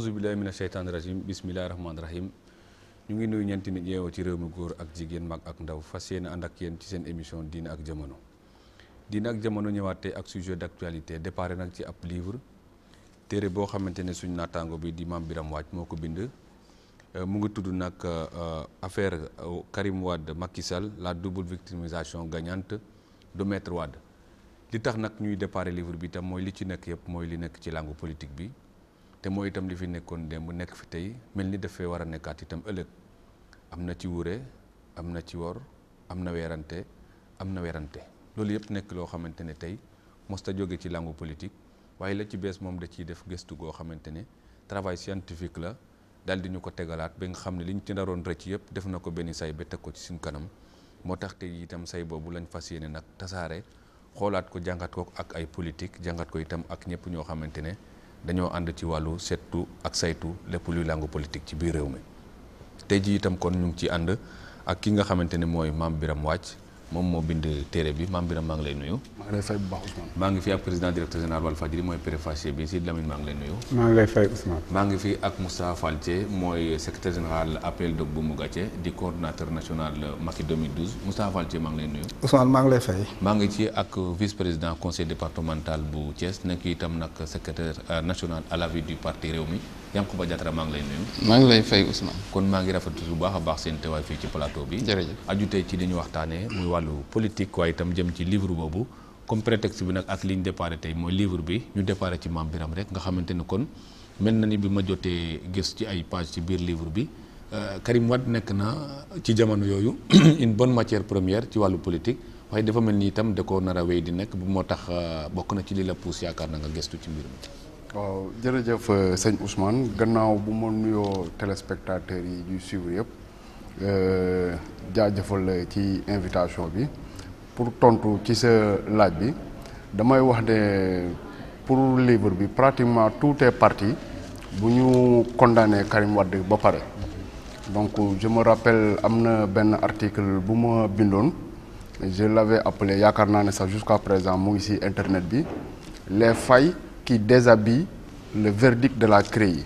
aousubillahi mina sheytaani rajim bismillahi rahmaani rahim ñu ngi nuyu ñeenti nit yeewoo ci réew mi góor ak jigéen mag ak ndaw fas yéene ànd ak yéen ci seen émission diine ak jamono diine ak jamono ñëwaatee ak sujet d'actualité déparé nag ci ab livre téere boo xamante ne suñu naataango bi di Mame Birame Wathie moo ko bind euh, mu ngi tudd nag euh, affaire euh, Karim Wade Macky Sall la double victimisation gagnante de Maître Wade li tax nag ñuy déparé livre bi tam mooy li ci nekk yëpp mooy li nekk ci langue politique bi te mooy itam li fi nekkoon démb mu nekk fi tey mel ni dafay war a nekkaat itam ëllëg am na ci wure am na ci wor am na weerante am na weerante loolu yëpp nekk loo xamante ne tey mos jóge ci langue politique waaye la ci bees moom da ciy def gëstu goo xamante ne travail scientifique la daal di ñu ko tegalaat ba nga xam ne li ñu ci naroon rëcc yëpp def na ko benn say ba teg ko ci suñu kanam moo tax tey itam say boobu lañ fas yéene nag tasaare xoolaat ko jàngat ak ay politique jàngat ko itam ak ñëpp ñoo xamante ne dañoo ànd ci wàllu seetu ak saytu lépp luy làngu politique ci biir réew mi tey ji itam kon ñu ngi ci ànd ak ki nga xamante ni mooy Mame biram wàcc moom moo bind téere bi maam Birame maa ngi lay ngi lay fay bu baax maa ngi fi ak président directeur général Walfadjri mooy préfacier bi Sidy Lamine maa ngi lay nuyu. maa ngi lay fay maa ngi fi ak Moussa Faltier mooy secrétaire général appel de Boumougacé di coordonnateur national Macky 2012 Moussa Faltier maa ngi lay nuyu. Ousmane fay. maa ngi ci ak vice président conseil départemental bu Thiès nekk itam nag secrétaire euh, national à la vie du parti Rewmi. Yankhoba Diattara maa ngi lay nuyu. maa ngi lay fay Ousmane. kon maa ngi rafetlu bu baax a baax seen teewaay fii ci plateau bi. jërëjëf aju tey ci li ñu waxtaanee muy wàllu politique waaye itam jëm ci livre boobu. comme prétexte bi nag ak li ñu tey mooy livre bi ñu déparé ci Mame Birame rek nga xamante ni kon mel na ni bi ma jotee gis ci ay page ci biir livre bi euh, Karim Wade nekk na ci jamono yooyu une bonne matière première ci wàllu politique waaye defa mel ni itam da ko nar a di nekk bu moo tax euh, bokk na ci li la pousse yaakaar na nga gëstu ci mbir waaw jërëjëf euh, sëñ Ousmane gannaaw bu ma nuyoo téléspectateurs yi ñuy suivre yëpp euh, jaajëfal ci invitation bi pour tontu ci sa laaj bi damay wax ne pour livre bi pratiquement tout est parti bu ñu condamné Karim Wade ba pare donc je me am na benn article bu ma bindoon je l'avais appelé yaakaar naa ne sax jusqu'à présent mu ngi ci internet bi les fay qui bi le verdict de la CREI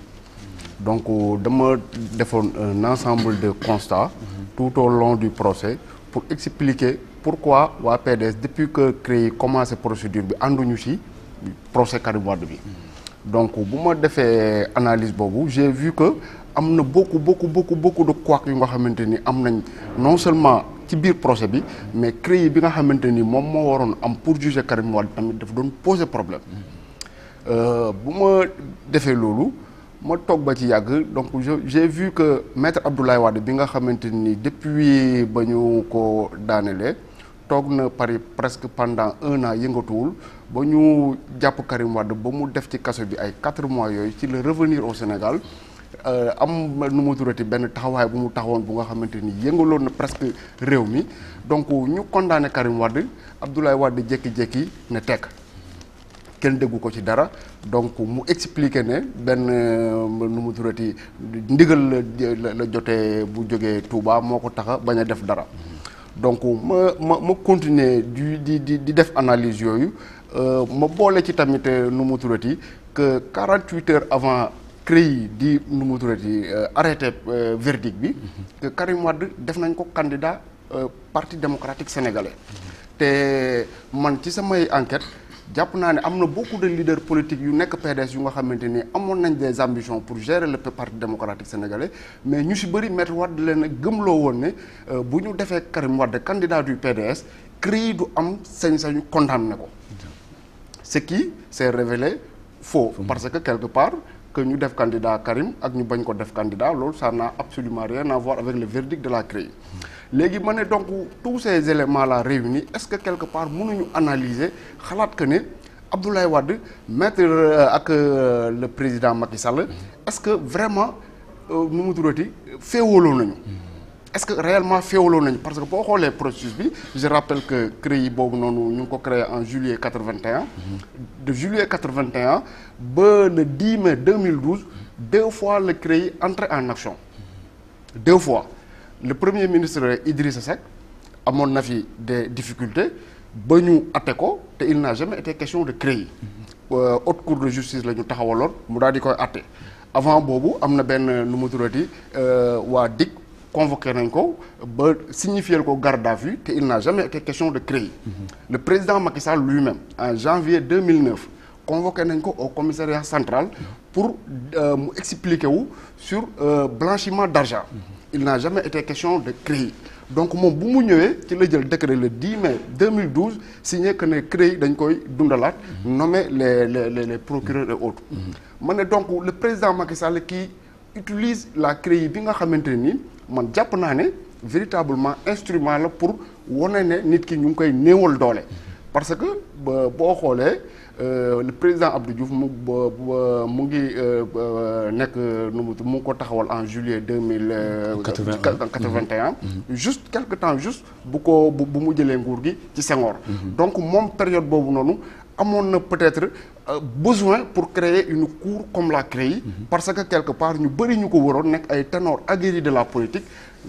donc euh, dama defoon un ensemble de constats tout au long du procès pour expliquer pourquoi waa PDS depuis que yi commencé procédure bi ànduñu ci procès Karim Wade bi donc bu ma defee analyse boobu j'ai vu que am na bokk bokk bokk bokk de couacs yu nga xamante ni am nañ non seulement ci biir procès bi mais CREI bi nga xamante ni moom moo waroon am pour juger Karim Wade tamit daf doon poser problème Euh, bu ma defee loolu ma toog ba ci yàgg donc je j'ai vu que maître Abdoulaye Wade bi nga xamante ni depuis ba ñu ko daanelee toog na Paris presque pendant un an yëngatuwul ba ñu jàpp Karim Wade ba mu def ci kaso bi ay quatre mois yooyu ci le revenir au Sénégal euh, am nu mu turati benn taxawaay bu mu taxawoon bu nga xamante ni yëngaloon na presque réew mi donc ñu condamné Karim Wade Abdoulaye Wade jékki-jékki na tekk kenn déggu ko ci dara donc mu expliquer ne benn euh, nu mu turati ndigal la la jotee bu jógee Touba moo ko tax a bañ a def dara donc ma ma ma continuer di di di di def analyse yooyu euh, ma boole ci tamit euh, nu mu turati que 48 heures avant CREI di nu mu turati arrêté verdict bi que Karim Wade def nañ ko candidat parti démocratique sénégalais te man ci samay enquête jàpp naa ne am na beaucoup de leaders politiques yu nekk PDS yu nga xamante ni amoon nañ des ambitions pour gérer le parti démocratique sénégalais mais ñu si bëri Maître Wade leen a gëmloo woon ne euh, bu ñu defee Karim Wade candidat du PDS CREI du am sañ-sañu condamné ko ce qui s'est révélé faux parce que quelque part que ñu def candidat Karim ak ñu bañ ko def candidat loolu ça n'a absolument rien à voir avec le verdict de la CREI léegi ma ne donc tous ces éléments là réunis est-ce que quelque part mënuñu analyser xalaat que ne Abdoulaye Wade maître euh, ak euh, le président Macky Sall est-ce que vraiment euh, nu mu tuddati féewaloo nañu est-ce que réellement féewaloo nañu parce que boo xoolee processus bi je rappelle que CREI boobu noonu ñu ngi ko créé en juillet 81. de juillet 81 ba le 10 mai 2012 deux fois le CREI entré en action deux fois le premier ministre Idrissa Seck amoon na fi de difficultés ba ñu atte ko te il n'a jamais été question de CREI. Euh, haute cour de justice la ñu taxawaloon mu daal di koy atte avant boobu am na benn nu mu tuddati euh, waa DIC. convoqué nañ ko ba signifié ko garde à vue te il n'a jamais été question de CREI mhm. le président Macky Sall lui-même en janvier 2009 convoqué nañ ko au commissariat central pour euh, mu expliquer wu sur euh, blanchiment d'argent mhm. il n'a jamais été question de CREI donc moom bu mu ñëwee ci la jël décret le 10 mai 2012 signé que ne CREI dañ koy dundalaat mhm. nommer le les les les procureurs et autres ma ne donc le président Macky Sall qui utilise la CREI bi nga xamante nii man jàpp naa ne véritablement instrument la pour wane ne nit ki ñu ngi koy néewal doole. parce que boo xoolee euh, le président Abdou Diouf mu mu ngi euh, nekk nu mu mu ngi ko taxawal en juillet deux mille euh, quatre-vingt-un mm-hmm. Mm-hmm. juste quelque temps juste bu ko bu mu jëlee nguur gi ci Senghor mm-hmm. donc moom période boobu noonu amoon na peut-être euh, besoin pour créer une cour comme la CREI mhm. parce que quelque part ñu bëri ñu ko waroon nekk ay ténor aguerris de la politique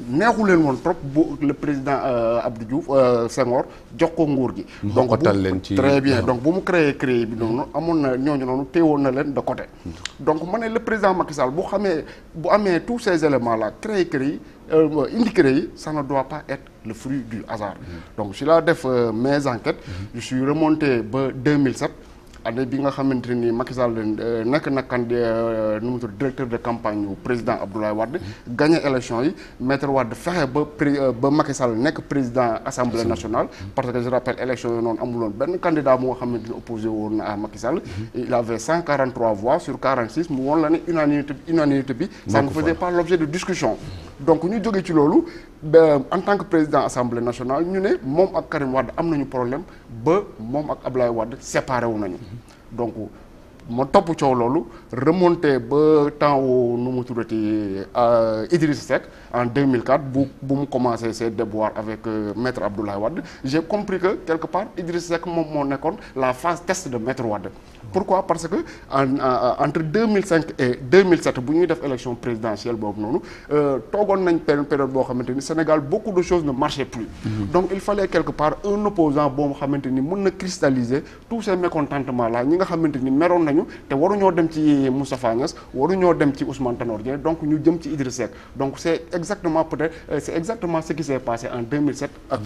neexu leen woon trop bu le président euh, Abdou Diouf euh, Senghor jox ko nguur gi donc xottal leen ci très bien donc bu mu créé CREI bi noonu mhm. amoon na ñooñu noonu woon na leen de côté mhm. donc ma ne le président Macky Sall bu xamee bu amee tous ces éléments là créé CREI euh, euh indiqué yi ça ne doit pas être le fruit du hasard mhm. donc si laa def euh, mais enquêtes mhm. je suis remonté ba 2007 année bi nga xamante ni Macky Sall euh, nekk na candidat nu mu tudd directeur de campagne yu président Abdoulaye Wade mhm. gagné élection yi maître Wade fexe ba ba Macky Sall nekk président assemblée nationale parce que je rappelle élection yi noonu amuloon benn candidat mu nga xamante ni opposé woon na à Macky Sall il avait 143 voix sur 46 mu woon la ne unanimité bi ça ne faisait pas l'objet de donc ñu jóge ci loolu en tant que président assemblée nationale ñu ne moom ak Karim Wade am nañu problème ba moom ak Ablaye Wade séparé wu nañu donc ma topp coow loolu remonté ba temps wu nu mu tuddati euh, Idriss Seck en 2004 bu bu mu commencé ses déboires avec euh, maître Abdoulaye Wade j'ai compris que quelque part Idriss Seck moom moo nekkoon la phase test de maître Wade pourquoi parce que en, en entre 2005 et 2007 bu ñuy def élection présidentielle boobu noonu euh, toogoon nañ période période boo xamante ni Sénégal beaucoup de choses ne marchaient plus. Mmh. donc il fallait quelque part un opposant boo xamante mën na cristalliser tous ces mécontentements là ñi nga xamante ni meroon nañu te waruñoo dem ci Moustapha Niass waruñoo dem ci Ousmane Tanor Dieng donc ñu jëm ci Idriss Seck donc c'est exactement peut-être euh, c'est exactement ce qui s'est passé en ak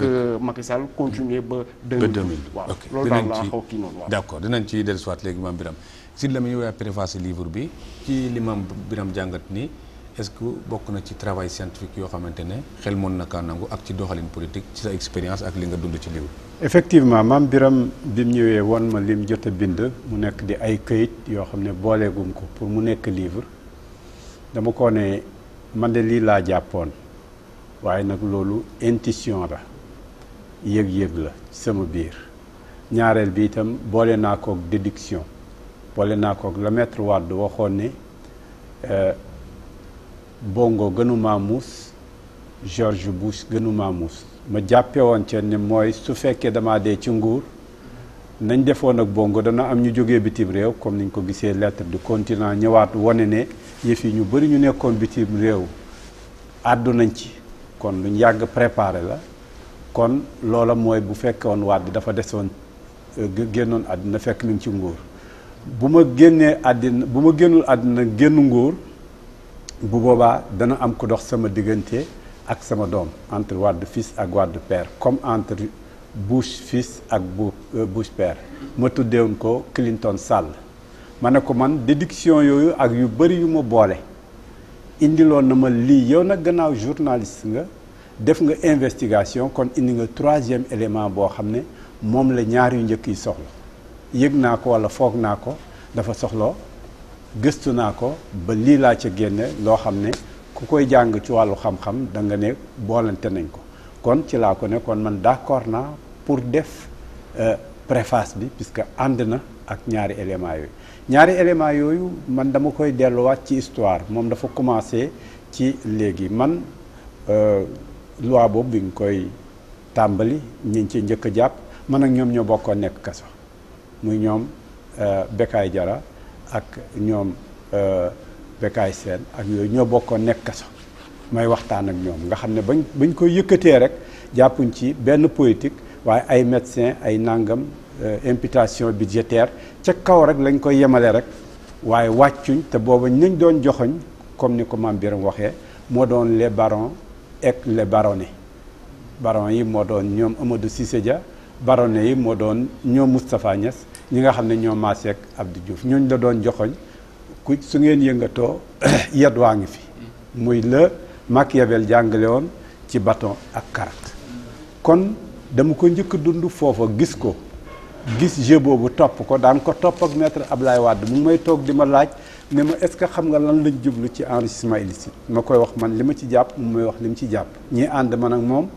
euh, mhm. Macky ak Imam Biram Sidy Lamine yow yaa préface livre bi ci li Imam Biram jàngat ni est-ce que bokk na ci travail scientifique yoo xamante ne xel mën na kaa nangu ak ci doxalin politique ci sa expérience ak li nga dund ci livre effectivement Maam Biram bi mu ñëwee woon ma lim jot a bind mu nekk di ay këyit yoo xam ne booleegum ko pour mu nekk livre dama ko ne man de lii laa jàppoon waaye nag loolu intuition la yëg-yëg la sama biir ñaareel bi itam boole naa kook déduction boole naa koog la maître Wade waxoon ne euh, Bongo gënu muus George Bush gënu muus ma jàppe woon ca ne mooy su fekkee dama dee ci nguur nañ defoon ak Bongo dana am ñu jógee bitim réew comme niñ ko gisee lettre du continent ñëwaat wane ne yëf yi ñu bëri ñu nekkoon bitim réew àddu ci kon luñ yàgg préparé la kon loola mooy bu fekkoon waat bi dafa desoon génnoon àddina fekk mi ci ngóor bu ma génnee àddina bu ma génnul àddina génn ngóor bu boobaa dana am ko dox sama diggante ak sama doom entre Wade fils ak Wade père comme entre Bush fils ak euh, Bush père ma tuddeewoon ko Clinton Sall ma ne ko man déduction yooyu ak yu bëri yu ma boole indiloon na ma lii yow nag gannaaw journaliste nga def nga investigation kon indi nga troisième élément boo xam ne moom la ñaar yu njëkk yi soxla yëg naa ko walla foog naa ko dafa soxla gëstu naa ko ba lii laa ca génne loo xam ne ku koy jàng ci wàllu xam-xam da ne boolante nañ ko kon ci laa ko ne kon man d'accord naa pour def euh, préface bi puisque ànd na ak ñaari éléments yooyu ñaari éléments yooyu man dama koy delluwaat ci histoire moom dafa commencé ci léegi man euh, loi boobu bi nga koy tàmbali ñi ngi ci njëkk a jàpp man ak ñoom ñoo bokkoo nekk kaso muy ñoom euh, bekkaay Jara ak ñoom euh, Bekaay Seen ak yooyu ñoo bokkoon nekk kaso may waxtaan ak ñoom nga xam ne bañ bañ koy yëkkatee rek jàppuñ ci benn politique waaye ay médecin ay nangam euh, imputation budgétaire ca kaw rek lañ koy yemale rek waaye wàccuñ te booba nañ doon joxoñ comme ni ko maam Biram waxee moo doon le baron ak les baronnies barons yi moo doon ñoom Amadou sise Dia baroné yi moo doon ñoom Moustapha Niass ñi nga xam ne ñoo maaseek Abdou Diouf ñooñ la doon joxoñ ku su ngeen yëngatoo yat waa ngi fi muy la Machiavel jàngale woon ci bâton ak carte kon dama ko njëkk dund foofa gis ko gis jeu boobu topp ko daan ko topp ak ab Ablaye Wade mu may toog di ma laaj ne ma est-ce que xam nga lan lañ jublu ci enrichissement illicite ma koy wax man li ma ci jàpp mu may wax li mu ci jàpp ñi ànd man ak moom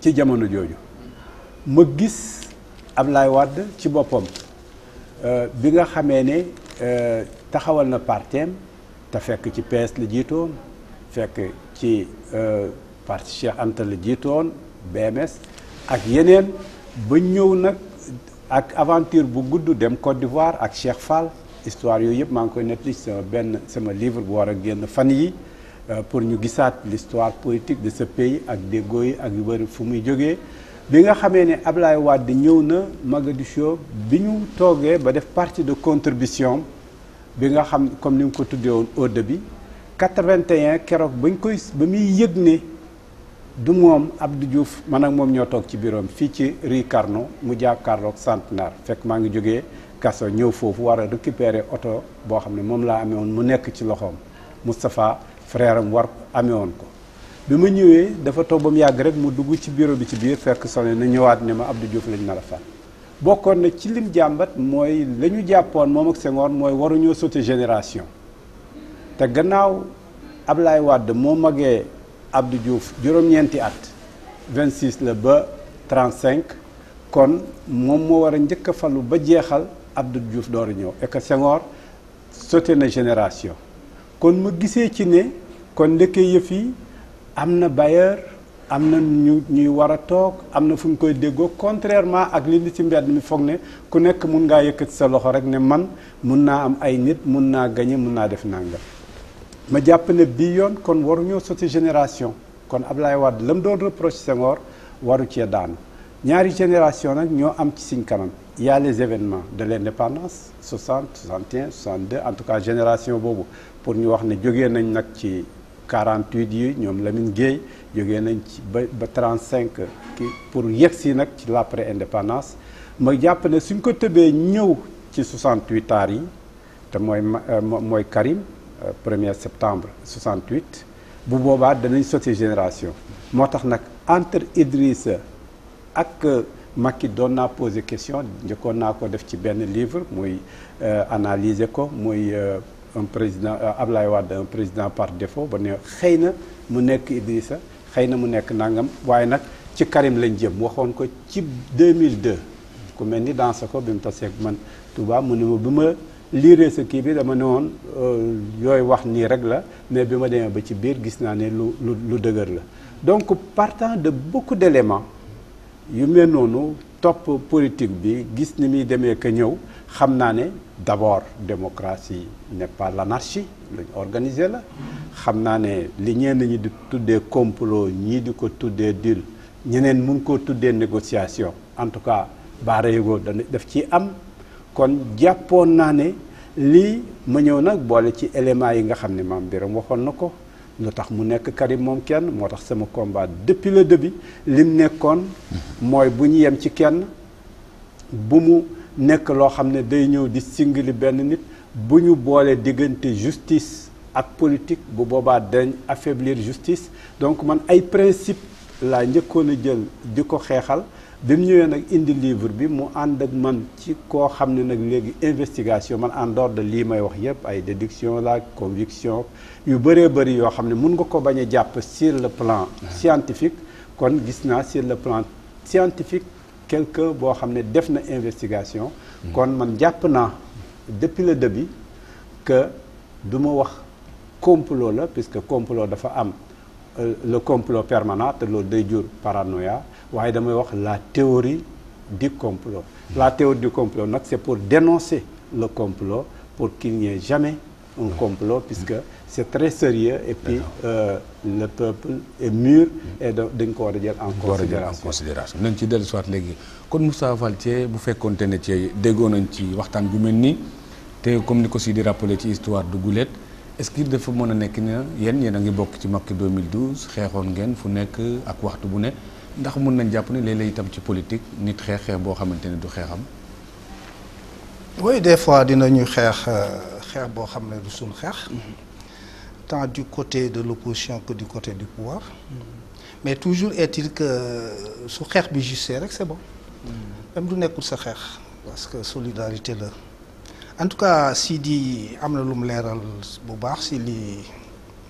ci jamono jooju ma gis Ablaye Wade ci boppam euh, bi nga xamee ne euh, taxawal na parteem te fekk ci PS la jiitoon fekk ci euh, parti Cheikh Anta la jiitoon BMS ak yeneen ba ñëw nag ak aventure bu gudd dem Côte d'Ivoire ak Cheikh Fall histoire yooyu yëpp maa ngi koy nettali sama benn sama livre bu war a génn fan yi pour ñu gisaat l'histoire politique de ce yi ak déggoo yi ak yu bëri fu muy jógee bi nga xamee ne Ablaye Wade ñëw na Mogadiscio bi ñu toogee ba def partie de contribution bi nga xam comme ni mu ko tuddee woon au début 81 keroog bañ koy ba muy yëg ni du moom Abdou Diouf man ak moom ñoo toog ci biroom fii ci Rue Carnot mu jàkkaarloog Centenaire fekk maa ngi jógee kaso ñëw foofu war a récupérer oto boo xam ne moom laa amee woon mu nekk ci loxoom Moustapha frère am war amee woon ko. bi ma ñëwee dafa toog ba mu yàgg rek mu dugg ci bureau bi ci biir fekk sone na ñëwaat ne ma Abdou Diouf lañ nar a fal bokkoon na ci lim jàmbat mooy la ñu jàppoon moom ak Senghor mooy waruñoo sauter génération te gannaaw Ablaye Wade moo magee Abdou Diouf juróom-ñeenti at la ba 35 kon moom moo war a njëkk falu ba jeexal Abdou Diouf door a ñëw et que na génération kon gisee ci ne kon ndekkee yëf yi am na bailleur am na ñu ñuy war a toog am na fu ñu koy déggoo contrairement ak li li ci mbedd mi foog ne ku nekk mun ngaa yëkkati sa loxo rek ne man mun naa am ay nit mun naa gañe mun naa def nangam ma jàpp ne bii yoon kon waruñoo sotti génération kon ab Ablaye Wade la mu doon reproche Senghor waru cee daanu ñaari génération nag ñoo am ci siñ kanam y les événements de l'indépendance 60 61 62 en tout cas génération boobu pour ñu wax ne jógee nañ nag ci 48 yi ñoom Lamine Guèye jóge nañ ci ba ba 35 ki pour yegg si nag ci l'après indépendance ma jàpp ne suñ ko tëbee ñëw ci 68 taar yi te mooy euh, mooy Karim 1er euh, septembre 68 bu boobaa danañ sauté génération moo tax nag entre Idrissa ak euh, ki doon naa posé question njëkkoon naa ko def ci benn livre muy analyser ko muy. un président euh, Ablaye Wade un président par défaut ba nee xëy na mu nekk Idrissa xëy na mu nekk nangam waaye nag ci Karim lañ jëm waxoon ko ci 2002 ku mel ni dans sa ko bi mu taseeg man Touba mu ne ma bi ma liiree sa kii bi dama ne woon euh, yooy wax nii rek la mais bi ma demee ba ci biir gis naa ne lu lu lu dëgër la donc partant de beaucoup délément yu mel noonu topp politique bi gis ni muy demee ka ñëw xam naa ne d'abord démocratie n'est pas l'anarchie lu ñu organisé la xam naa ne li ñeen ñi di tuddee complot ñii di ko tuddee deal ñeneen mun koo tuddee négociation en tout cas baara yëgoo dana ci am kon jàppoon naa ne lii ma ñëw nag boole ci éléments yi nga xam ne maam Birame waxoon na ko lu tax mu nekk Karim moom kenn moo tax sama combat depuis le début lim nekkoon mm-hmm. mooy bu ñu yem ci kenn bu mu nekk loo xam ne day ñëw di singali benn nit bu ñu boolee diggante justice ak politique bu boobaa dañ affaiblir justice donc man ay principe laa njëkkoon a jël di ko xeexal bi mu ñëwee nag indi livre bi mu ànd ak man ci koo xam ne nag léegi investigation man en dehors de lii may wax yépp ay déduction la conviction yu bëree bëri yoo xam ne mun nga ko bañ a jàpp sur le plan scientifique kon gis naa sur le plan scientifique quelqu'un boo xam ne def na investigation kon man jàpp naa depuis le début que du ma wax complot la puisque complot dafa am euh, le complot permanent te loolu day jur paranoïa waaye damay wax la théorie du complot hmm. la théorie du complot nag c'est pour dénoncer le complot pour qu'il n'y ait jamais un complot puisque c'est très sérieux et puis euh, le peuple est mûr et dañ ko war a jël en considération nañ ci dellu soit léegi kon Moussa Valtier bu fekkoonte ne ci déggoo nañ ci waxtaan bu mel nii te comme ni ko si di rappelé ci histoire du Goulet est-ce que dafa mën a nekk na yéen yéen a ngi bokk ci Macky 2012 xeexoon ngeen fu nekk ak waxtu bu ne ndax mun nañ jàpp ne léeg-léeg itam ci politique nit xeex xeex boo xamante ne du xeexam oui des fois dinañu xeex euh, xeex boo xam ne du suñ xeex mm-hmm. temps du côté de l'opposition que du côté du pouvoir mais toujours est-il que euh, su xeex bi juste rek c'est bon même du nekkul sa xeex parce que solidarité la en tout cas si di am na lu mu leeral bu baax si li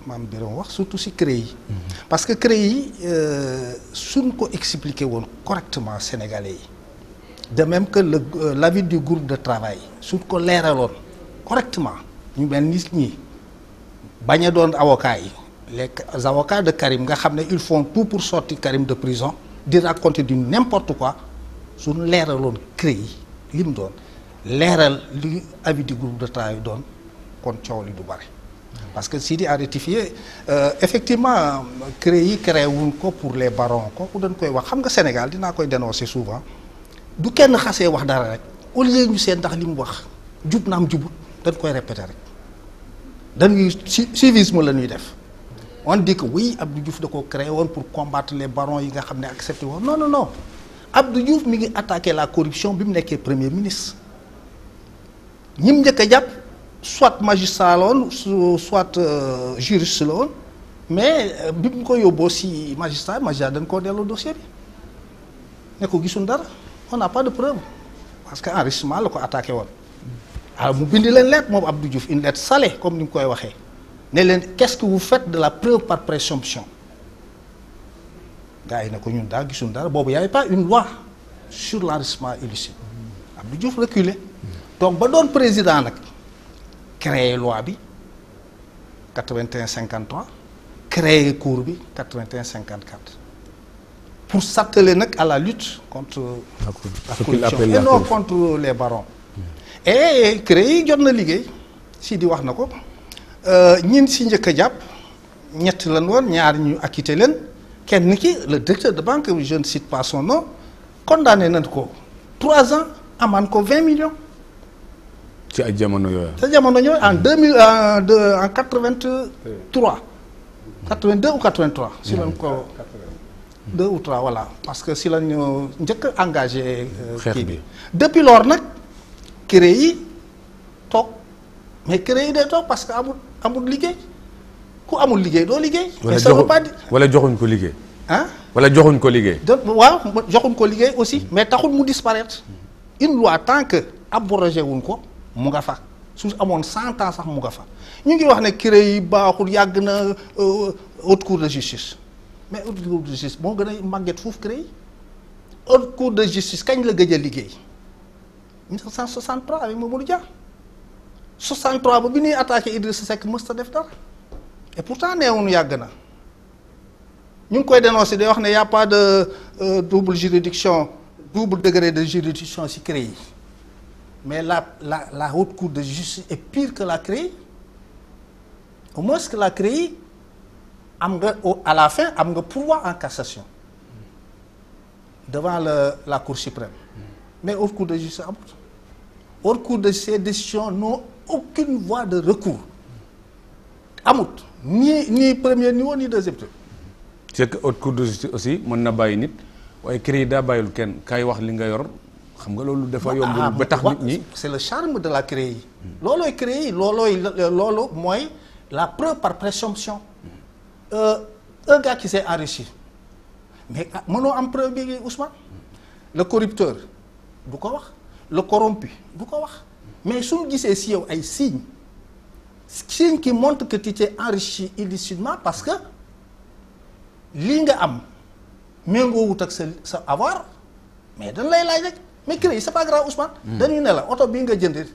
maam Biram wax surtout si CREI yi parce que CREI yi euh, suñ ko expliquer woon correctement sénégalais yi de même que la euh, l'avis du groupe de travail suñ ko leeraloon correctement ñu mel ni ñii bañ a doon avocats yi les avocats de Karim nga xam ne il faut tout pour sortir Karim de prison di raconter du n'importe quoi suñu leeraloon CREI yi li mu doon leeral li avis du groupe de travail doon kon cow li du bëri parce que Sidi a rectifié euh, effectivement CREI yi créé wuñ ko pour les barons kooku dañ koy wax xam nga Sénégal dinaa koy dénoncer souvent du kenn xasee wax dara rek au lieu ñu seet ndax li mu wax jub na am jubut dañ koy répéter rek dañuy civisme la ñuy def on dit que oui Abdou Diouf da ko créé woon pour combattre les barons yi nga xam ne accepté woon non non non Abdou Diouf mi ngi attaqué la corruption bi mu nekkee premier ministre ñim njëkk a jàpp soit magistrat la woon soit euh, juriste la woon mais euh, bi mu ko yóbboo si magistrat magistrat dañ koo delloo dossier bi ne ko gisul dara on n'a pas de preuve parce que enrichissement la ko attaqué woon ah mu bindi leen lettre moom Abdou Diouf une lettre salée comme ni mu koy waxee ne leen qu'est-ce que vous faites de la preuve par présomption gars yi ne ko ñun daal gisuñu daal boobu y avait pas une loi sur l'enrichissement illicite Abdou Diouf reculé donc ba doon président nag créé loi bi 81 53 créé cour bi 81 54 pour s'atteler nag à la lutte contre la corruption et non contre les barons et eh, yi jot na liggéey si di wax na ko euh, ñin si njëkk a jàpp ñett lan woon ñaar ñu acquitté leen kenn ki le directeur de banque je ne cite pas son nom nañ ko trois ans amaan ko vingt millions. ci ay jamono yooyu. ci jamono yooyu en mm-hmm. deux mille en deux en quatre vingt trois. Mm-hmm. quatre vingt deux ou quatre vingt trois. si lañ ko mm-hmm. deux ou trois voilà parce que si lañ euh, njëkk engagé. Euh, xeex bi bi depuis lors nag. këré yi toog mais këré yi day toog parce que amut amul liggéey ku amul liggéey doo liggéey. mais ça veut wala joxuñ ko liggéey. ah wala joxuñ ko liggéey. donc waaw joxuñ ko liggéey aussi mais taxul mu disparaitre une loi tant que abrogé wuñ ko mu nga fa su amoon cent ans sax mu nga fa ñu ngi wax ne këré yi baaxul yàgg na euh, haute cour de justice mais haute cour de justice moo gën a màgget fuuf këré yi haute cour de justice kañ la gëj liggéey. 1963 avec Mamadou Dia 63 ba bi ñuy attaqué Idrissa Seck mës ta def dara et pourtant neewuñu yàgg na ñu ngi koy dénoncé day wax ne y' a pas de euh, double juridiction double degré de juridiction ci CREI yi mais la la la haute cour de justice et pire que la CREI au moins que la CREI am nga à la fin am nga pour pourvoi en cassation devant le la cour suprême mais haute cour de justice amut hors cours de ces décisions n'ont aucune voie de recours amut ni ni premier niveau ni deuxième niveau. c'est que haute aussi mën na bàyyi nit waaye CREI daa bàyyil kenn kaay wax li nga yor xam nga loolu dafa ah, yombul ba tax nit ñi c'est le charme de la CREI yi loolooy CREI yi loolooy loolu mooy la preuve par présomption euh, un gars qui s'est enrichi mais ah, mënoo am preuve bi Ousmane le corrupteur du ko wax le corrompu du ko wax mais suñu gisee si yow ay signes signes qui montrent que tu t'es enrichi parce que lii nga am méngoowut ak sa sa avoir mais dañ lay laaj rek mais crédit c'est pas grave Ousmane. Hmm. dañu ne la oto bi nga jënd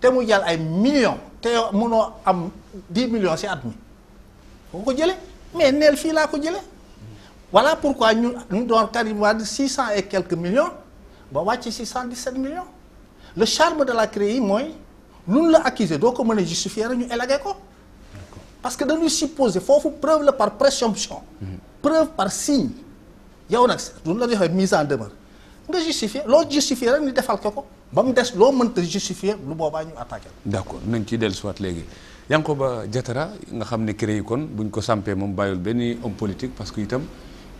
te mu jàll ay millions te mënoo am 10 million si at mi boo ko jëlee mais neel fii laa ko jëlee voilà pourquoi ñu ñu doon Karim Wade 600 e quelques millions. ba wàcc ci 117 millions le charme de la CREI mooy luñ la accuser doo ko mën a justifier rek ñu élagué ko parce que dañuy supposer foofu preuve la par présomption mhm. preuve par signe yow nag duñ la joxee mise en demeure nga justifier loo justifier rek ni defal ko ko ba mu des loo mënta justifier lu boobaa ñu attaqué d' accord nañ ciy dellusiwaat léegi ba Diatara nga xam ne yi kon buñ ko sampee moom bàyyul benn homme politique parce que itam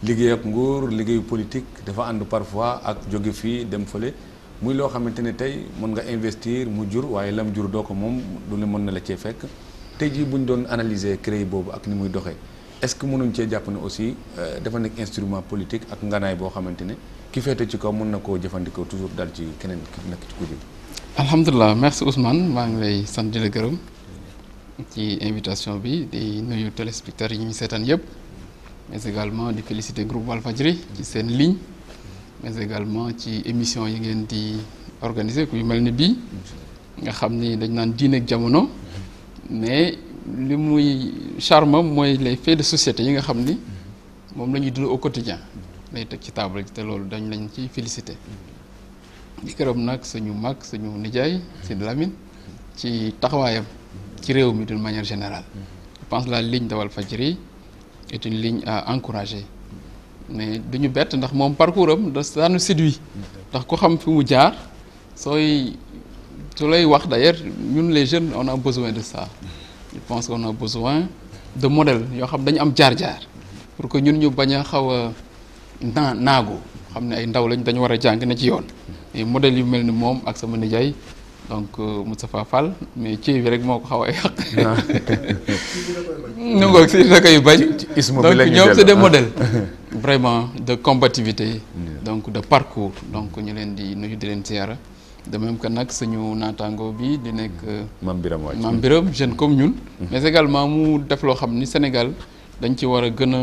liggéey ak nguur liggéeyu politique dafa ànd parfois ak jóge fii dem fële muy loo xamante ne tey mën nga investir mu jur waaye lam jur doo ko moom du ne mën na la cee fekk te jii bu ñu doon analyser CREI boobu ak ni muy doxee est-ce que mënuñ cee jàpp ne aussi euh, dafa nekk instrument politique ak nganaay boo xamante ne ki féete ci kaw mën na koo jëfandikoo toujours dal ci keneen ki nekk ci kuréel. alhamdulilah merci Ousmane maa ngi lay sant di gërëm ci invitation bi di nuyu téléspectateurs yi ñu yëpp. mais également di féliciter groupe Walfadjri ci seen ligne mais également ci émission yi ngeen di organiser ku yu mel ni bii nga xam ni dañ naan diine ak jamono mais li muy charme mooy les faits de société yi nga xam ni moom la ñuy dund au quotidien lay teg ci table te loolu dañ lañ ci féliciter di këram nag suñu mag suñu nijaay si Lamine ci taxawaayam ci réew mi d'une manière générale je pense la ligne de Walfadjri est une ligne à encourager mais du ñu bett ndax moom parcours am daanu séduit ndax ku xam fi mu jaar sooy su lay wax d'ailleurs ñun les jeunes on a besoin de ça je pense qu'on a besoin de modèle yoo xam dañu am jaar-jaar pour que ñun ñu bañ a xaw a naa naagu xam ne ay ndaw lañ dañu war a jàng ne ci yoon et yu mel ni moom ak sama nijaay donc euh, Moustapha Fall mais ci bi rek moo ko xaw a yàq. nu ngoog si da koy bañ. donc ñoom c'est des vraiment de compativité donc de parcours donc ñu leen di nuyu di leen siyaara de même que nag suñu naataango bi di nekk. Euh, Mame Birame Wathie Mame Birame jeune comme ñun. Mm-hmm. mais également mu def loo xam ni Sénégal dañ ci war a gën a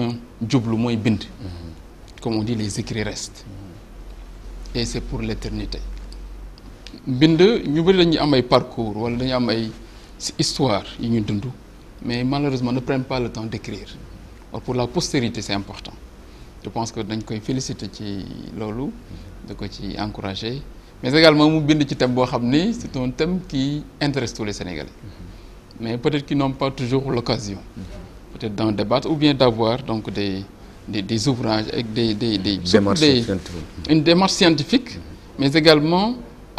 jublu mooy bind. Mm-hmm. comme on dit les écrits restent. Mm-hmm. et c'est pour l'éternité mbind ñu bëri dañuy am ay parcours wala dañu am ay histoire yi ñu dund mais malheureusement ne prennent par le temps d'écrire or pour la postérité c'est important je pense que dañ koy féliciter ci loolu da ko ci encourager mais également mu bind ci thème boo xam ni c'est un thème qui intéresse tous les Sénégalais mais peut-être qu'ils n'ont pas toujours l'occasion peut-être d'en débattre ou bien d'avoir donc des des des ouvrages avec des des des, des, des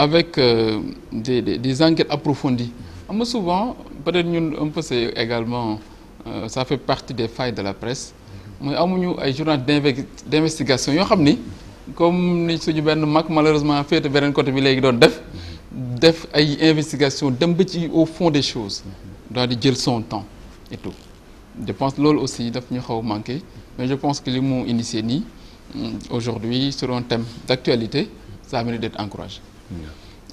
avec euh, des, des, des, enquêtes approfondies. Mmh. Mais souvent, peut-être nous, on peut également, euh, ça fait partie des failles de la presse. Nous avons des journaux d'investigation. Comme nous avons malheureusement fait de côté de def ay investigation dem ba ci au fond des choses daal di jël son temps et tout je pense loolu aussi daf ñu xaw manqué mais je pense que li mu initié nii mm, aujourd'hui sur un thème d'actualité ça mérite d'être encouragé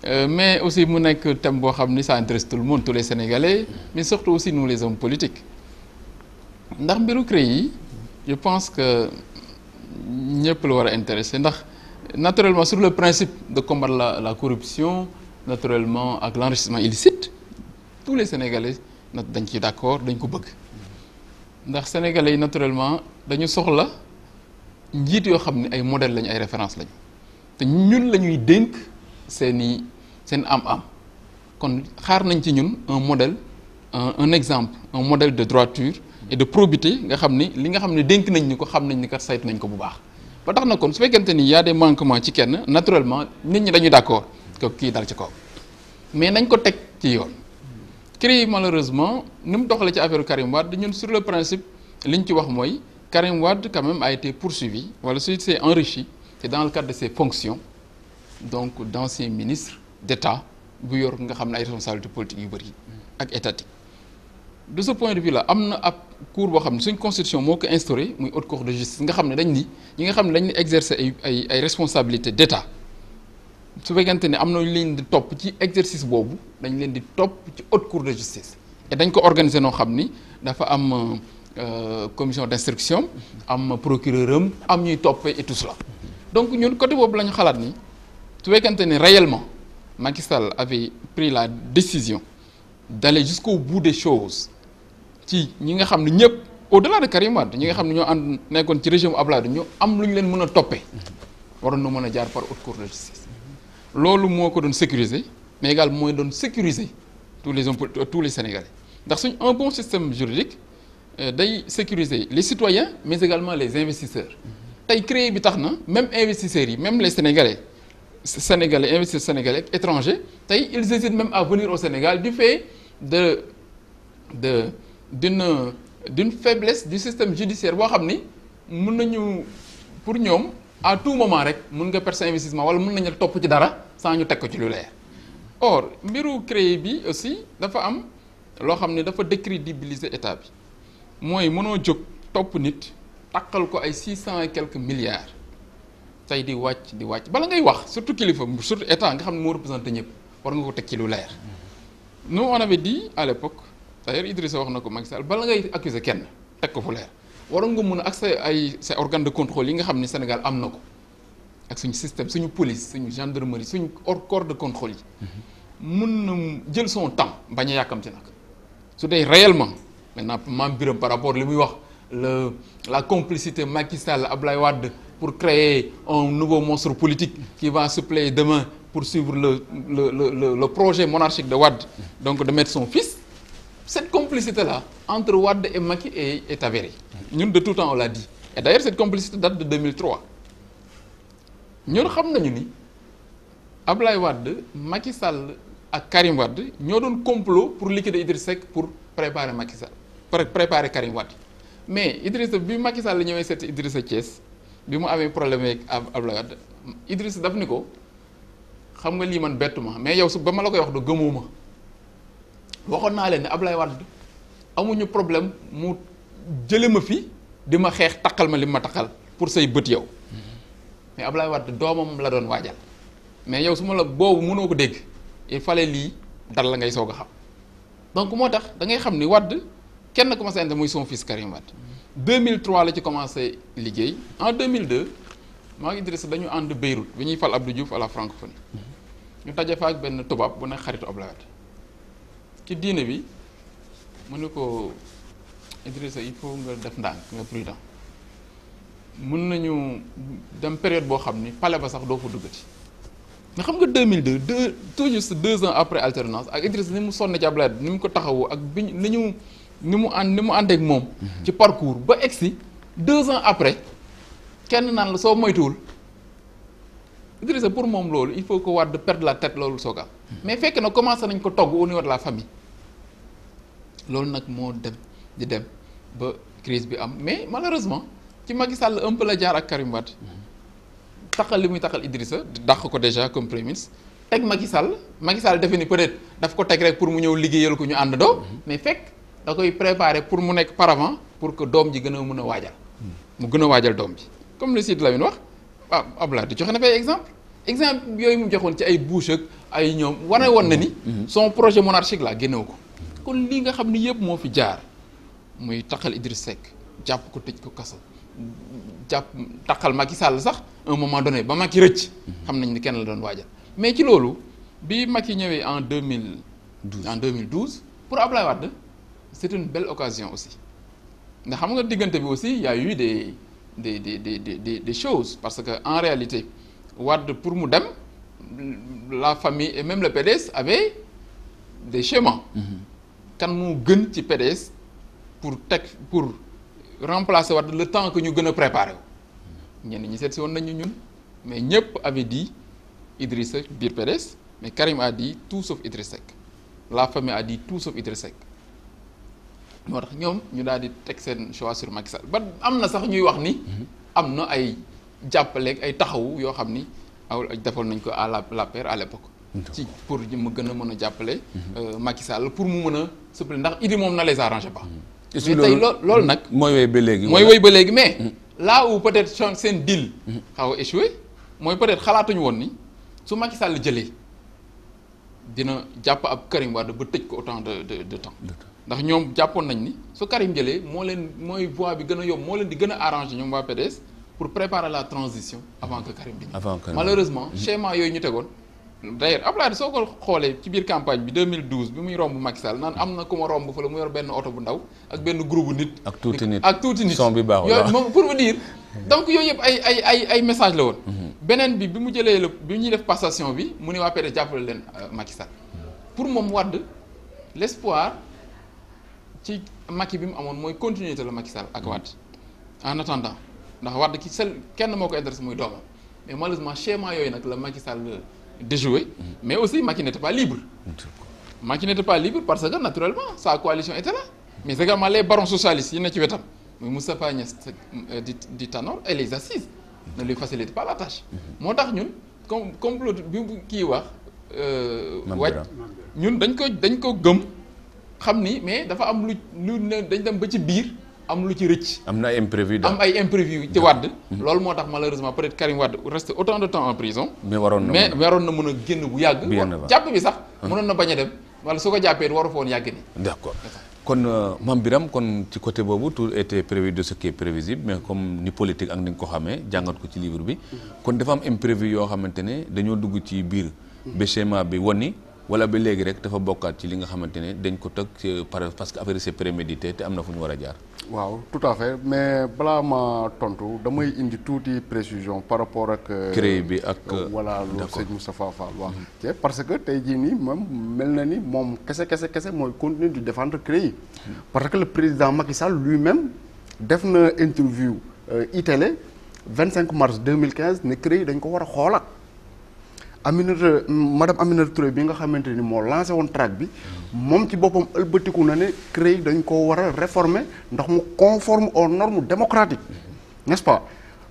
Euh, mais aussi mu nekk thème boo xam ni ça intéresse tout le monde tous les Sénégalais mais surtout aussi nous les hommes politiques ndax mbiru CREI yi je pense que ñëpp la war a intéressé ndax naturellement sur le principe de combattre la la corruption naturellement ak l'enrichissement illicite tous les Sénégalais nag dañ ci d'accord dañ ko bëgg ndax Sénégalais yi naturellement dañu soxla njiit yoo xam ne ay modèles lañu ay références lañu te ñun la dénk. seen i seen am-am kon xaar nañ ci ñun un modèle un, exemple un model de droiture et de probité nga xam ni li nga xam ne dénk nañ ni ko xam nañ ni kat sayt nañ ko bu baax ba tax na kon su fekkente ni y a des manquements ci kenn naturellement nit ñi dañuy d'accord que kii dal ci kaw mais nañ ko teg ci yoon CREI malheureusement ni mu doxalee ci affaire Karim ñun sur le principe li ñu ci wax mooy Karim Wade quand même a été poursuivi wala voilà, s'est enrichi c'est dans le cadre de donc d'anciens ministres d'État bu yor nga xam ne ay responsabilités politiques yu bëri ak étatique de ce point de vue là am na ab cour boo xam ne suñ constitution moo ko instauré muy haute cour de justice nga xam ne dañ ni nga xam ne dañ ni exercer ay ay ay responsabilités d'État su fekkente ne am na leen di topp ci exercice boobu dañ leen di topp ci haute cour de justice et dañ ko organiser noo xam ni dafa am euh, commission d'instruction am procureur am am ñuy toppee et tout cela donc ñun côté boobu la xalaat nii su fekkante ne réellement Macky Sall avait pris la décision d'aller jusqu'au bout des choses ci ñi nga xam ni ñëpp au-delà de Karim Wade ñi nga xam ne ñoo ànd nekkoon ci région Abdoulaye ñu am lu ñu leen mën a toppee waroon na mën a jaar par haute cour de justice loolu moo ko doon sécuriser mais également mooy doon sécuriser tous les hommes tous les Sénégalais ndax suñ un bon système juridique euh, day sécuriser les citoyens mais également les investisseurs tey créer bi tax na même investisseurs yi même les Sénégalais sénégalais investisseurs sénégalais ak étrangers tey ils hésitent même à venir au Sénégal du fait de de d'une d'une faiblesse du système judiciaire boo xam ni mën nañu pour ñoom à tout moment rek mun nga perte sa investissement wala mën nañu topp ci dara sans ñu teg ko ci lu leer or mbiru CREI bi aussi dafa am loo xam ni dafa décrédibiliser état bi mooy mënoo jóg topp nit takkal ko ay six cent et quelques milliards tey di wàcc di wàcc bala ngay wax surtout kilifa surtout état nga xam ne moo représenté ñëpp war nga ko teg ci lu leer mm-hmm. nous on avait dit à l'époque d'ailleurs Idrissa wax na ko Macky Sall bala ngay accuser kenn teg ko fu leer waroon nga mun ak sa ay sa organe de contrôle yi nga xam ni Sénégal am na ko ak suñu système suñu police suñu gendarmerie suñu hors corps de contrôle yi mm-hmm. mun na jël soo temps bañ a yàkkamti nag su dee réellement maintenant maam Birame par rapport li muy wax le la complicité Macky Sall Abdoulaye Wade pour créer un nouveau monstre politique qui va suppléer demain pour suivre le le le le projet monarchique de Wade donc de mettre son fils cette complicité là entre Wade et Macky est est ñun de tout temps on l'a dit et d'ailleurs cette complicité date de 2003 ñun xam nañu ni Ablaye Wade Macky Sall ak Karim Wade ñoo doon complot pour liquider Idriss Seck pour préparer Macky Sall pour préparer Karim Wade mais Idriss bi Macky Sall ñëwee seet Idriss sa Thiès bi mu amee problème yeeg Abdoulaye Wade Idriss daf ni ko xam nga lii man bettu mais yow su ba ma la koy wax du gëmoo ma waxoon naa leen ne Abdoulaye Wade amuñu problème mu jële ma fi di ma xeex taqal ma li ma taqal pour say bët yow mais Abdoulaye Wade doomam la doon waajal mais yow su ma la boobu mënoo ko dégg il fallait lii dal la ngay soog a xam donc moo tax da ngay xam ni Wade kenn ku ma sant muy son fils Karim Wade trois la ci commencé liggéey en 2002 maa ngi Idrissa dañu ànd Beyrouth bi ñuy fal Abdou Diouf à la francophonie ñu daje fa ak benn tubaab bu ne xaritu Abdoulaye Wade ci diine bi mu ne ko Idrissa il faut nga def ndànk nga prudent mun nañu dem période boo xam ni palais ba sax doo fa duggati nga xam nga 2002 deux tout deux ans après alternance ak Idrissa ni mu sonn ci Abdoulaye Wade ni mu ko taxawoo ak bi ni ñu. ni mu ànd ni mu àndeek moom. ci parcours ba egsi deux ans après kenn naan la soo moytuwul Idrissa pour moom loolu il faut que Wade perdre la tet loolu soog am mais fekk na commencé nañ ko togg au niveau la famille loolu nag moo dem di dem ba crise bi am mais malheureusement ci Macky Sall un peu la jaar ak Karim taxal li muy taxal Idrissa daq ko déjà comme premier ministre teg Macky Sall Macky Sall defe ni peut-être daf ko teg rek pour mu ñëw liggéeyal ko ñu ànd doo mm-hmm. mais fekk. da koy préparer pour mu nekk paravent pour que doom ji gën a mën a waajal hmm. mu gën a waajal doom ji comme le Sidi Lamine wax ah Abdoulaye di joxe na fay exemple exemple yooyu mu joxoon ci ay bouche ak ay ñoom wane woon na ni hmm. Hmm. son projet monarchique la génnew ko kon li nga xam ni yëpp moo fi jaar muy taxal Idriss Seck jàpp ko tëj ko kaso jàpp taxal Macky sàll sax un moment donné ba mag yi rëcc xam nañ ni kenn la doon waajal mais ci loolu bi Macky ñëwee en 2012 en 2012 pour Abdoulaye c'est une belle occasion aussi ndax xam nga diggante bi aussi y a eu des des des des des des choses parce que en réalité Wade pour mu dem la famille et même le PDS avait des chemins. Mm-hmm. kan moo gën ci PDS pour teg pour remplacer Wade le temps que ñu gën a préparé wu. Mm-hmm. ñenn ñi seet si woon nañu ñun mais ñëpp avait di Idriss Seck biir PDS mais Karim a dit tout sauf Idriss Seck la famille a dit tout sauf Idriss Seck. moo tax ñoom ñu daal di teg seen choix sur Macky Sall ba am na sax ñuy wax ni. Mhm. am na ay jàppale ay taxawu yoo xam ni aw defoon nañ ko à la la paire à l'époque ci pour mu gën a mën a jàppale. Mhm. Euh, Macky Sall pour mu mën a sëppale ndax idi moom na les arrange pas. Mhm. est ce tey loolu nag. mooy woy ba léegi mooy woy ba léegi mais. là où peut être seen deal. xaw a mooy peut être xalaatuñu woon ni su Macky Sall jëlee dina jàpp ab Karim Wade ba tëj ko autant de de temps. ndax ñoom jàppoon nañ ni su Karim jëlee moo leen mooy voie bi gën a yomb moo leen di gën a arrangé ñoom waa PDS pour préparer la transition avant que Karim di malheureusement schéma yooyu ñu tegoon d'ailleurs Abdoulaye soo ko xoolee ci biir campagne bi 2012 bi muy romb Macky Sall naan am na ku ma romb fa la mu yor benn oto bu ndaw ak benn groupe nit ak tuuti nit ak tuuti nit bi baaxul yooyu moom pour vous dire donc yooyu yëpp ay ay ay message la woon mhm. beneen bi bi mu jëlee la bi ñuy def passation bi mu ne waa PDS jàppale leen euh, Macky Sall pour moom Wade l'espoir ci Macky bi mu amoon mooy continuité la Macky Sall ak mm-hmm. Wade en ndax Wade ki sel kenn moo ko intéressé muy doomam mais malheureusement schéma yooyu nag la Macky Sall déjoué mm-hmm. mais aussi Macky n'était pas libre Macky n'était pas libre parce que naturellement sa coalition était là mais également les barons socialistes yi ne ci wetam muy Moustapha Niasse euh, di di Tanor et les assises ne lui facilite pas la mm-hmm. moo tax ñun comme complot bi kii wax euh, wàcc ñun dañ ko dañ ko gëm xam ni mais dafa am lu lu ne dañ dem ba ci biir am lu ci rëcc. am na ay imprévu am ay imprévu ci Wade. Mm-hmm. Mm-hmm. loolu moo tax malheureusement peut-être Karim Wade reste autant de temps en prison. mais waroon na mais waroon na mën a génn bu yàgg. jàpp bi sax. mënoon na bañ a dem wala su ko jàppee waru fa woon yàgg nii. d'accord kon euh, Mame Birame kon ci côté boobu tout était prévu de ce prévisible mais comme ni politique ak ni nga ko xamee jàngat ko ci livre bi. Mm-hmm. kon dafa am imprévu yoo xamante ne dañoo dugg ci biir. ba schéma bi wan ni wala ba léegi rek dafa bokkaat ci li nga xamante ne dañ ko tëg par parce que affaire c'est prémédité te am na fu ñu war a jaar waaw tout à fait mais balaa ma tontu damay indi tuuti précision par rapport ak euh, créé bi ak euh, voilà loolu sëñ Moustapha Fall waaw mm-hmm. te parce que tey jii nii moom mel na ni moom kese kese kese mooy continuer di défendre CREI mm-hmm. parce que le président Macky Sall lui-même def na interview euh, iTélé 25 mars 2015 ne CREI dañ ko war a xoola Aminata madame Aminata Touré bi nga xamante ni moo lancé woon track bi moom ci boppam ëlbatiku na ne CREI dañ ko war a réformer ndax mu conforme aux normes démocratiques n'est-ce pas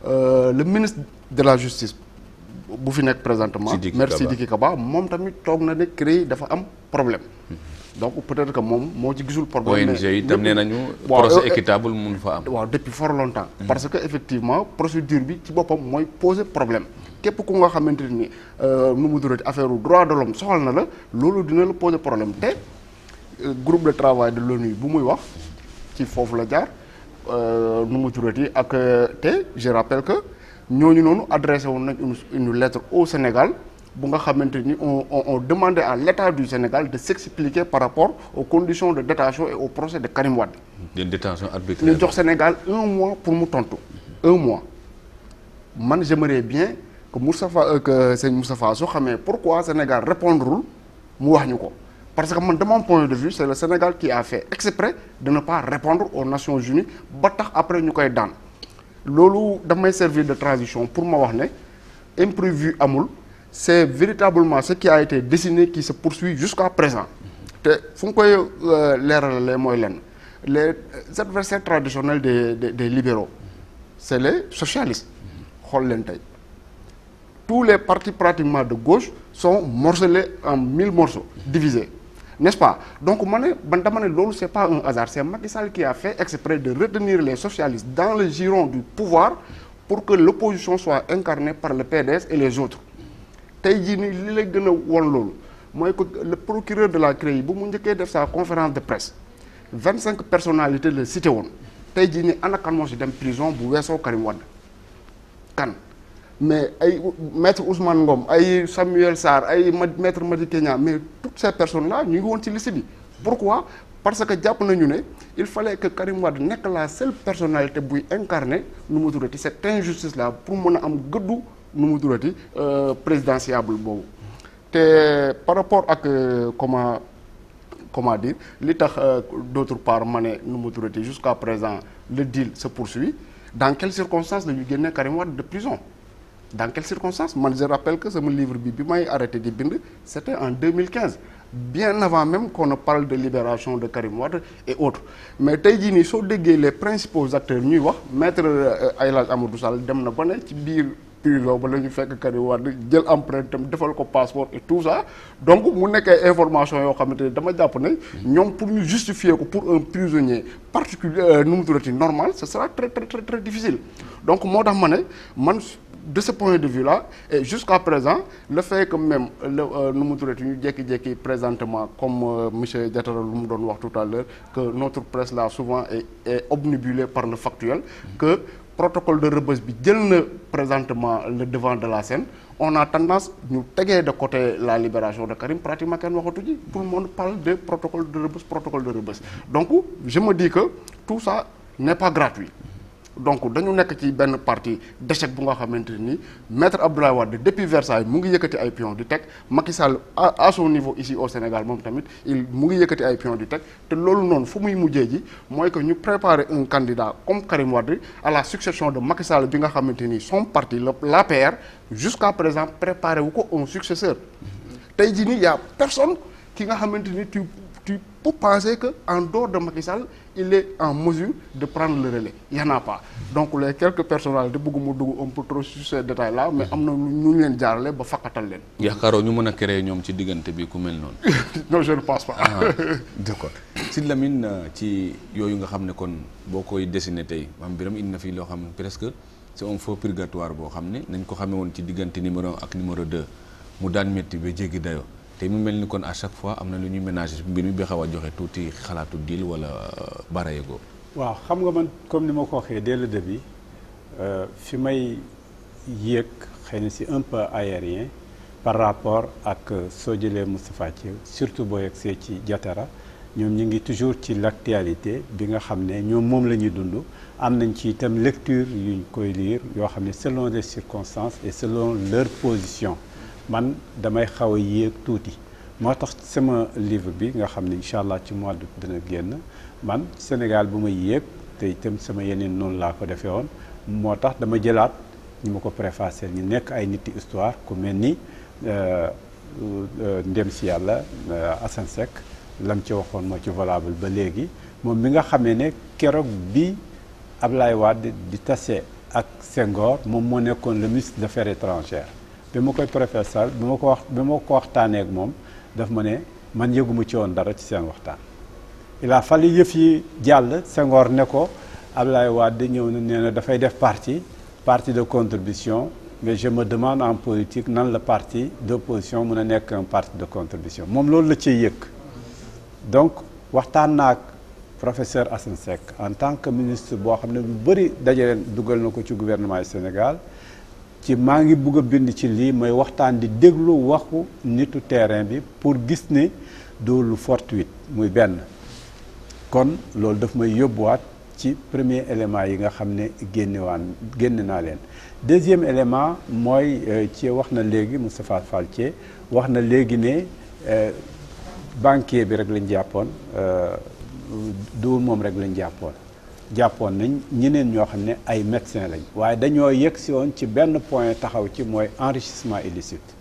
euh, le ministre de la justice bu fi nekk présentement maire Sidiki Kaba moom tamit toog na ne CREI dafa am problème donc peut-être que moom moo ci gisul problème ONG yi tam nee nañu euh, procès euh, équitable mun fa am waaw depuis fort longtemps mm. parce que effectivement procédure bi ci boppam mooy poser problème képp ku nga xamante ni euh, nu mu durati affaire droit de l'homme soxal na la loolu dina la poser problème te euh, groupe de travail de l'ONU bu muy wax ci foofu la jaar euh, nu mu turati ak te je rappelle que ñoo ñu noonu adressé woon nañ une lettre au Sénégal bu nga xamante ni on on demandait à l'État du Sénégal de s'expliquer par rapport au condition de détention et au procès de Karim Wade. de détention jox Sénégal un mois pour mu tontu. un mois man j'aimerais bien. que Moustapha euh, que sëñ Moustapha su xamee pourquoi Sénégal répondrul mu wax ñu ko parce que man de mon point de vue c'est le Sénégal qui a fait exprès de ne pas répondre aux Nations Unies ba tax après ñu koy daan loolu damay service de transition pour ma wax ne imprévu amul c'est véritablement ce qui a été dessiné qui se poursuit jusqu'à présent te fu nga koy euh, leeralalee mooy lenn les euh, adversaires traditionnels des de des libéraux c'est les socialistes xool leen tey tous les partis pratiquement de gauche sont morcelés en mille morceaux divisés n'est-ce pas donc ma ne man dama ne loolu c'est pas un hasard c'est Macky Sall qui a fait exprès de retenir les socialistes dans les giron du pouvoir pour que l'opposition soit incarnée par le PDS et les autres tey jii nii li lay gën a won loolu mooy que le procureur de la CREI bu mu njëkkee def sa conférence de presse vingt cinq personnalités la cité woon tey jii nii ana kan moo si dem prison bu weesoo Karim Wade mais ay maître Ousmane Ngom ay Samuel Sarr ay maître Madické Niang mais toutes ces personnes là ñu ngi woon ci liste bi pourquoi parce que jàpp nañu ne il fallait que Karim Wade nekk la seule personnalité buy incarner nu mu durati cette injustice là pour mën a am gëddu nu mu durati euh, présidentiable boobu te par rapport ak euh, comment comment dire li tax euh, d'autre part ma ne nu mu durati jusqu'à présent le deal se poursuit dans quelles circonstances la ñu génnee Karim Wade de prison dans quelles circonstances man je rappelle que sama livre bi bi may arrêté di bind c'était en 2015 bien avant même qu'on ne parle de libération de Karim Wade et autres mais tey jii nii soo déggee les principaux acteurs ñuy wax maître euh, El Hadj Amadou Sall dem na ba ne ci biir prison ba la ñu fekk Karim Wade jël empreinte tam defal ko passeport et tout ça donc mu nekkee ay information yoo xamante ne dama jàpp ne ñoom pour ñu justifier ko pour un prisonnier particulier euh, nu mu tuddati normal ce sera très très très donc moo tax ma ne man de ce point de vue-là et jusqu'à présent le fait même le euh, nu mu tuddati ñu jékki-jékki présentement comme euh, monsieur Diatara lu mu doon wax tout à l'heure que notre presse là souvent est est obnubilée par le factuel que protocole de Rebeuss bi jël na présentement le devant de la scène on a tendance ñu tegee de côté la libération de Karim pratiquement kenn waxatu ji tout le monde parle de protocole de Rebeuss protocole de Rebeuss donc je me dis que tout ça n'est pas donc dañu nekk ci benn parti d'échec bu nga xamante ni maître Abdoulaye Wade depuis Versailles mu ngi yëkkati ay pion di teg Macky à son niveau ici au Sénégal moom tamit il mu ngi yëkkati ay pions di teg te loolu noonu fu muy mujjee ji mooy que ñu préparer un candidat comme Karim Wade à la succession de Macky Sall bi nga xamante ni son parti l'APR jusqu'à exemple préparé wu ko un successeur tey jii nii y a personne ki nga xamante ni tu tu pour que en dehors de Macky Sall il est en mesure de prendre le relais a pas donc les quelques personnalités bëgguma dugg un peu trop sur ces détails là mais am na ñu leen jaarale ba fakkatal leen. yaakaaroo ñu mën a créer ñoom ci diggante bi ku mel noonu. non je ne pense pas. Ah, d'accord si Lamine ci yooyu nga xam ne kon boo koy dessiné tey maam Birame indi na fii loo xam ne presque c'est un faux purgatoire boo xam ne nañ ko xamee woon ci diggante numéro 1 ak numéro de mu daan métti ba jéggi dayoo. te mu mel ni kon à chaque fois am na lu ñuy ménager bi mi bi xaw a joxe tuuti xalaatu diil wala euh, barayego waaw xam nga man comme ni ma ko waxee dès le début euh, fi may yéeg xëy na si un peu aérien par rapport ak euh, soo jëlee Moustapha Thiel surtout boo yegsee ci jatara ñoom ñu ngi toujours ci l'actualité bi nga xam ne ñoom moom la ñuy dund am nañ ci itam lecture yuñ koy lire yoo xam ne selon les circonstances et selon leur position man damay xaw a yéeg tuuti moo tax sama livre bi nga xam ne incha allah ci mois d'août dina génn man Sénégal bu ma yéeg te itam sama yeneen noonu laa ko defee woon moo tax dama jëlaat ñu ma ko préfacé ñu nekk ay nit histoire ku mel ni euh, euh, ndem si yàlla euh, Assane Seck lam ci waxoon moo ci valable ba léegi moom mi nga xamee ne keroog bi ab Ablaye Wade di tase ak Senghor moom moo nekkoon le ministre des affaires étrangères bi ma koy professeur Sall bi ma ko wax bi ma ko waxtaanee ak moom daf ma ne man yëguma ci woon dara ci seen waxtaan il a fallu yëf yi jàll Senghor ne ko Ablaye Wade ñëw na nee na dafay def parti parti de contribution nga je me demande en politique nan la parti d'opposition mun a nekk un parti de contribution moom loolu la ciy yëg donc waxtaan naa ak professeur Assane Seck en tant que ministre boo xam ne bu bëri dajale dugal na ko ci gouvernement du Sénégal ci maa ngi bugg a bind ci lii mooy waxtaan di déglu waxu nitu terrain bi pour gis ne fort wit muy benn kon loolu dafa may yóbbuwaat ci premier élément yi nga xam ne génnewaan génn naa leen deuxième élément mooy euh, ci wax na léegi mu Moustapha Fall ci wax na léegi ne euh, banquier bi rek lañ jàppoon euh, dool moom rek lañ jàppoon jàppoon nañ ñeneen ñoo xam ne ay médecin lañ waaye dañoo yegg si woon ci benn point taxaw ci mooy enrichissement illicite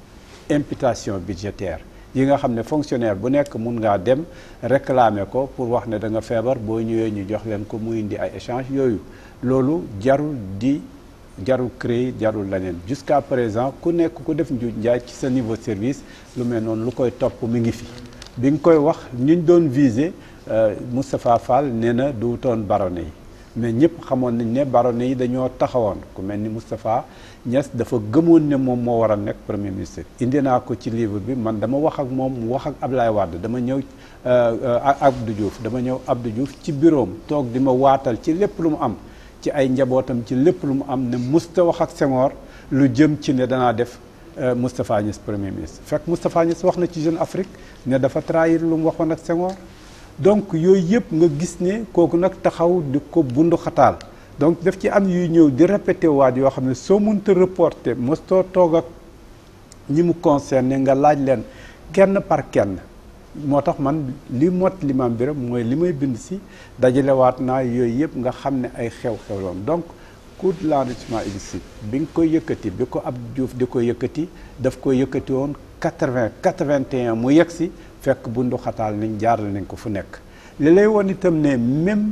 imputation budgétaire yi nga xam ne fonctionnaire bu nekk mun ngaa dem réclamer ko pour wax ne da nga feebar boo ñëwee ñu jox leen ko mu indi ay échange yooyu loolu jarul di jarul créer jarul la leneen jusqu'à présent ku nekk ku def njuut njaay ci sa niveau service lu mel noonu lu koy topp mu ngi fi bi nga koy wax ñu doon viser Euh, Moustapha Fall nee na du toon yi mais ñëpp xamoon nañ ne barone yi dañoo taxawoon ku mel ni mustapha Niass dafa gëmoon ne moom moo war a nekk premier ministre. indi naa ko ci livre bi man dama wax ak moom mu wax ak Abdoulaye Wade dama ñëw ak euh, euh, Abdou Diouf dama ñëw Abdou Diouf ci bureau toog di ma waatal ci lépp lu mu am ci ay njabootam ci lépp lu mu am ne musta wax ak Senghor lu jëm ci ne danaa def. Moustapha Niass premier ministre fekk Moustapha Niass wax na ci Jeune Afrique dafa trahir lu mu waxoon ak Senghor donc yooyu yëpp nga gis ne kooku nag taxaw di ko bundu xataal donc def ci am yuy ñëw di répété waat yoo xam ne soo mënta reporté mostoo toog ak ñi mu concerné nga laaj leen kenn par kenn moo tax man li mot limaam bi rek mooy li may bind si dajalewaat naa yooyu yëpp nga xam ne ay xew-xew loon donc coût de l'enrichissement illicite bi nga koy yëkkati bi ko ab Diouf di koy yëkkati daf ko yëkkati woon quatre-vingt quatre-vingt-un mu yegg si fekk bundu xataal nañ jaar nañ ko fu nekk li lay woon itam ne même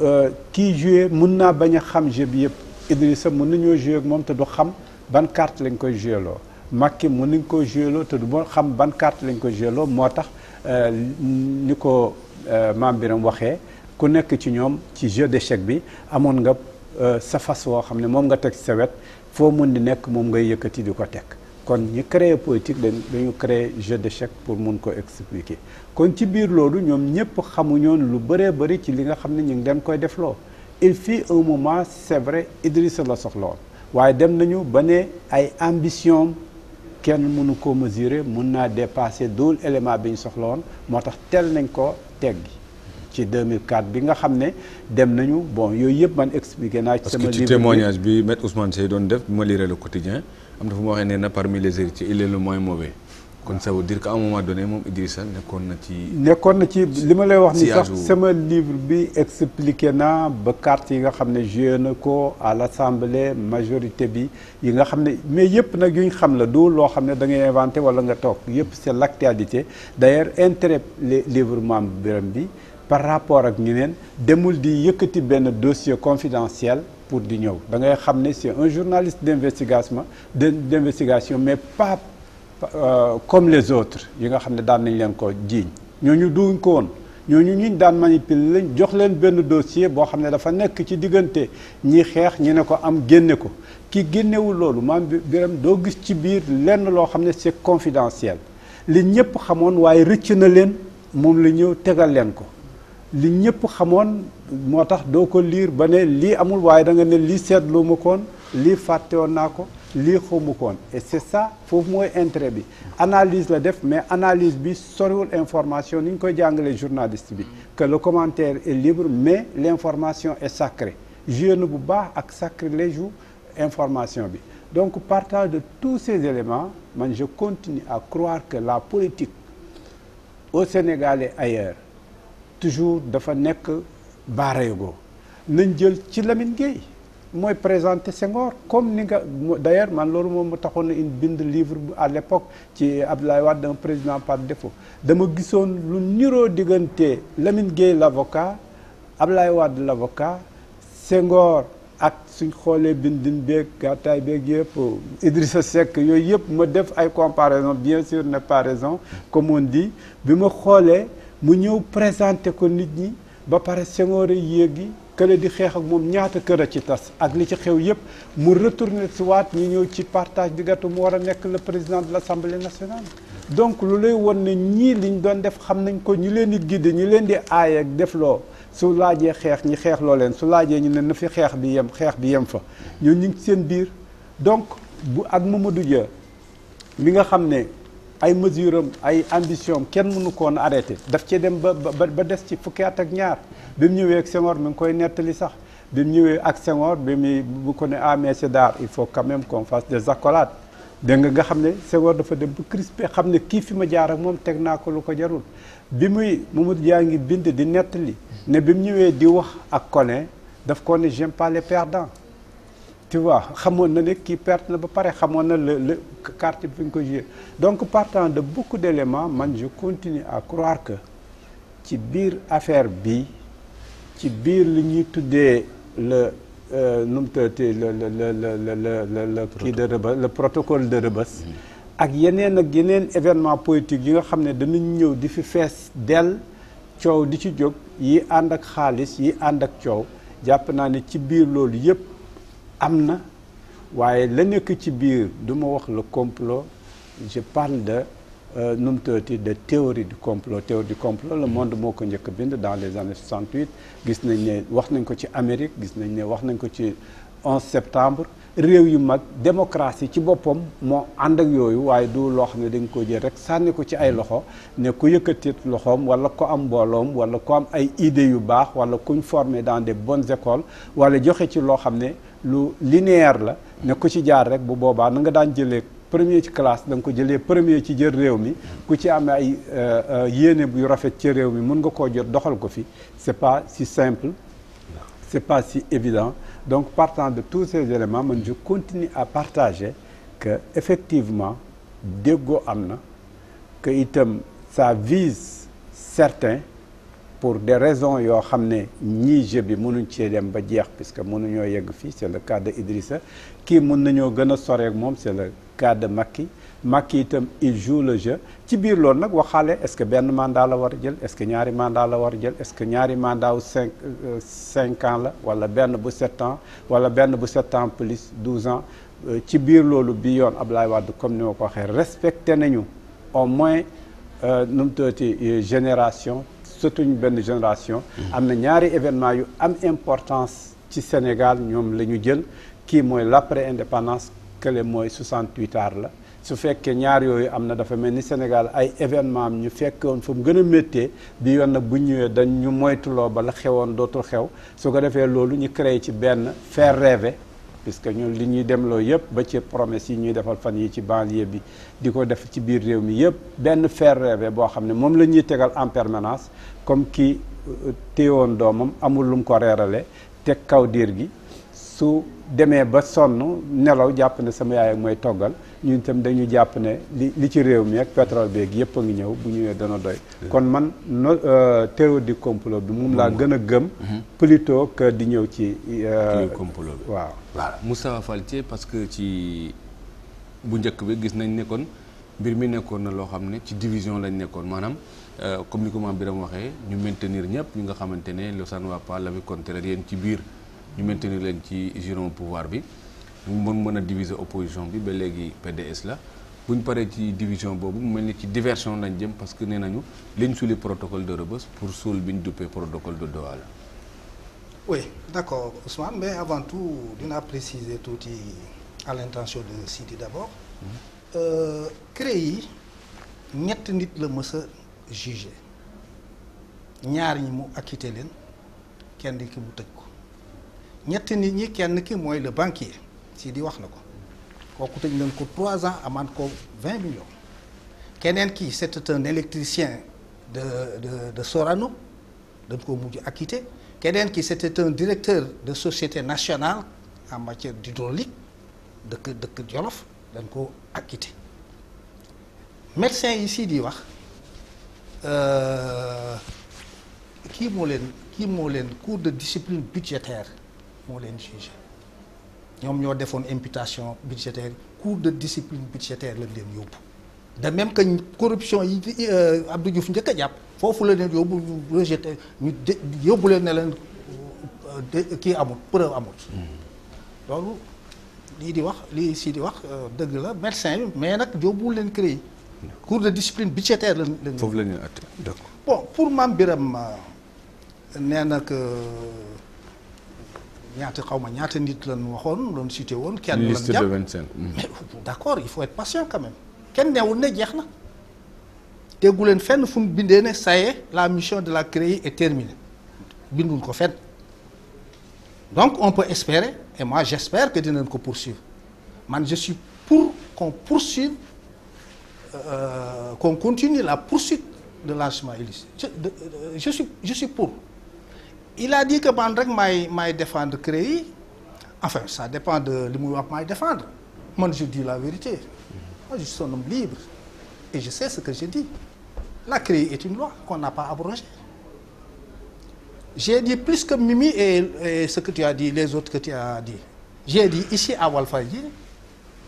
euh, kii joué mun naa bañ a xam jeu bi yëpp Idrissa mun nañoo joué ak moom te du xam ban carte lañ koy joué loo Macky mun nañ ko joué loo te du moo xam ban carte lañ koy joué loo moo tax euh, ni ko euh, maam Biram waxee ku nekk ci ñoom ci de check bi amoon nga sa fas woo xam ne moom nga teg sa wet foo mun di nekk moom ngay yëkkati di ko tekk kon ñi créer politique dañ dañu créer jeu d'échec pour mun ko expliquer kon ci biir loolu ñoom ñëpp xamuñoon lu bëree bëri ci li nga xam ne ñu ngi leen koy def loo il fi un moment c'est vrai Idrissa la soxla woon waaye dem nañu ba ne ay ambition kenn mënu ko mesurer mun naa dépasser dool élément bi ñu soxla woon moo tax teel nañ ko teggi ci 2004 bi nga xam ne dem nañu bon yooyu yëpp man expliqué naa. ci sama livre parce que ci témoignage bi maître Ousmane Seye doon def bi ma lire le quotidien am na fu ma waxee nee na parmi les héritiers il est le moins mauvais. kon ça veut dire qu'à un moment donné moom Idrissa nekkoon na ci. nekkoon na ci li ma lay wax ni sax sama livre bi expliqué na ba carte yi nga xam ne joué na ko à l'assemblée majorité bi yi nga xam ne mais yëpp nag yuñ xam la du loo xam ne da ngay inventé wala nga toog yëpp c'est l'actualité d'ailleurs intérêt livre Mame Birame bi. par rapport ak leen demul di yëkkati benn dossier confidentiel pour di ñëw da ngay xam ne c'est un journaliste d'investigation d'investigation mais pas euh, comme les autres yi nga xam ne daan nañ leen ko jiiñ ñooñu duñ ko ñoo ñu ñu daan manipuler lañ jox leen benn dossier boo xam ne dafa nekk ci diggante ñi xeex ñi ne ko am génne ko ki génnewul loolu ma biram doo gis ci biir lenn loo xam ne c'est confidentiel li ñëpp xamoon waaye rëcc na leen moom la ñëw tegal leen ko li ñëpp xamoon moo tax doo ko liir ba ne lii amul waaye da nga ne lii seetlu ma koon lii fàtte woon naa ko lii xamu koon et c'est ça foofu mooy intérêt bi analyse la def mais analyse bi soriwul information ni ñu koy jàngalee journaliste bi que le commentaire est libre mais l'information est sacrée jeune bu baax ak jour information bi donc partage de tous ces éléments man je continue à croire que la politique au Sénégal et toujours dafa nekk baaraygo nañ jël ci Lamine Gueye mooy présenter sengoor comme ni nga d'ailleurs man loolu moom ma taxoon na une bind livre à l'époque ci Abdoulaye Wade un président par défaut dama gisoon lu niroo diggante Lamine Gueye l'avocat Abdoulaye Wade l'avocat Senghor ak suñ xoolee bindin beeg gàttaay beeg yëpp Idrissa Seck yooyu yëpp ma def ay comparaison bien sûr n'est pas comme on dit bi ma xoolee mu ñëw présenté ko nit ñi ba pare Senghor yéegi kële di xeex ak moom ñaata kër a ci tas ak li ci xew yépp mu retourné si waat ñu ñëw ci partage di mu war a nekk la président de l'Assemblée nationale donc lu lay woon ne ñii liñ doon def xam nañ ko ñi leen di guider ñi leen di aay ak def loo su laajee xeex ñi xeex loo leen su laajee ñu ne na fi xeex bi yem xeex bi yem fa ñoo ñu seen biir donc bu ak Mamadou Dia mi nga xam ne ay mesure am ay ambition am kenn mënu koon arrêté daf cee dem ba ba des ci fukki at ak ñaar bi mu ñëwee ak Senghor mi ngi koy nettali sax bi mu ñëwee ak Senghor bi mu bu ko ne ah mais c'est d'art il faut quand même qu'on fasse des accolades dégg nga nga xam ne Senghor dafa dem ba crispé xam ne kii fi ma jaar ak moom teg naa ko lu ko jarul bi muy mu mut Dia ngi bind di nettali ne bi mu ñëwee di wax ak Collin daf ko ne j'aime pas les tu vois xamoon na ne kii perte na ba pare xamoon na le le carte bi fi ñu ko joué donc partant de beaucoup d' man ju continue à croire que ci biir affaire bi ci biir li ñuy tuddee le euh, nu mu tëddee le le le le le le kii protocole de Rebeuss ak yeneen ak yeneen événement politique yi nga xam ne danañ ñëw di fi fees dell coow di ci jóg yi ànd ak xaalis yi ànd ak coow jàpp naa ne ci biir loolu yëpp. am na waaye la nekk ci biir du ma wax le complot je parle de euh, nu mu de théorie du complot théorie du complot le monde moo ko njëkk bind dans les années 68 gis nañ ne wax nañ ko ci Amérique gis nañ ne wax nañ ko ci 11 septembre réew yu mag démocratie ci boppam moo ànd ak yooyu waaye du loo xam ne dañ ko jël rek sànni ko ci ay loxo ne ku yëkkati loxoom wala ko am mbooloom wala ku am ay idées yu baax wala kuñ formé dans des bonnes écoles wala joxe ci loo xam ne lu linéaire la ne ku ci jaar rek bu boobaa na nga daan jëlee premier ci classe da nga ko jëlee premier ci jël réew mi ku ci am ay euh, euh, yéene bu rafet ci réew mi mun nga koo jot doxal ko fi c'est pas si simple c'est pas si évident donc partant de tous ces éléments man je continue à partager que effectivement déggoo am na que itam ça vise certains pour des raisons yoo xam ne ñii jeu bi mënuñ cee dem ba jeex puisque mënuñoo yegg fii c'est le cas de Idrissa kii mën nañoo gën a soreek moom c'est le cas de Macky Macky itam il joue le jeu ci biir loolu nag waxaale est-ce que benn mandat la war jël est-ce que ñaari mandat la war a jël est-ce que ñaari mandat wu cinq euh, cinq ans la wala benn bu sept ans wala benn bu sept ans plus douze ans euh, ci biir loolu bii yoon Ablaye Wade comme ni ma ko waxee respecté nañu au moins euh, nu mu tuddati génération surtout ñu benn génération mhm. am na ñaari événement yu am importance ci Sénégal ñoom la ñu jël kii mooy l'après indépendance kële mooy 68 aar la su fekkee ñaar yooyu am na dafa mel ni Sénégal ay événement am ñu fekkoon fu mu gën a méttee bi yoon nag bu ñëwee dañ ñu moytuloo ba la xewoon dootul xew su ko defee loolu ñu créé ci benn fair rêver que ñun li ñuy demloo yëpp ba ci promesse yi ñuy defal fan yi ci banlieue bi di ko def ci biir réew mi yëpp benn fer rêve boo xam ne moom la ñuy tegal en permanence comme ki euh, woon doomam amul lum ko reerale teg kaw diir gi su demee ba sonn nelaw jàpp ne sama yaay ak mooy toggal ñu itam dañu jàpp ne li li ci réew mi ak pétrole beeg yëpp a ngi ñëw bu ñëwee dana doy. kon man no euh, théorie du complot bi mu laa gën a gëm. Mhm. plutôt que di ñëw ci. Euh, théorie bi waaw. voilà Moustapha parce que ci bu njëkk bi gis nañ ne kon mbir mi nekkoon na loo xam ne ci division lañ nekkoon maanaam. Euh, comme ni ko maam Birame waxee ñu maintenir ñëpp ñu nga xamante ne Lassane Wapha la wi compté yéen ci biir. ñu maintenir leen ci giron pouvoir bi mu mën a diviser opposition bi ba léegi PDS la bu paree ci division boobu mu mel ni ci diversion lañ jëm parce que nee nañu liñ suuli protocole de Rebeuss pour suul bi ñu duppee protocole de Doha la. oui d' accord Ousmane mais avant tout dinaa préciser tuuti à l' intention de Sidi d' abord. Mhm. Euh, CREI yi ñett nit la mës a ñaar ñi mu acquitté leen kenn ki mu tëj ko. ñetti nit ñi kenn ki mooy le banquier sii di wax na ko kooku tëj nañ ko trois ans amaan ko vingt millions keneen ki c'était un électricien de de de Sorano dañ ko mujj acquitté keneen ki c'était un directeur de société nationale en matière d'hydraulique dëkk dëkk Jolof dañ ko acquitté médecin yi si di wax euh, kii moo leen kii moo leen cours de discipline budgétaire moo leen jugé ñoom ñoo defoon imputation budgétaire cours de discipline budgétaire lañ leen yóbbu de même que corruption yi euh, Abdou Diouf njëkk jàpp foofu la leen yóbbu ñu rejeté ñu yóbbu leen ne leen euh, kii amul preuve amul loolu lii di wax lii si di wax euh, dëgg la médecin bi mais nag yóbbuwul leen CREI cours de discipline budgétaire la leen foofu la ñu atte d'accord bon pour Mame Birame nee ñaata xaw ma ñaata nit lan waxoon doon cité woon. kenn lan jàpp mm. mais d'accord il faut être patient quand kenn newul ne jeex na. déggu leen fenn fu mu bindee ne ça la mission de la CREI est terminée binduñ ko fenn donc on peut espérer et moi j'espère que dinañ ko poursuivre man je suis pour qu'on poursuive euh, qu'on continue la poursuite de l'enrichissement illicite de, de, je suis pour. il a dit que man rek maay maay défendre CREI enfin ça dépend de li muy wax maay défendre man je dis la vérité moi je suis un homme libre et je sais ce que je dis la CREI est une loi qu'on n'a pas abrogée j'ai dit plus que Mimi et, ce que tu as dit les autres que tu as dit j'ai dit ici à Walfadjri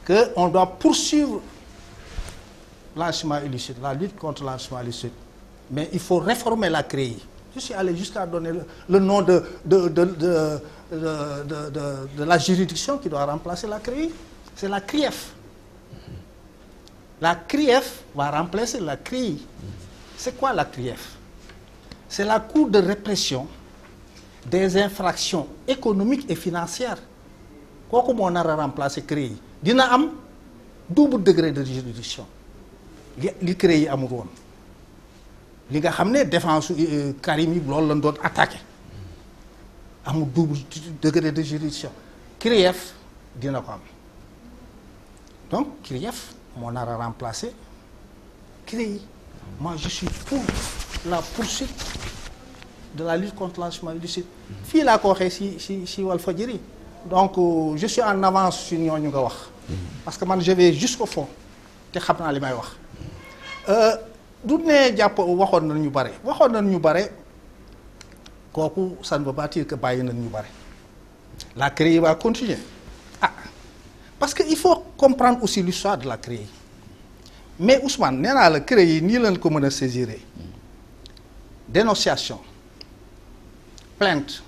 que on doit poursuivre l'enrichissement illicite la lutte contre l'enrichissement illicite mais il faut réformer la CREI je suis allé jusqu'à donner le, le nom de de, de de de de de la juridiction qui doit remplacer la CREI c'est la CRIEF la CRIEF va remplacer la CREI c'est quoi la CRIEF c'est la cour de répression des infractions économiques et financières kooku moo nar a remplacer CREI dina am double degré de juridiction li li CREI amul li nga xam ne défense euh, Karim yi loolu lañ doon attaqué amul double degré de juridiction CREEF dina ko am donc CREEF moo nar a remplacer CREI moi je suis pour la poursuite de la lutte contre blanchiment illicite fii laa ko waxee si si si Walfadjri donc euh, je suis en avance sur ñooñu nga wax parce que man je vais jusqu'au fond te xam naa li may wax euh, du ne jàpp waxoon na ñu bare waxoon ñu bare kooku ça ne veut pas bàyyi na ñu nañu bare la yi baa continuer ah parce que il faut comprendre aussi lu soit de la CREI mais Ousmane nee naa la yi nii lañ ko mën a saisir dénonciation plainte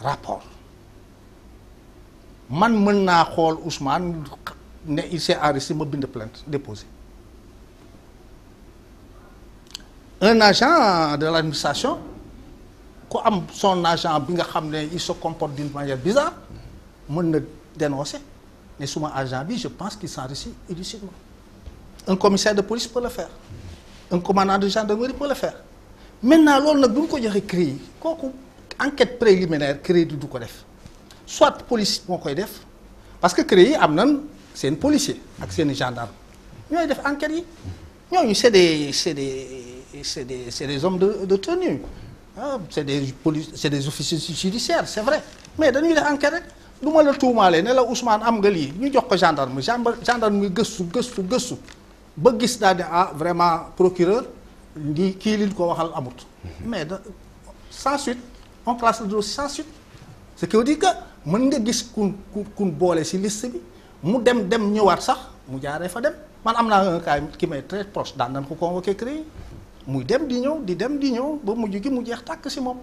rapport man mën naa xool Ousmane ne il s'est arrêté ma bind plainte déposé un agent de l'administration ku am son agent bi nga xam ne il se comporte d'une manière bizarre mën na dénoncer ne suma agent bi je pense qu'il s'enrichit illicitement un commissaire de police peut le faire un commandant de gendarmerie peut le faire maintenant loolu nag bu ñu ko joxee CREI kooku enquête préliminaire CREI du ko def soit police moo koy def parce que CREI yi am nan seen policier ak seen gendarme ñooy def enquête yi ñooñu c'est des c'est des c'est des c'est des hommes de de tenue ah c'est des police c'est des officiers judiciaires c'est vrai mais dañuy def enquête rek du ma la tuumaalee ne la am nga lii ñu jox ko gendarme gendarme bi gëstu gëstu gëstu ba gis daal ne ah vraiment procureur lii kii liñ ko waxal amut. mais da sans suite on classe le dossier sans suite ce qui di dire que mën nga gis kun ku kun boole ci liste bi mu dem dem ñëwaat sax mu jaaree fa dem man am naa un cas qui m'est très proche daan ko muy dem di ñëw di dem di ñëw ba mujj gi mu jeex tàkk si moom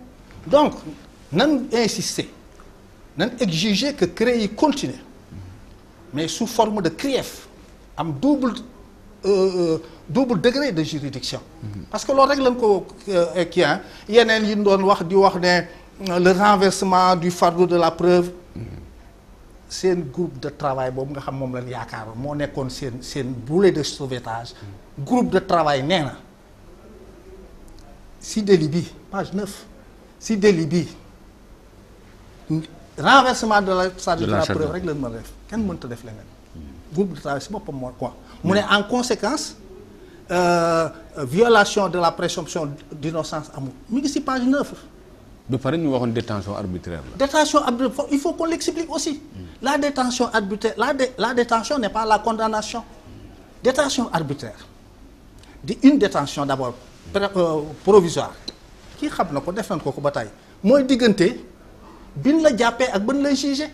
donc nan insister nan exiger que CREI yi continue mais sous forme de CREEF am double euh, euh degré de juridiction mm-hmm. parce que loolu rek lañ ko euh, kii yeneen yi doon wax di wax ne euh, le renversement du fardeau de la preuve mm-hmm. seen groupe de travail boobu nga xam moom lañ yaakaar moo nekkoon seen seen boulet de sauvetage mm-hmm. groupe de travail nee na si délit bi page 9 si délit bi renversement de la charge de la preuve rek lañ mën a def kenn mënta def leneen hmm. groupe de travail si boppam moo quoi hmm. mu ne en conséquence euh, violation de la présomption d'innocence amul mu ngi si page 9 ba pare ñu waxoon détention arbitraire la. détention arbitraire il faut qu'on l'explique aussi. Hmm. la détention arbitraire la dé la détention n'est pas la condamnation. détention arbitraire di une détention d'abord Euh, provisoire kii xam na ko def nañ ko ko ba tey mooy diggante bin la jàppee ak ban lay jugé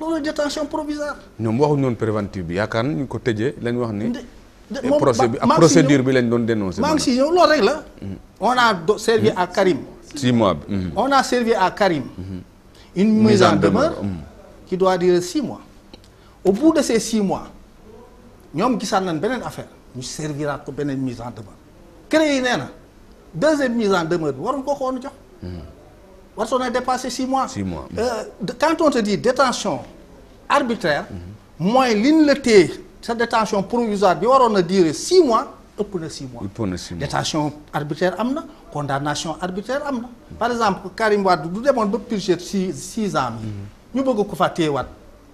loolu détention provisoire. ñoom waxuñu woon préventive bi yaakaar nañu ko tëjee lañ wax ni. procès bi ak procédure bi lañ doon dénoncé. maa ngi si ñëw loolu rek la. Mm-hmm. on a servi à Karim. six mois bi. Mm-hmm. on a servi à Karim. Mm-hmm. une mise en demeure ki doit durer six mois. au bout de ces six mois ñoom gisaan nañ beneen affaire ñu servira ko beneen mise en demeure. CREI yi nee na deuxième mise en demeure bi waroon ko xoon jox. Hmm. war soo na dépassé six mois. six mois euh, te dit détention arbitraire. Hmm. mooy li ñu la téye sa détention provisoire bi waroon na durer six mois. ëpp na six mois ëpp na six mois détention arbitraire am na condamnation arbitraire am na. par exemple Karim Wade du demoon ba purger six six ans mi. Hmm. ñu bëgg ko fa téyewaat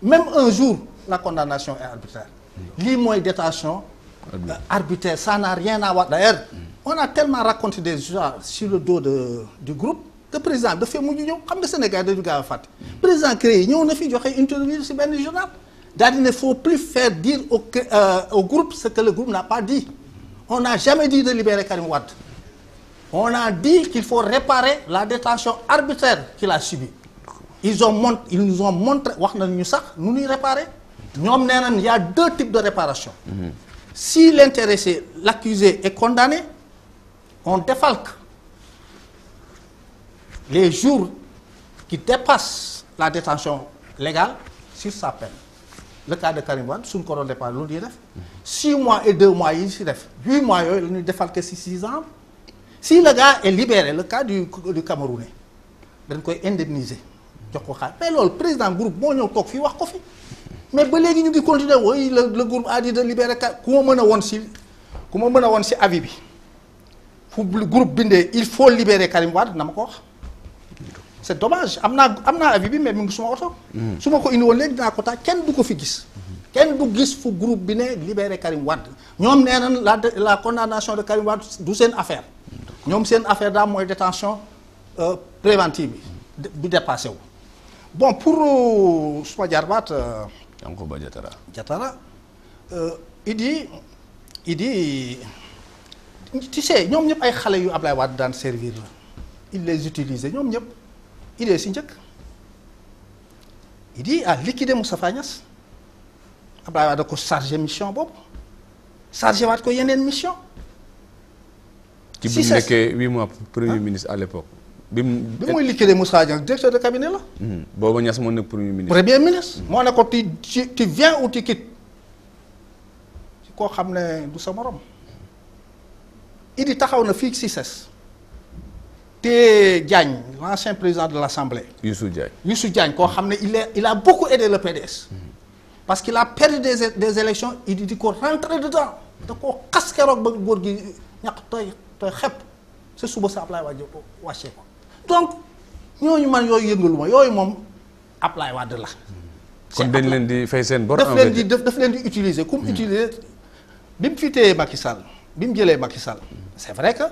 même un jour la condamnation est arbitraire. lii mooy détention. arbitraire ça n'a rien à voir d'ailleurs. on a tellement raconté des histoires sur le dos de du groupe que président dafay mujj ñëw xam nga Sénégal dañu gaaw a fàtte. président CREI ñëw na fi joxe interview ci benn journal daal di ne faut plus faire dire au euh, au groupe le groupe n'a pas dit on a jamais dit de Karim Wade on a dit qu'il faut réparer la détention arbitraire qu'il la subie ils ont mont montré wax na ñu sax nu ñuy réparer ñoom nee ya y deux types de réparation. Mmh. si l'intéressé l'accusé est condamné. on défalque les jours qui dépassent la détention légal sur sa peine le cas de Karim Wade suñ ko doon départ loolu ñuy def six mois et deux mois yi si def huit mois yooyu lañuy ñuy défalquer si six ans si le gars est libéré le cas du du dañ koy indemniser jox ko xaar mais loolu président groupe moo ñëw toog fii wax ko fi mais ba léegi ñu ngi continuer wooy le groupe a dit de libérer ku ma mën a woon si ku ma mën a woon si avis bi fu groupe bindee il faut libérer Karim Wade dina ma ko wax c'est dommage am naa am naa avis bi mais mi ngi suma oto hmm. su ma ko indi woon léegi dinaa ko tax kenn du ko fi gis kenn du gis fu group bi ne libérer Karim Wade ñoom nee nañ la la condamnation de Karim Wade du seen affaire ñoom seen affaire daa mooy détention euh, préventive bi bi dépassé bon pour euh, suma jarbaat euh, Yankuba Jatara Jatara Idi Idi tu sais ñoom ñëpp ay xale yu Ablaye Wade daan servir la il les utilisait ñoom ñëpp idée si njëkk Idy a liquidé Moustapha Niasse Ablaye Wade da ko chargé mission boobu chargé waat ko yeneen mission ci bi mu nekkee huit mois ah. premier ministre à l'époque bi mu muy liquidé Moustapha Niasse directeur de cabinet la hmm. booba Niasse moo nekk premier ministre moo ne ko tu tu viens ou tu quittes ci koo xam ne du sa borom Idi taxaw na fii ci ses te Diagne ancien président de l'Assemblée. Youssou Diagne Youssou Diagne koo xam ne il est il a beaucoup aidé le PDS. Mhm. parce qu'il a perdu des des élections Idi di ko rentrer dedans. da koo xas keroog ba góor gi ñax tooy tooy xepp sa suba sa Ablaye Wade wàccee ko donc ñooñu man yooyu yëngalu ma yooyu moom Ablaye Wade la. kon dañ leen di fay seen bor. daf leen di daf leen di utiliser. comme mhm. utiliser bi mu fi téye Macky Sall bi mu jëlee Macky Sall. c'est vrai que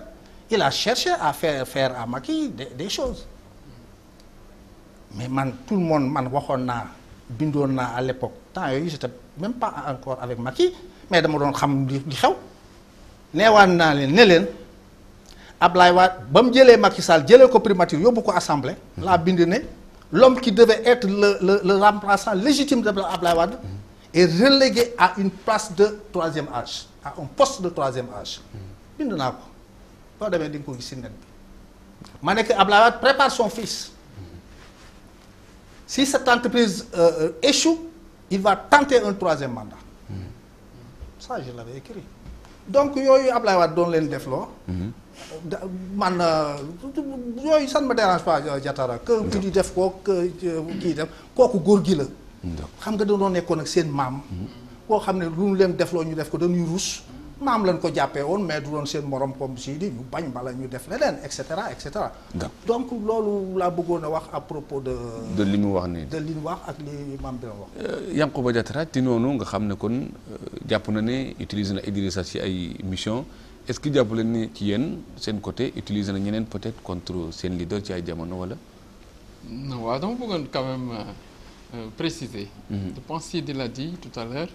il a cherché à faire faire à Macky des, des choses mais man tout le monde man waxoon naa bindoon naa à l'époque temps yooyu j'étais même pas encore avec Macky mais dama doon xam li xew neewaan naa leen ne leen Ablaye Wade ba mu jëlee Macky Sall jëlee ko primature yóbbu ko assemblée laa bind ne l'homme qui devait être le le le remplaçant légitime de Ablaye Wade est relégué à une place de troisième âge à un poste de troisième âge bind naa ko boo demee di nga ko gis si net bi ma nekk Ablaye Wade prépare son fils si cet entreprise euh, échoue il va tenter un troisième mandat la je l'avais écrit donc yooyu Ablaye Wade doon leen def loo man euh, yooyu ça ne me dérange pas euh, Diatara que kii di def ko que euh, kii def kooku góor gi la xam nga dañoo nekkoon ak seen maam mm-hmm. koo xam ne lu mu leen defloo ñu def ko dañuy ruus naam lañ ko jàppee woon mais du doon seen morom comme si di ñu bañ bala ñu def leneen et cetera et donc loolu laa bëggoon a wax à propos de. li mu wax nii de li mu wax ak li maam bi la wax. Euh, Yankuba Diattara ci noonu nga xam ne kon euh, jàpp na ne utiliser na Idrissa ci ay mission est-ce que jàpp leen ni ci yéen seen côté utiliser na ñeneen peut-être contre seen leader ci ay jamono wala. non waaw dama bëggoon quand même euh, préciser. Mhm. je pense l'a dit tout à l'heure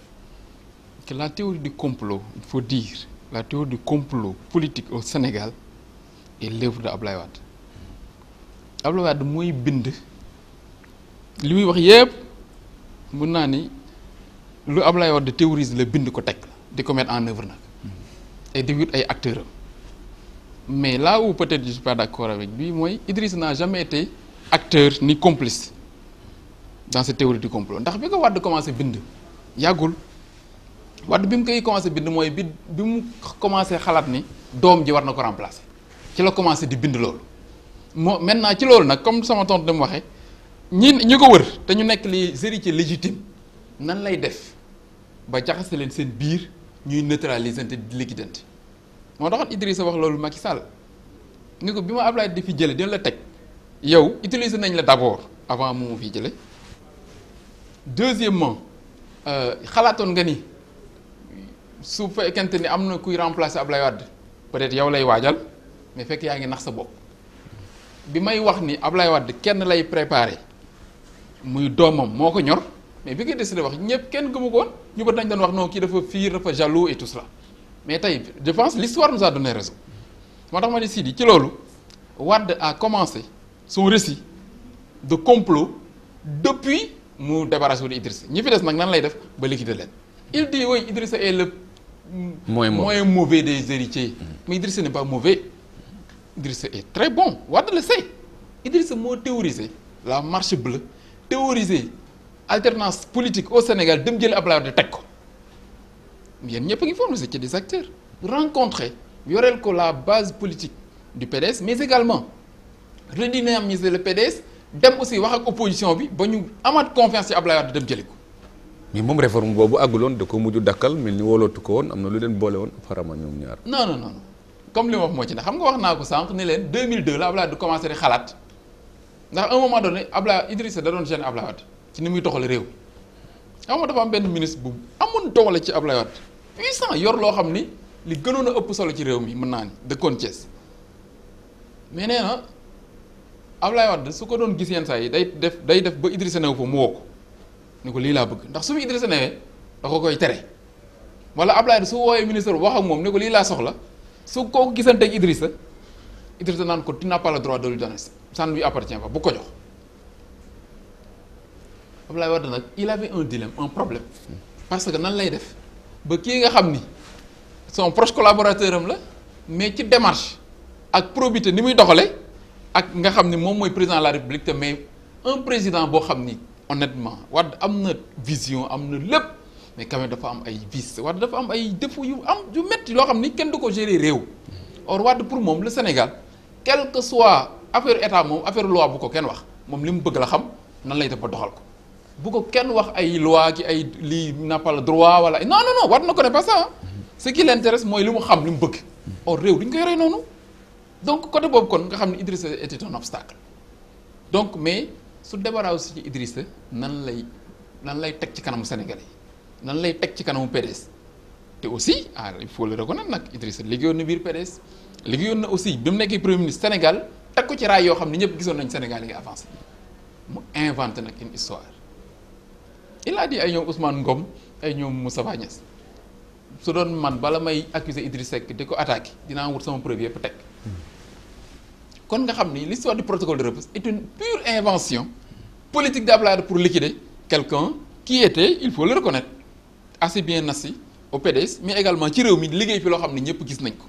que la théorie du complot il faut dire la théorie du complot politique au Sénégal est l'œuvre de Ablaye Wade Ablaye Wade mooy bind li muy wax yëpp mun naa ni lu Ablaye Wade théorise la bind ko teg di ko mettre en œuvre nag et di ay acteurs mais là où peut-être je suis pas d'accord avec lui mooy Idriss n'a jamais été acteur ni complice dans cette théorie du complot ndax bi ko Wade commencé bind yàggul. Wade bi mu koy commencé bind mooy bi bi mu commencé xalaat ni doom ji war na ko remplacer ci la commencé di bind loolu moo maintenant ci loolu nag comme sama tontu dama waxee ñi ñi ko wër te ñu nekk les ci légitimes nan lay def ba jaxase leen seen biir ñuy neutraliser te di liquidante moo taxoon Idrissa wax loolu mag Macky Sall ni ko bi ma Ablaye di fi jële dina la teg yow utiliser nañ la d'abord avant mu fi jële deuxièmement euh, xalaatoon nga ni. su fekkente ni am na kuy remplacer Ablaye Wade peut-être yow lay waajal mais fekk yaa ngi nax sa bopp bi may wax ni Ablaye Wade kenn lay préparé muy doomam moo ko ñor mais bi des nga décidé wax ñëpp kenn gëmu ko ñu ba dañ doon wax non kii dafa fiir dafa jaloux et tout cela mais tey je pense l'histoire nous a donné moo tax ma ni Sidi ci loolu Wade a commencé son récit de complot depuis mu débarrassé wu di Idrissa ñi fi des nag nan lay def ba liquider leen il dit le moins mauvais, moins mauvais des héritiers. Mmh. mais Idrissa n'est pas mauvais Idrissa est très bon Wade le sait Idrissa moo théorisé la marche bleue théorisé alternance politique au Sénégal dem jëli Ablaye Wade teg ko yéen ñëpp a ngi foog ci des acteurs. rencontrer yoreel ko la base politique du PDS mais également redynamiser le PDS dem aussi wax ak opposition bi ba ñu amaat confiance ci Ablaye Wade dem jële ko. mais moom réforme boobu àgguloon da ko mujj dakkal mel ni wóolootu ko woon am na lu leen boole woon apparemment ñoom ñaar. non non non comme li ma wax moo ci ne xam nga wax naa ko sànq ni leen 2002 la Abdoulaye di commencé di xalaat ndax à un moment donné Abdoulaye Idrissa da doon gêné Abdoulaye Wade ci ni muy doxal réew xam nga dafa am benn ministre bu amoon ci Abdoulaye Wade puissant yor loo xam ni li gënoon a ëpp solo ci réew mi mën naa ni dëkkoon Thiès mais nee na Abdoulaye Wade su ko doon gis yenn saa yi day def day def ba Idrissa Newu fa mu woo ni ko lii laa bëgg ndax su fi Idrissa newee da koy tere wala Ablaye su woowee ministre wax ak moom ni ko lii laa soxla su kooku gisante ak Idrissa Idrissa naan ko tu n'as pas droit de lui donner ça ne lui appartient pas bu ko jox Ablaye Wade nag il avait un dilemme un problème parce que nan lay def ba kii nga xam ni son proche collaborateur am la mais ci démarche ak probité ni muy doxale ak nga xam ni moom mooy président la république te mais un président boo xam ni honnêtement Wade am na vision am na lépp mais quand dafa am ay vices Wade dafa am ay défauts yu am yu métti loo xam ni kenn du ko gérer réew or Wade pour moom le Sénégal quel que soit affaire état moom affaire loi bu ko kenn wax moom li mu bëgg la xam nan lay def ba doxal ko bu ko kenn wax ay loi ki ay lii n'a pas le droit wala non non non Wade ne connaît pas ça ce qui l'intéresse mooy li mu xam li mu bëgg or réew duñ ko yoree noonu donc côté boobu kon nga xam ne Idrissa était un obstacle donc mais su débarrassé aussi ci Idrissa nan lay nan lay teg ci kanamu Sénégalais yi nan lay teg ci kanamu PDS te aussi ah il faut ko reconnaître nag Idrissa liggéeyoon na biir PDS liggéeyoon na aussi bi mu nekkee premier ministre Sénégal teg ko ci raay yoo xam ne ñëpp gisoon nañ Sénégal yi avancé mu inventé nag une histoire il a ay ñoom Ousmane Ngom ay ñoom Moustapha Niasse su doon man bala may accuser Idrissa Seck di ko attaqué dinaa wut sama preuve yëpp teg. Hmm. kon nga xam ni l'histoire du protocole de Rebeuss est une pure invention politique d'Ablaye pour liquider quelqu'un qui était il faut le reconnaître assez bien assis au PDS mais également ci réew mi liggéey fi loo xam ne ñëpp gis nañ ko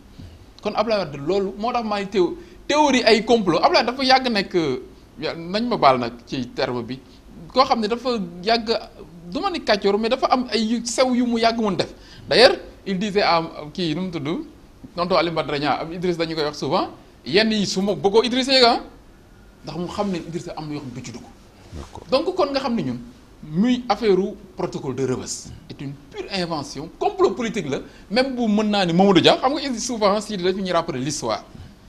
kon Ablaye Wade loolu moo tax maay téw théorie ay complot Ablaye dafa yàgg nekk nañ ma baal nag ci terme bi koo xam ne dafa yàgg du ma ni kàccoor mais dafa am ay sew yu mu yàgg woon def d'ailleurs il disait à kii nu mu tudd tonton Alioune Badara Niang Idriss dañu koy wax souvent yenn yi su ma bëggoo Idrissa Yega ah, ndax mu xam ne Idrissa am na yoo du ci dugg. donc kon nga xam ne ñun muy affaire u protocole de Rebeuss est une pure invention complot politique la même bu mën naa ne Mamadou Dia xam nga indi souvent si dañu ñuy rappeler l'histoire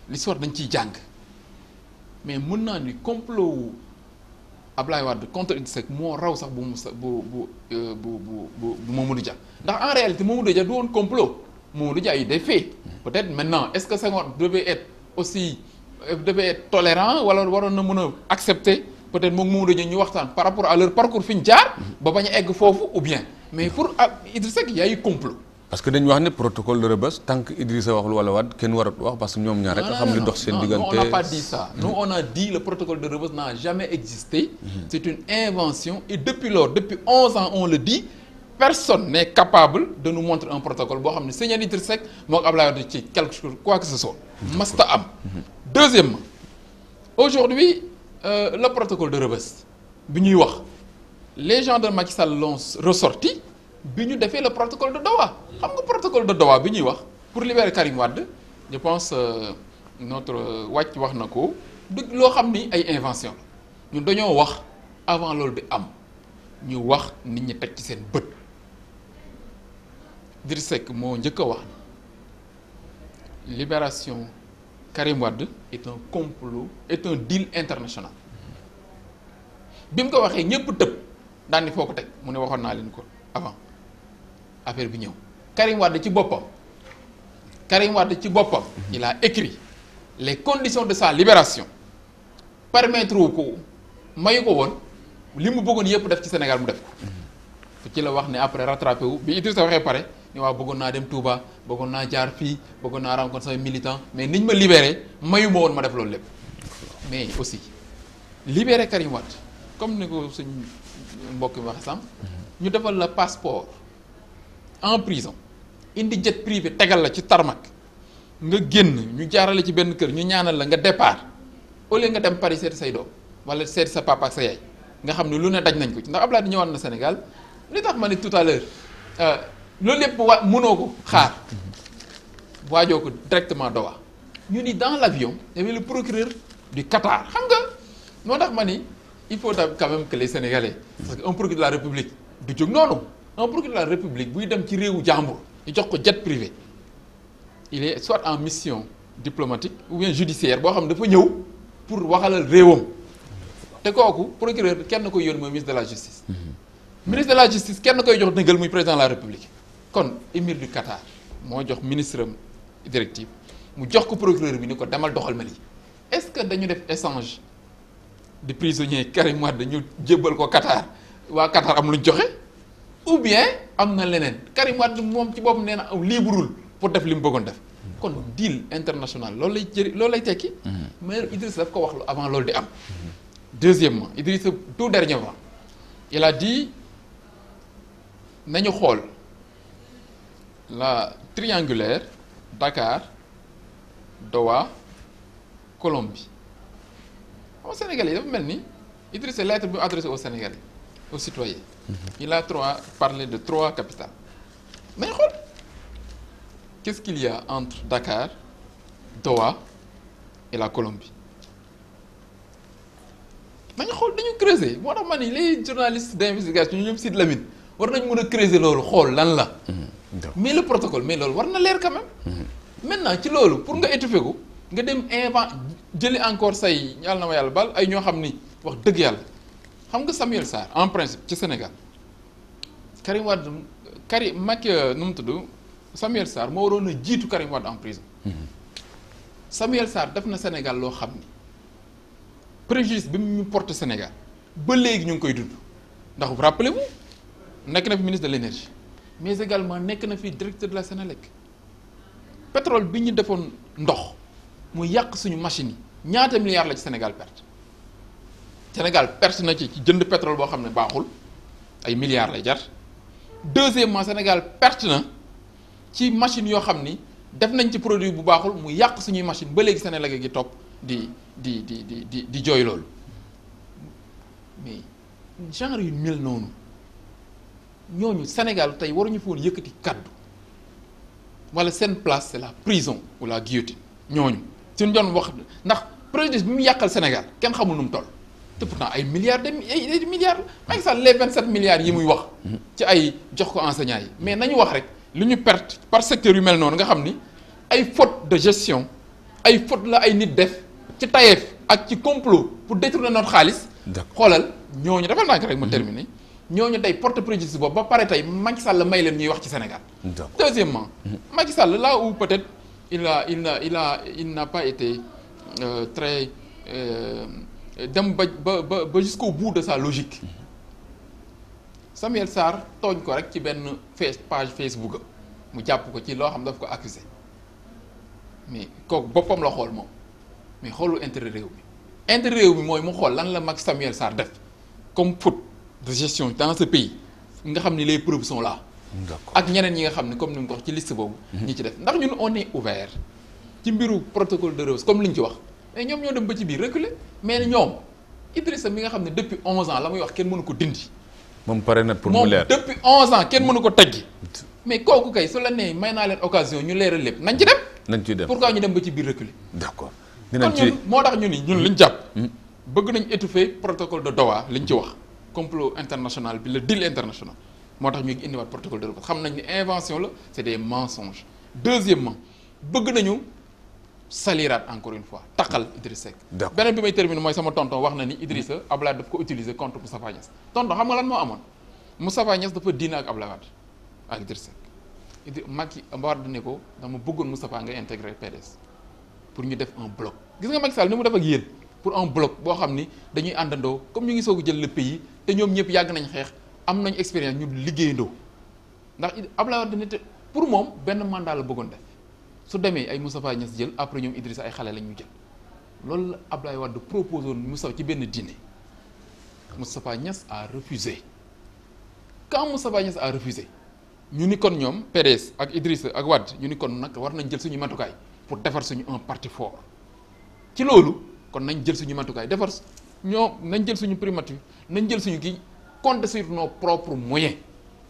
l'histoire dañ ciy jàng mais mun naa ni complot wu Ablaye Wade contre Idrissa Seck moo raw sax bu mu sa bu euh, bu bu bu bu Mamadou Dia ndax en réalité Mamadou Dia du woon complot Mamadou Dia yi day fee peut-être maintenant est-ce que Senghor devait être aussi euh, devait être tolérant wala waroon na mën a accepter peut-être moom Mamadou Niang ñu waxtaan par rapport à leur parcours fi ñu jaar. Mhm. ba bañ a egg foofu ou bien mais pour ah, Idrissa Seck y a eu parce que dañu wax ne protocole de Rebeuss tant que waxul wala waat kenn warut wax parce que ñoom ñaar rek xam li dox seen diggante. non on n'a pas dit ça. Mhm. a dit le protocole de Rebeuss n'a jamais existé. Mhm. c'est une invention et depuis lors depuis 11 ans on le dit. personne n'est capable de nous montrer un protocole boo xam ne Serigne Idrissa Seck moo ko Abdoulaye Wade ci quelque chose quoi que ce soit masta am deuxièmement aujourd'hui la euh, le protocole de Rebeuss bi ñuy wax les gens de Macky Sall l'ont ressorti bi ñu defee le protocole de Doha xam nga protocole de Doha bi ñuy wax pour libérer Karim Wade je pense euh, notre wàcc wax na ko du loo xam ni ay invention la ñun dañoo wax avant loolu di am ñu wax nit ñi teg ci seen bët Idriss Seck moo njëkk a wax libération Karim Wade est un complot est un deal international bi mu ko waxee ñëpp tëb daan foo ko teg mu ne waxoon naa leen ko avant affaire bi ñëw Karim Wade ci boppam Karim Wade ci boppam il a écrit les conditions de sa libération permettre wu ko mayu ko woon li mu bëggoon yëpp def ci Sénégal mu def ko ci la wax ne après rattrapé wu bi Idrissa waxee pare ne waaw bëggoon naa dem Touba bëggoon naa jaar fii bëggoon naa rencontre samay militant mais niñ ma libéré mayu ma woon ma def loolu lépp mais aussi libéré Karim Wade comme ni ko suñ mbokk mi waxe sàmm ñu defal la passeport en prison indi jet privé tegal la ci tarmac nga génn ñu jaarale ci benn kër ñu ñaanal la nga départ au lieu nga dem Paris seeti say doom wala seeti sa papa ak sa yaay nga xam ne lu ne daj nañ ko ci ndax Abdoulaye ñëwaat na Sénégal loolu lépp wa munoo ko xaar waajoo ko directement Doha ñu ni dans l' avion y avait le procureur du Qatar xam nga moo tax ma ni il faut quand même que les Sénégalais parce que un procureur de la République du jóg noonu un procureur de la République buy dem ci réewu jàmbur ñu jox ko jet privé il est soit en mission diplomatique ou bien judiciaire boo xam dafa ñëw pour waxalal réewam te kooku procureur kenn koy yónni mooy ministre de la justice mm-hmm. kenn koy jox dëggal muy président la république kon émir du Qatar moo jox ministre am directive mu jox ko procureur bi ni ko demal doxal Mali est-ce que dañu def échange de prisonniers Karim Wade ñu jébbal ko Qatar waa Qatar am lu joxe ou bien am na leneen Karim Wade moom ci boppam nee na liiburul pour def li mu bëggoon def kon deal international loolu lay jëri loolu lay tekki mm-hmm. mais Idrissa daf ko wax lu avant loolu di am deuxièmement Idrissa tout dernièrement il a dit nañu xool la triangulaire Dakar Doha Colombie xam Sénégalais yi dafa mel ni Idrissa lettre bi mu adressé aux Sénégalais aux citoyens. Mhm. il a trois parlé de trois capitales. mais xool qu'est-ce qu'il y a entre Dakar Doha et la Colombie. nañu xool dañu creuser moo tax ma ni les journalistes d'investigation ñoom Sidy Lamine war nañu mën a creuser loolu xool lan la. Mhm. mais le protocole mais loolu war na leer quand même. Mhm. maintenant ci loolu pour nga étouffer ko nga dem invent jëli encore say yàlla na ma yàlla bal ay ñoo xam ni wax dëgg yàlla xam nga Samuel Sarr en principe ci Sénégal Karim Wade Karim Macky euh, nu mu tudd Samuel Sarr moo waroon a jiitu Karim Wade en prison. Mhm. Samuel def na Sénégal loo xam ni préjudice bi mu porte Sénégal ba léegi ñu ngi koy dund ndax rappelez-vous nekk na fi ministre de l'énergie. mais également nekk na fi directeur la Sénélec pétrole bi ñu defoon ndox mu yàq suñu machine yi ñaata milliards la ci Sénégal perte Sénégal perte na ci ci jënd pétrole boo xam ne baaxul ay milliards lay jar deuxièmement Sénégal perte na ci machine yoo xam ni def nañ ci produit bu baaxul mu yàq suñuy machine ba léegi Sénégal gi topp di di di di di di jooy loolu mais genre yu mel noonu ñooñu Sénégal tey ñu fa woon yëkkati kaddu wala seen place c'est la prison ou la guillotine ñooñu suñ doon wax ndax préjudice bi mu yàqal Sénégal kenn xamul nu mu toll te pourtant ay milliards de ay milliards la Macky Sall les vingt sept milliards yi muy wax ci ay jox ko enseignants yi mais nañu wax rek li ñu perte par secteur yu mel noonu nga xam ni ay faute de gestion ay faute la ay nit def ci tayeef ak ci complot pour détourner notre xaalis xoolal ñooñu dafa nak rek mu mhm. terminer ñooñu tey porte préjudice boobu ba pare tey Macky Sall may leen ñuy wax ci Sénégal. deuxièmement. Macky Sall là où peut-être il a il a il a il n'a pas été euh, euh, dem ba ba ba ba jusqu'au bout de sa logique. Samuel Sarr tooñ ko rek ci benn face page Facebook am mu jàpp ko ci loo xam daf ko accusé mais kooku boppam la xool moom mais xoolu intérêt réew mi intérêt réew mi mooy mu xool lan la mag Samuel Sarr def comme foot. de gestion dans ce pays nga xam ne les preuves sont la ak ñeneen ñi nga xam ne comme ni mu ko wax ci liste boobu. Mhm. ñi ci def ndax ñun on est ouvert ci mbiru protocole de Rose comme li ñu ci wax mais ñoom ñoo dem ba ci biir reculer mais ñoom Idrissa mi nga xam ne depuis 11 an la muy wax kenn mënu ko dindi. moom pare na pour mu leer moom depuis 11 ans kenn mënu ko teggi mais kooku kay su la nee may naa leen occasion ñu leeral lépp nañ ci dem. nañ ci dem pourquoi dem ba ci biir reculer. d'accord dinañ ci moo tax ñu ni ñun liñ jàpp. Mhm. bëgg nañ étouffer protocole de Doha ci wax. complot international bi le deal international moo tax ñu indiwaat protocole de Rhodes xam nañ ne invention la c'est des mensonges deuxièmement bëgg nañu saliraat encore une fois taqal Idriss Seck beneen bi may terminer mooy sama tonton wax na ni Idrissa Abdoulaye daf ko utiliser contre Moustapha Niass tonton xam nga lan moo amoon Moustapha Niass dafa diina ak Abdoulaye Wade ak Idriss Seck Idriss Macky Wade ne ko dama bëggoon Moustapha nga intégrer PDS pour ñu def un bloc gis nga Macky Sall mu def ak yéen pour un bloc boo xam ni dañuy àndandoo comme ñu ngi soo a jël le pays te ñoom ñëpp yàgg nañ xeex am nañ expérience ñu liggéeyandoo ndax Abdoulaye Wade nit pour moom benn mandat la bëggoon def su demee ay Moustapha Niass jël après ñoom Idrissa ay xale la ñu jël loolu la Abdoulaye Wade proposé woon Moustapha ci benn dîner Moustapha Niass a refusé quand Moustapha Niass a refusé ñu ni kon ñoom PDS ak Idrissa ak Wade ñu ni kon nag war nañ jël suñu matukaay pour defar suñu un parti fort ci loolu. kon nañ jël suñu matukaay defar ñoo nañ jël suñu primature nañ jël suñu kii compter sur nos propres moyens.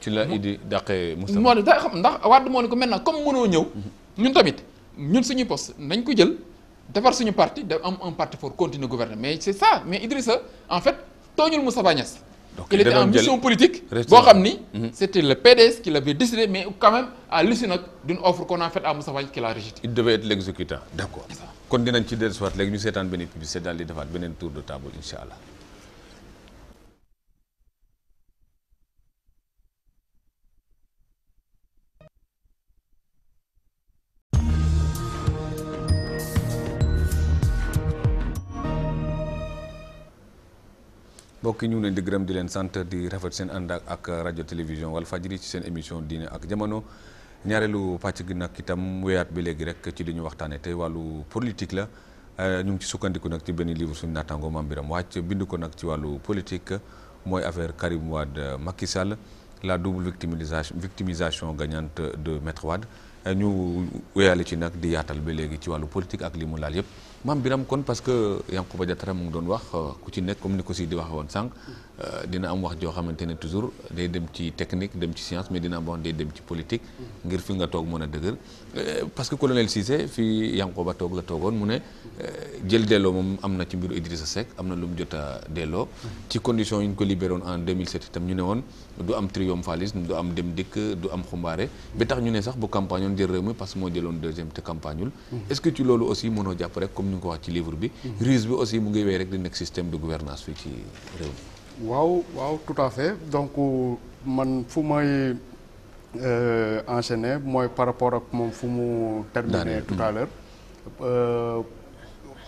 ci la Idi dàqee Moustapha moo ne daa xam ndax Wade moo ne ko maintenant comme mënoo ñëw. ñun tamit ñun suñu poste nañ ko jël defar suñu parti da am un parti fort continuer gouverner mais c'est ça mais Idrissa en fait tooñul Moustapha Niasse. donc xam ni. Mhm. c'était le l'a rejetée. il devait d'accord. kon dinañ ci dellusiwaat léegi ñu seetaan benn publicité daal di defaat beneen tour de table incha gërëm di leen sant di rafet seen ànd ak rajo télévision Walfadjri ci seen émission diine ak jamono. ñaareelu pàcc gi nag itam wéyaat bi léegi rek ci lu ñu waxtaanee tey wàllu politique la euh, ñu ngi ci sukkandiku nag ci benn livre suñu naataango Mame Birame Wathie bind ko nag ci wàllu politique mooy affaire Karim Wade Macky Sall la double victimisation victimisation gagnante de Maître Wade euh, ñu wéyale ci nag di yaatal ba léegi ci wàllu politique ak li mu laal yëpp Mame Birame kon parce que Yankhoba Diattara mu ngi doon wax euh, ku ci nekk comme ni ko si di waxee woon sànq Euh, dina am wax joo xamante ne toujours day dem ci technique dem ci science mais dina am wax day dem ci politique. ngir fi nga toog mën a dëgër. Euh, parce que colonel Cissé fii Yankoba toog la toogoon mu ne euh, jël delloo moom am na ci mbiru Idrissa Seck am na lu mu jot delloo. ci condition yi ñu ko libéroon en 2007 itam ñu ne woon du am triomphalisme du am dem dikk du am xumbaare. bi tax ñu ne sax bu campagne woon jël réew mi parce que moo jëloon deuxième te campagneul. Mm-hmm. e ce que ci waaw waaw tout à fait donc man fu may euh, enchaîner mooy par rapport ak moom fu mu terminer tout à hmm. l'heure euh,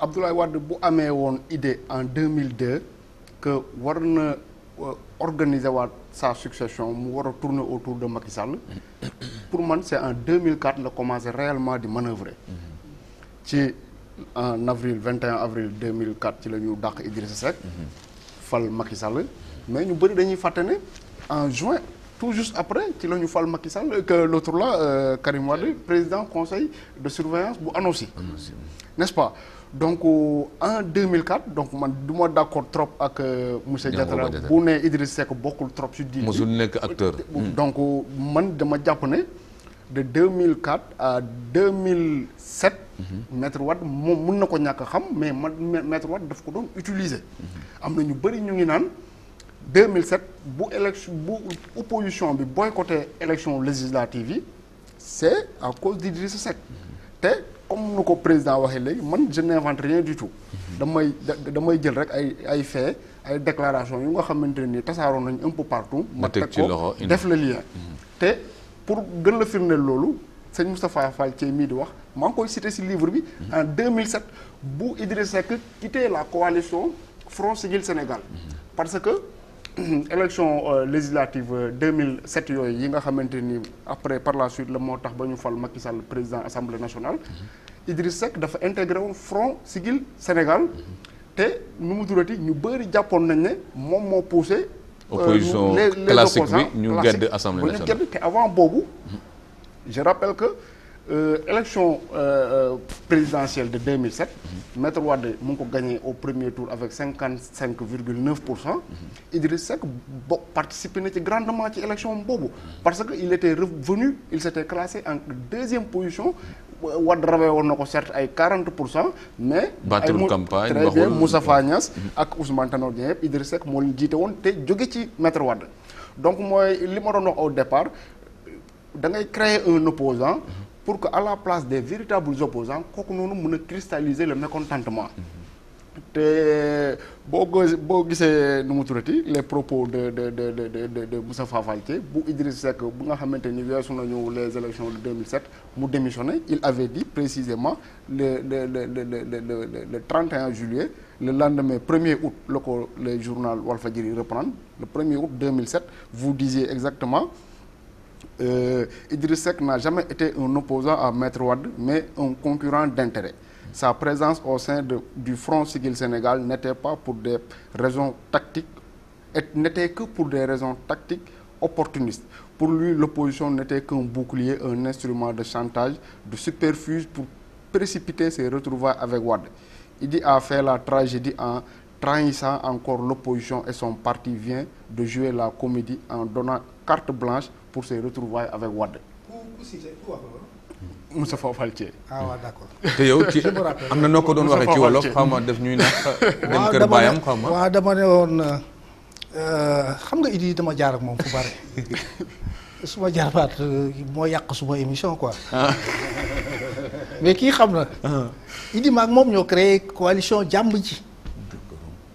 bu amee woon idée en 2002 que war na euh, organiser waat sa succession mu war a tourner autour de Macky Sall pour man c'est en 2004 la commencé réellement di manœuvrer hmm. ci en avril 21 avril 2004 ci la ñu dàq Idrissa Seck hmm. fal Macky Sall mais ñu bëri dañuy fàtte ne en juin tout juste après ci la ñu fal Macky Sall que l'autre là euh, Karim Wade président conseil de surveillance bu annoncé n'est-ce pas donc euh, en 2004 donc man du ma d'accord trop ak euh, monsieur Diatara bu ne Idriss Seck bokkul trop ci diir bi mosul nekk acteur donc euh, man dama jàpp ne de 2004 à 2007. Mhm. maître Wade moom mun na ko ñàkk a xam mais man maître Wade daf ko doon utiliser. Mhm. am na ñu bëri ñu ngi naan 2007 bu élection bu opposition bi booy boycotté élection législative yi c' est à cause d' Idrissa Seck. Mhm. te comme nu ko président waxee léegi man je n' invente rien du tout. damay damay jël rek ay ay fait ay déclaration yu nga xamante ne nii tasaaroon nañu un peu partout. ma teg ko def la lien te. pour gën la firndeel loolu sëñ Moustapha Fall Thiey mii di wax maa ngi koy cité ci livre bi mhm. en 2007 bu Idrissa Seck quitté la coalition Front Siggil Sénégal mhm. parce que élection euh, législative 2007 euh, yooyu yi nga xamante ni après par la suite la moo tax ba ñu fal Macky Sall président assemblée nationale mhm. Idriss Seck dafa intégré woon Front Siggil Sénégal te nu mu turati ñu bëri jàppoon nañ ne moom moo poussé opposition euh, classique bi ñu gedd assemblée nationale ñu gedd te avant boobu je rappelle que Euh, élection euh, euh, présidentielle de 2007 Maître Wade mu ngi ko gagné au premier tour avec cinquante cinq virgule neuf pour cent mm-hmm. Idriss Seck bo participé na ci grandement ci élection boobu parce que il était revenu il s'était classé en deuxième position Wade rawee woon na ko certes ay quarante pour cent mais ay campagne très bien Moustapha mm-hmm. Niasse ak Ousmane Tanor Dieng yëpp Idriss Seck moo leen jiite woon te jóge ci Maître Wade donc mooy li ma doon wax au da ngay créer un opposant mm-hmm. pour que à la place des véritables opposants kooku noonu mën a cristalliser le mécontentement te boo ko boo gisee nu mu turati les propos de de de de de de Moussa bu Idriss Seck bu nga xamante ni weesu nañu les élections de 2007 mu démissionné il avait dit précisément le le le le le le le 31 le lendemain premier er août la ko le journal jiri reprendre le premier er août 2007 vous disiez exactement. euh, Idriss Seck n'a jamais été un opposant à Maître Wade, mais un concurrent d'intérêt. Sa présence au sein de, du Front Sigil Sénégal n'était pas pour des raisons tactiques, n'était que pour des raisons tactiques opportunistes. Pour lui, l'opposition n'était qu'un bouclier, un instrument de chantage, de superfuse pour précipiter ses retrouvailles avec Wade. Idi a fait la tragédie en trahissant encore l'opposition et son parti vient de jouer la comédie en donnant carte blanche pour ses retrouvailles avec Wade. Moussa Fofal Thié. ah d'accord. te yow ci am na noo ko doon waxee ci wolof xaw ma def ñuy naan dem kër baayam xaw ma waaw dama ne woon euh, xam nga Idy dama jaar ak moom euh, moo yàq suma émission quoi. Ah. kii xam na. Ah. Idy moom ñoo créé coalition jàmm ji.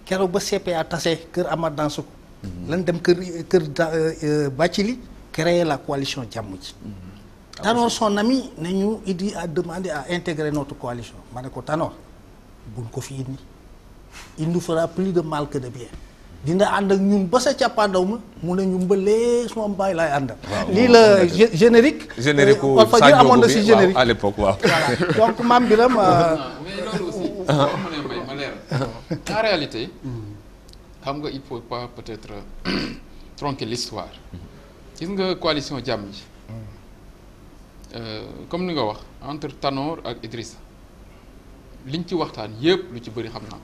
keroog ba CPA tase kër Amath mhm. lan dem kër kër euh, Bathily. créer la coalition jàmm ji. Mm-hmm. Tanor son ami ne ñu Idi a demande à intégrer notre coalition ma ne ko Tanor buñ ko fi indi il nous fera plus de mal que de bien. dina ànd ak ñun ba sa cappaandaw ma mu ne ñu mbalee suma mbaay laay àndal. lii la générique. Euh, générique amoon na si générique à l'époque waaw. donc maam Biram. Euh, mais réalité. Mm. xam nga il faut pas peut-être tronquer l'histoire mm-hmm. gis nga coalition jàmm ji hmm. euh, comme ni nga wax entre Tanor ak Idrissa liñ ci waxtaan yépp lu ci bëri xam naa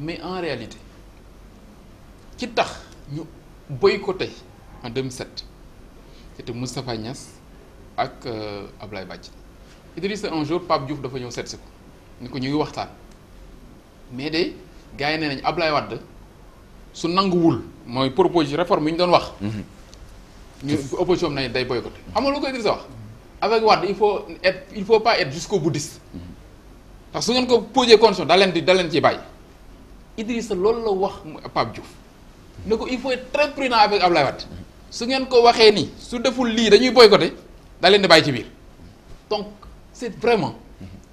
mais en réalité ci tax ñu boycotté en 2007 c'était Moustapha Niass ak euh, Ablaye Badji Idrissa un jour Pape Diouf dafa ñëw set si ko ni ko ñuy waxtaan mais de gars yi nee nañ Ablaye Wade su nanguwul mooy propos réforme yi ñu doon wax. Hmm. ñu opposition bi nañ day boycotté xam nga lu ko Idrissa wax avec Wade il faut être il faut pas être jusqu'au boutiste ko posé condition da leen di da leen ci bàyyi Idrissa loolu la wax Pape Diouf ne ko il faut être très prudent avec Ablaye su ngeen ko waxee ni su deful lii dañuy boycotté da leen di bàyyi ci biir donc c'est vraiment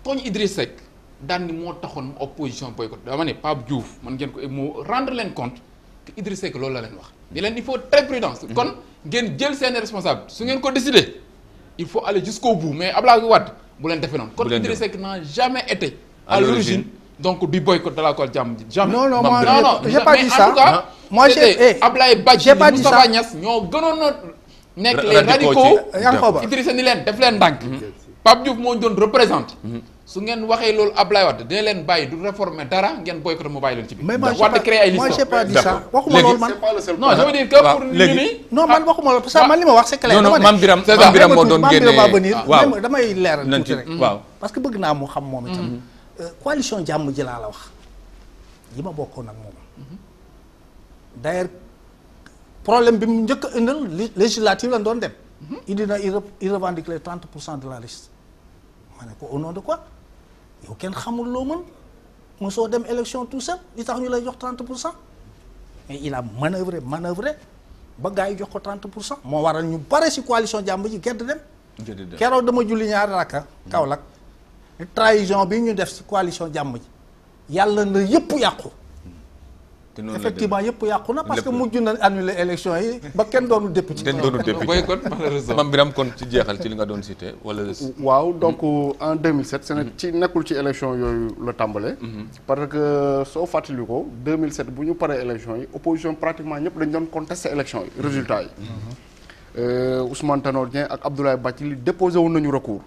tooñ Idrissa Seck daan ni moo taxoon opposition boycotté dama ne Pape Diouf mën ngeen ko mu rendre leen compte que Idrissa Seck loolu la leen wax ni leen il faut très prudent mm-hmm. kon ngeen jël seen responsable su ngeen ko décider il faut aller jusqu'au bout mais Abdoulaye Wade bu leen defee noonu. bu leen defee kon Idrissa Seck n'a jamais été. à l'origine donc du boycott de la Jamra. jamais non non moi non, non, j'ai pas en tout cas. moi j'ai eh, Ablaye Badji Moustapha Niass ñoo gënoon a nekk le radicaux Idrissa ni leen def leen ndànk mhm. Pape Diouf moo doon représenté. Mhm. su ngeen waxee loolu Ablaye Wade dina leen bàyyi du réformer dara ngeen boycotté mu bàyyi leen ci biir. mais moi j'ai pas dit ça waxuma loolu ah, man waxuma loolu parce que man li ma wax c'est clair. non non Mame Birame Mame Birame moo doon génne waaw damay leeral tuuti rek. waaw euh, parce que bëgg naa mu xam moom itam. Mm-hmm. Euh, coalition jàmm ji laa la wax li ma bokkoon ak moom. Mm-hmm. d'ailleurs problème bi mu njëkk a indil législative lañ doon dem. Mm-hmm. il dina il revendique les pour cent de la liste ma ne ko au de yow kenn xamul loo mën soo dem élection tout seul li tax ñu lay jox 30 pour cent mais il a manœuvré manœuvré ba gars yi jox ko 30 pour cent moo waral ñu bare si coalition jàmm ji gedd dem. jërëjëf keroog dama julli ñaari rakka Kaolack trahison bi ñu def si coalition jàmm ji yàlla na yëpp yàqu. te noonu la effectivement yëpp yàqu na parce que mujj na annulé élection yi ba kenn doonu député. kenn doonu député jeexal ci li nga doon cité wala. waaw donc en 2007. seen ci nekkul ci élection yooyu la tàmbale. Mhm. parce que soo fàttali ko 2007 bu ñu paree élection yi opposition pratiquement ñëpp dañ doon contesté élection yi résultat yi. Mhm. Mhm. Euh, Ousmane Tanor Dieng ak Abdoulaye Bathily déposé woon nañu recours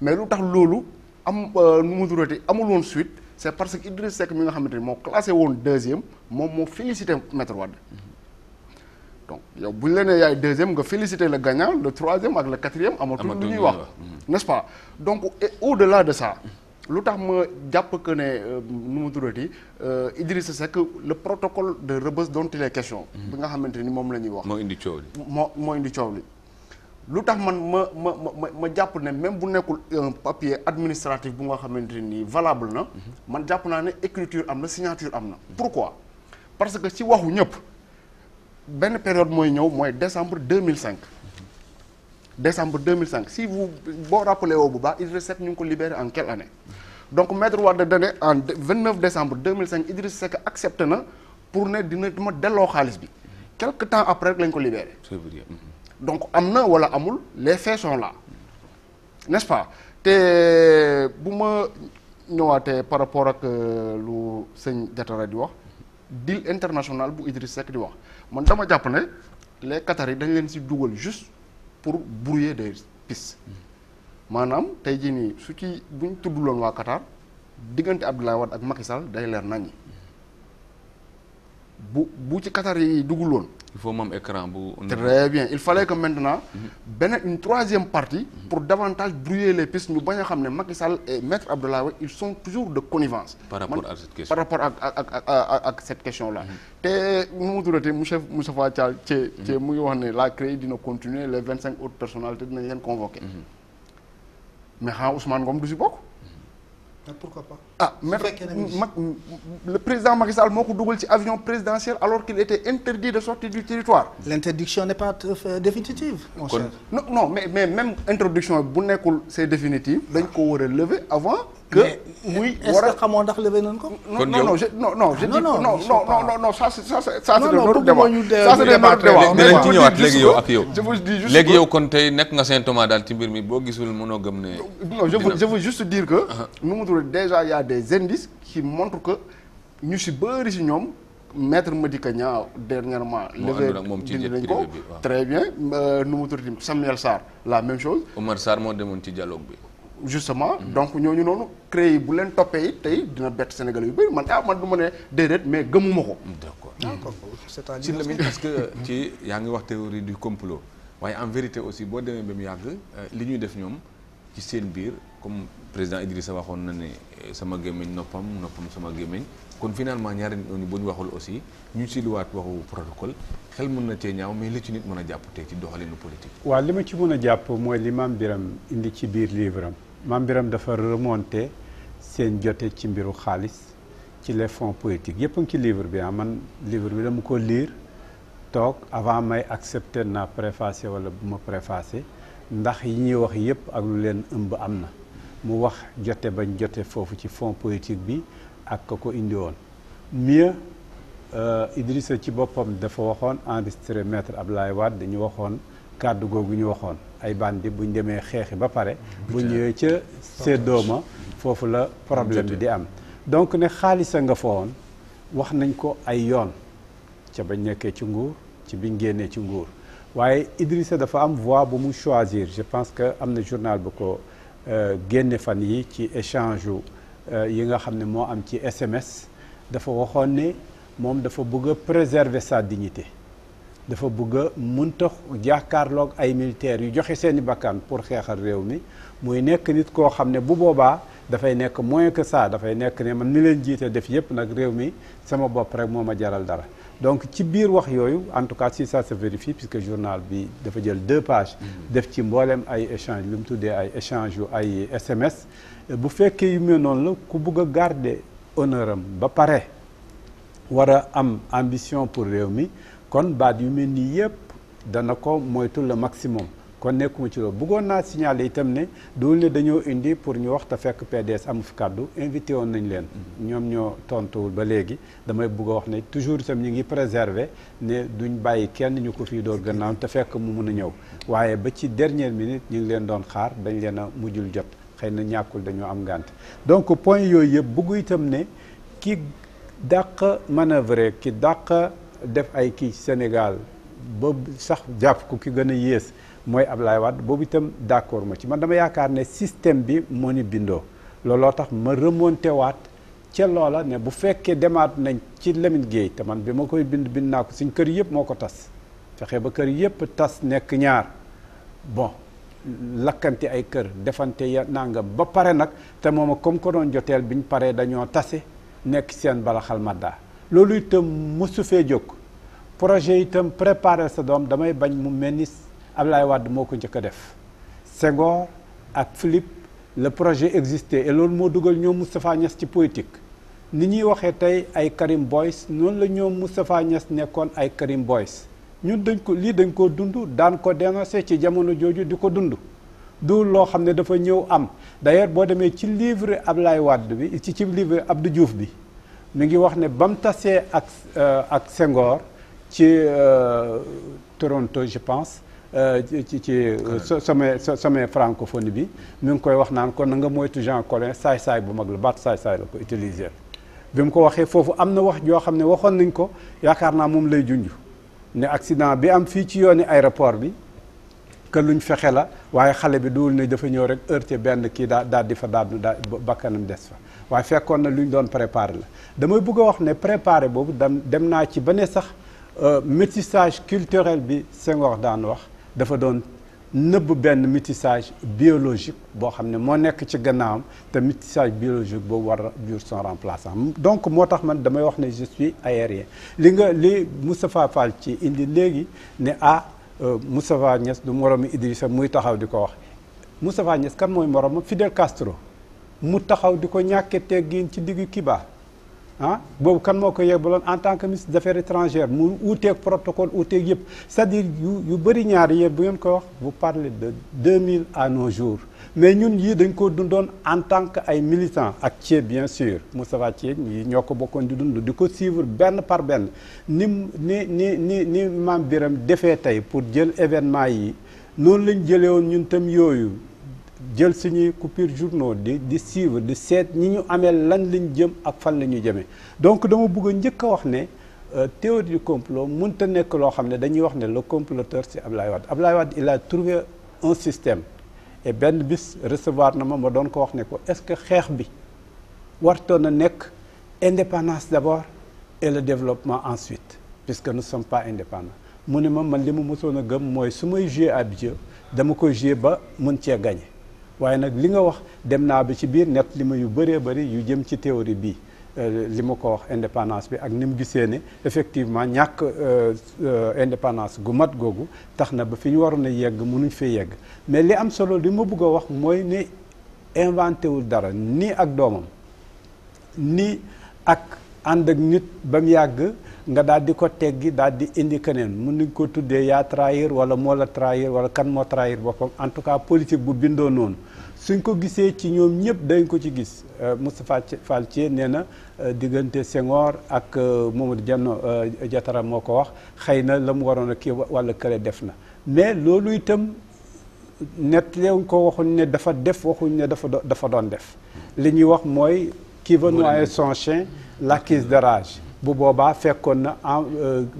mais lu tax loolu am euh, nu mu amul suite. c' est parce que Idriss Seck mi nga xamante ni moo classé woon deuxième moom moo félicité maître Wade donc yow bu ñu la nee yaay deuxième nga félicité le gagnant le troisième ak le quatrième. amatul lu ñuy wax mm-hmm. n'est-ce pas. donc et au-delà de de ça. lu tax ma jàpp que ne euh, nu mu tuddati euh, Idrissa Seck le protocole de Rebeuss dont il question. Mm-hmm. bi nga xamante ni moom la ñuy wax. moo indi coow li moo indi coow li. lu tax man ma ma ma ma ma jàpp ne même bu nekkul un papier administratif bu nga xamante nii valable na man jàpp naa ne écriture am na signature am na pourquoi parce que ci waxu ñëpp benn période mooy ñëw mooy décembre 2005 décembre 2005 si vous boo rappelé woo bu baax Idriss Seck ñu ngi ko libéré en quelle année donc maître Wade dane en 29 décembre 2005 Idriss Seck accepté na pour ne dina ma delloo xaalis bi quelque temps après rek lañ ko libéré donc am na wala amul les faits sont là n'est-ce pas te bu ma ñëwaatee par rapport ak euh, lu sëñ Diatara di wax deal international bu Idriss Seck di wax man dama jàpp ne les Qatar yi dañ leen si dugal juste pour brouiller des pistes maanaam tey jii nii su ci bu ñu tudduloon waa Qatar diggante Abdoulaye Wade ak Macky day leer naññi bu bu ci Qatar yi duguloon il faut moom écran bu. très bien maintenant. Mhm. beneen une troisième partie. pour davantage brouiller les pistes ñu bañ xam ne Macky Sall et maître Abdoulaye Wade ils sont toujours de connivence. par rapport à cette question par rapport ak ak ak ak cette mhm. te mu tuddati monsieur Moustapha Thial Thié. Mhm. mu ngi wax ne la CREI dina continuer les vingt cinq autres personnalités dinañ leen convoqué. mais a Ousmane Ngom du si bokk. pourquoi pas ah mais mag le président Macky Sall moo ko dugal ci avion présidentiel alors qu'il était interdit de sortir du territoire l'interdiction n'est pas euh, définitive mon cher non non mais mais même introduction bu nekkul c'est définitive dañ ko war a lever avant que muy war a xamoo ndax levé nañ ko. non non non je non non ah, je dis non non non non ça c'est ça c'est ça c'est notre débat ça c'est notre débat dinañ ci ñëwaat léegi yow ak yow. je vous dis juste léegi yow kon tey nekk nga Saint Thomas daal ci mbir mi boo gisul mënoo gëm ne. non je veux je veux juste dire que. Uh-huh. nu mu tudd déjà y a des indices qui montrent que ñu si bëri si ñoom. maître Madické Niang dernièrement levé dindi nañ ko très bien euh, nu mu tudd Samuel Sarr la même chose Omar Sarr moo demoon ci dialogue bi justement donc ñooñu noonu créé yi bu leen toppee it tey dina bett Sénégalais yu bëri man ah man du ma ne déedéet mais gëmuma ko. d'accord ah, d'accord parce que ci yaa ngi wax théorie di complot waaye en vérité aussi boo demee ba mu yàgg euh, li ñuy def ñoom ci seen biir comme président Idrissa waxoon na ne euh, sama gémmiñ noppam noppam sama gémmiñ kon finalement ñaari nit ñooñu ñu waxul aussi ñu ci luwaat waxu protocole xel mën na cee ñaaw mais li ci nit mën a jàpp tey ci doxalinu politique. waaw li ma ci mën a jàpp mooy li maam Biram indi ci biir livre am Mame biram dafa remonté seen jote ci mbiru xaalis ci les fonds politiques yëpp ngi ci livre bi ah man livre bi dama ko liir toog avant may accepter naa préfacé wala bu ma préfacé ndax yi ñuy wax yëpp ak lu leen ëmb am na mu wax jote bañ jote foofu ci fonds politique bi ak ko indi woon mieux euh, Idrissa ci boppam dafa waxoon enregistré maître Ablaye waat dañu waxoon kàddu googu ñu waxoon ay bandi buñ demee xeexi ba pare mm-hmm. bu ñëwee ca séddoo ma foofu la problème bi di am donc ne xaalisa nga fa woon wax nañ ko ay yoon ca bañ nekkee ci nguur ci biñ génnee ci nguur waaye Idrissa dafa am voie bu mu choisir je pense que am na journal bu ko euh, génne fan yi ci échange euh, yi nga xam ne moo am ci SMS dafa waxoon ne moom dafa bëgg préserver sa dignité dafa bëgg a mënta jàkkaarloog ay militaires yu joxe seeni i bakkan pour xeexal réew mi muy nekk nit koo xam ne bu boobaa dafay nekk moins que ça dafay nekk ne man ni leen jiite def yépp nag réew mi sama bopp rek moo ma jaral dara donc ci biir wax yooyu en tout cas si ça se vérifie puisque journal bi dafa jël deux pages mm-hmm. def ci mbooleem ay échange lu mu tuddee ay échange yu ay SMS bu fekkee yu mel noonu la ku bëgg garde garder honneur am ba pare war a am ambition pour réew mi kon baat yu mel nii yëpp dana ko moytu le maximum kon nekkuma ci loolu bëggoon naa signaler itam ne doolu ne dañoo indi pour ñu wax te fekk PDS amu fi kàddu invité woon nañ leen ñoom ñoo tontuwul ba léegi damay bëgg a wax ne toujours itam ñu ngi préserver ne duñ bàyyi kenn ñu ko fii door gannaaw te fekk mu mun a ñëw waaye ba ci dernière minute ñu ngi leen doon xaar dañ leen a mujjul jot xëy na ñàkkul dañoo am ngànt donc point yooyu yëpp bëggu itam ne ki dàq manœuvre ki dàq def ay kii Sénégal ba sax jàpp ku ki gën a yées mooy Ablaye Wade boobu itam d'accord ma ci man dama yaakaar ne système bi moo ni bindoo looloo tax ma remonté waat ca loola ne bu fekkee demaat nañ ci lemin Guèye te man bi ma koy bind bind naa ko suñ kër yëpp moo ko tas fexe ba kër yëpp tas nekk ñaar bon lakkante ay kër defante ya nangam ba pare nag te moom comme ko doon joteel biñ paree dañoo tase nekk seen bala xalmatdaa loolu itam mosu fee jóg projet itam préparer sa doom damay bañ mu mel ni Ablaye Wade moo ko njëkk a def Senghor ak Philippe le projet existait loolu moo dugal ñoom Moustapha Niass ci politique ni ñuy waxee tey ay Karim Boys noonu la ñoom Moustapha Niass nekkoon ay Karim Boys ñun dañ ko lii dañ ko dund daan ko dénoncé ci jamono jooju di ko dund du loo xam ne dafa ñëw am d'ailleurs boo demee ci livre Ablaye Wade bi ci ci livre Abdou Diouf bi mi ngi wax ne ba mu tasee ak euh, ak Senghor ci euh, Toronto je pense euh, ci ci sommet sommet francophonie bi mu ngi koy wax naan kon na nga moytu Jean Collin saay-saay bu mag la baat saay-saay la ko utiliser bi mu ko waxee foofu am na wax joo xam ne waxoon nañ ko yaakaar naa moom lay junj ne accident bi am fii ci yooni aéroport bi que luñ fexe la waaye xale bi duwul ne dafa ñëw rek heurté benn kii daa daal di fa daal bakkanam des fa waaye fekkoon na lu ñu doon préparer la damay bugg a wax ne préparé boobu dem dem naa ci ba ne sax euh, métissage culturel bi Senghor daan wax dafa doon nëbb benn métissage biologique boo xam ne moo nekk ci gannaawam te métissage biologique boobu war a jur son remplaçant donc moo tax man damay wax ne je suis aérien li nga li Moustapha Fall ci indi léegi ne ah euh, Moustapha Niass du moromu Idrissa muy taxaw di ko wax Moustapha Niass kan mooy moroomam Fidel Castro mu taxaw di ko ñàkke teggin ci diggu Kiba ah boobu kan moo ko yebbaloon en tant que ministre des affaires étrangères mu uuteeg protocole uuteeg yëpp c'est-à-dire yu yu bëri ñaar yéen bu ngeen ko wax vous parlez de mille à nos jours mais ñun yii dañ koo dundoon en tant que ay militants ak Thié bien sûr Moustapha Thié ñii ñoo ko bokkoon di dund di ko suivre benn par benn ni ni ni ni ni maam Biram defee tey pour jël événement yi noonu lañ jëlee woon ñun tam yooyu. jël suñuy coupure journaux di di suivre di seet ñi ñu amee lan lañ jëm ak fan la ñu jëmee donc dama bugg njëkk wax ne euh, théorie du complot mënta nekk loo xam ne dañuy wax ne le comploteur c'est Ablaye Wade Ablaye Wade il a trouvé un système et benn bis recevoir na ma ma doon ko wax ne ko est-ce que xeex bi wartoon a nekk indépendance d'abord et le développement ensuite puisque nous ne sommes pas indépendants mu ne ma man li mu mosoon a gëm mooy su may jouer à Abidjan dama koy jouer ba mën cee gagner waaye nag li nga wax dem naa ba ci biir net li ma yu bëree bëri yu jëm ci théorie bi euh, li ma ko wax indépendance bi ak ni mu gisee ne effectivement ñàkk euh, indépendance gu mat googu tax na ba fi ñu waroon a yegg mënuñ fee yegg mais li am solo li ma bëgg a wax mooy ni inventé wul dara nii ak doomam nii ak ànd ak nit ba mu yàgg nga daal di ko teggi daal di indi keneen mën nañ ko tuddee yaa trahir wala moo la trahir wala kan moo trahir boppam en tout cas politique bu bindoo noonu suñ ko gisee ci ñoom ñëpp dañ ko ci gis euh, Moustapha Fall Thié nee na euh, diggante Senghor ak euh, Mamadou Diano jatara moo ko wax xëy na la mu waroon a kii walla kële def na mais loolu itam nettleewuñ ko waxuñ ne dafa def waxuñ ne dafa dafa doon def li ñuy wax mooy qui veut noyer son chien l'accuse de bu boobaa fekkoon na en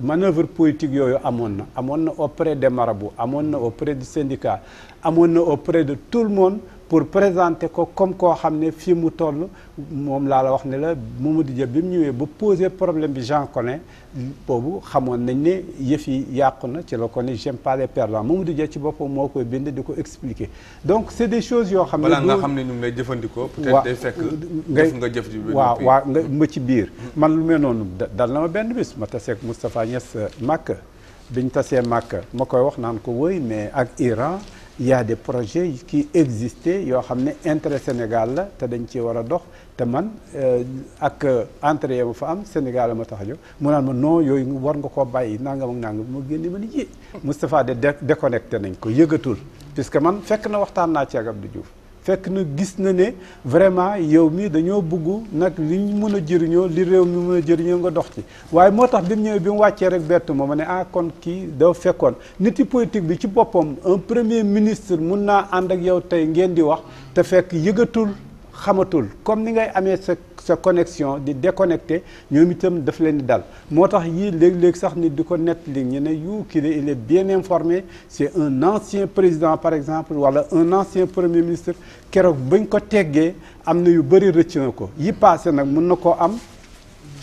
manœuvre politique yooyu amoon na amoon na auprès des marabouts amoon na auprès du syndicat amoon na au auprès de tout le monde pour présenter ko comme koo xam ne fii mu toll moom laa la wax ne la Mamadou Dia bi mu ñëwee bu poser problème bi Jean Collin boobu xamoon nañ ne yëf yi yàqu na ci la ko ni j'aime pas les mu Mamadou Dia ci boppam moo koy bind di ko expliquer donc c'est des chose yoo xam ne balaa nga xam ne ñu lay jëfandikoo peut-être day fekk nga jëf waaw waaw nga ma ci biir mm-hmm. man lu mel noonu dal na ma benn bis ma taseeg Moustapha Niass makk biñ tasee makk ma koy wax naan ko woy mais ak Iran yaa y a des projets qui existaient yoo xam ne intérêt Sénégal la te dañ ci war a dox te man euh, ak entrée ma fa am Sénégal ma tax a jóg na ma non yooyu war nga koo bàyyi nangam ak nangam ma génne ma ni ji Moustapha de déconnecté nañ ko yëgatul puisque man fekk na waxtaan naa ci ak di Diouf fekk na gis na ne vraiment yow mi dañoo bugg nag li ñu mën a jëriñoo li réew mi mën a jëriñoo nga dox ci waaye moo tax bi mu ñëwee bi mu wàccee rek bett ma ma ne ah kon kii daw fekkoon niti politique bi ci boppam un premier ministre mun naa ànd ak yow tey ngeen di wax te fekk yëgatul xamatul comme ni ngay amee sa sa connexion di déconnecté ñoom itam daf leen dal moo tax yii léeg-léeg sax nit di ko nettali ñu ne yu kii de il est bien informé c'est un ancien président par exemple wala un ancien premier ministre keroog bañ ko teggee am na yu bëri rëcc na ko yi passé nag mun na koo am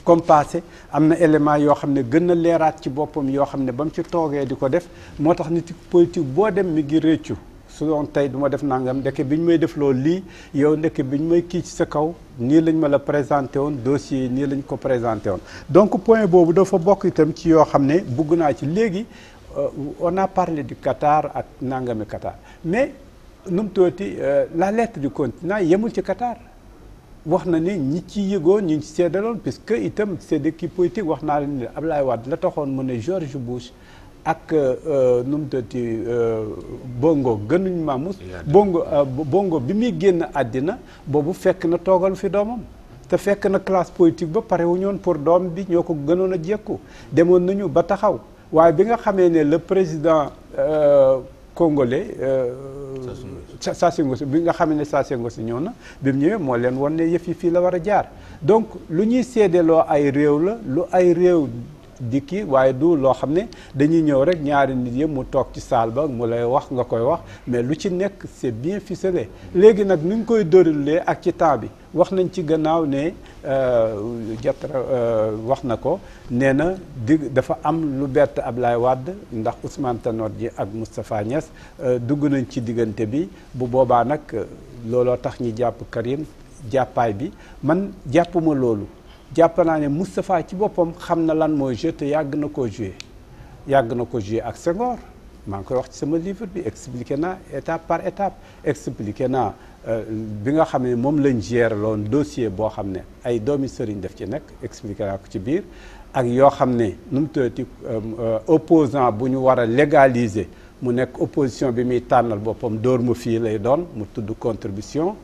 comme passé am na élément yoo xam ne gën a leeraat ci boppam yoo xam ne ba mu ci toogee di ko def moo tax nit politique boo dem mi ngi rëccu su doon tey duma def nangam ndeke bi ñu may def loolu lii yow ndekk bi ñu may kii ci sa kaw nii lañ ma la présenté woon dossier yi nii lañ ko présenté woon donc point boobu dafa bokk itam ci yoo xam ne bugg naa ci léegi euh, on a parlé du Qatar ak nangami Qatar mais nu mu tuuti euh, la lettre du continent yemul ci Qatar wax na ni ñi ci yëgoon ñu ci seedaloon que itam c'est des kii politique wax naa leen ne Ablaye Wade la taxoon mu ne George Bush ak euh, euh, nu mu tëddee euh, bongo gënuñ ma mus bongo bongo bi muy génn àddina boobu fekk na toogal fi doomam. te fekk na classe politique ba pare wu ñoon pour doom bi ñoo ko gënoon a jékku demoon nañu ba taxaw waaye bi nga xamee ne le président congolais. Sassou Nguesso bi nga xam ne Sassou si ñoo na bi mu ñëwee moo leen wan ne yëf yi fii la war a jaar donc lu ñuy seedeloo ay réew la lu ay réew. di kii waaye du loo xam ne dañuy ñëw rek ñaari nit yëpp mu toog ci saal ba mu lay wax nga koy wax mais lu ci nekk c'est bien ficelé léegi nag ni ñu koy déroulé ak ci temps bi wax nañ ci gannaaw ne euh, jatra euh, wax na ko nee na di dafa am lu bett Ablaye wàdd ndax Ousmane Tanor ji ak Moustapha Niass euh, dugg nañ ci diggante bi bu boobaa nag looloo tax ñi jàpp Karim jàppaay bi man jàppuma loolu jàpp naa ne Moustapha ci boppam xam na lan mooy jeu yàgg na ko joué yàgg na ko joué ak Senghor maa ngi koy wax ci sama livre bi expliqué naa étape par étape expliqué naa euh, bi nga xam ne moom lañ géré loon dossier boo xam ne ay doomi sëriñ def ci nekk expliqué naa ko ci biir ak yoo xam ne nu mu tëddati euh, euh, opposant bu ñu war a légaliser mu nekk opposition bi muy tànnal boppam dóor mu fii lay doon mu tudd contribution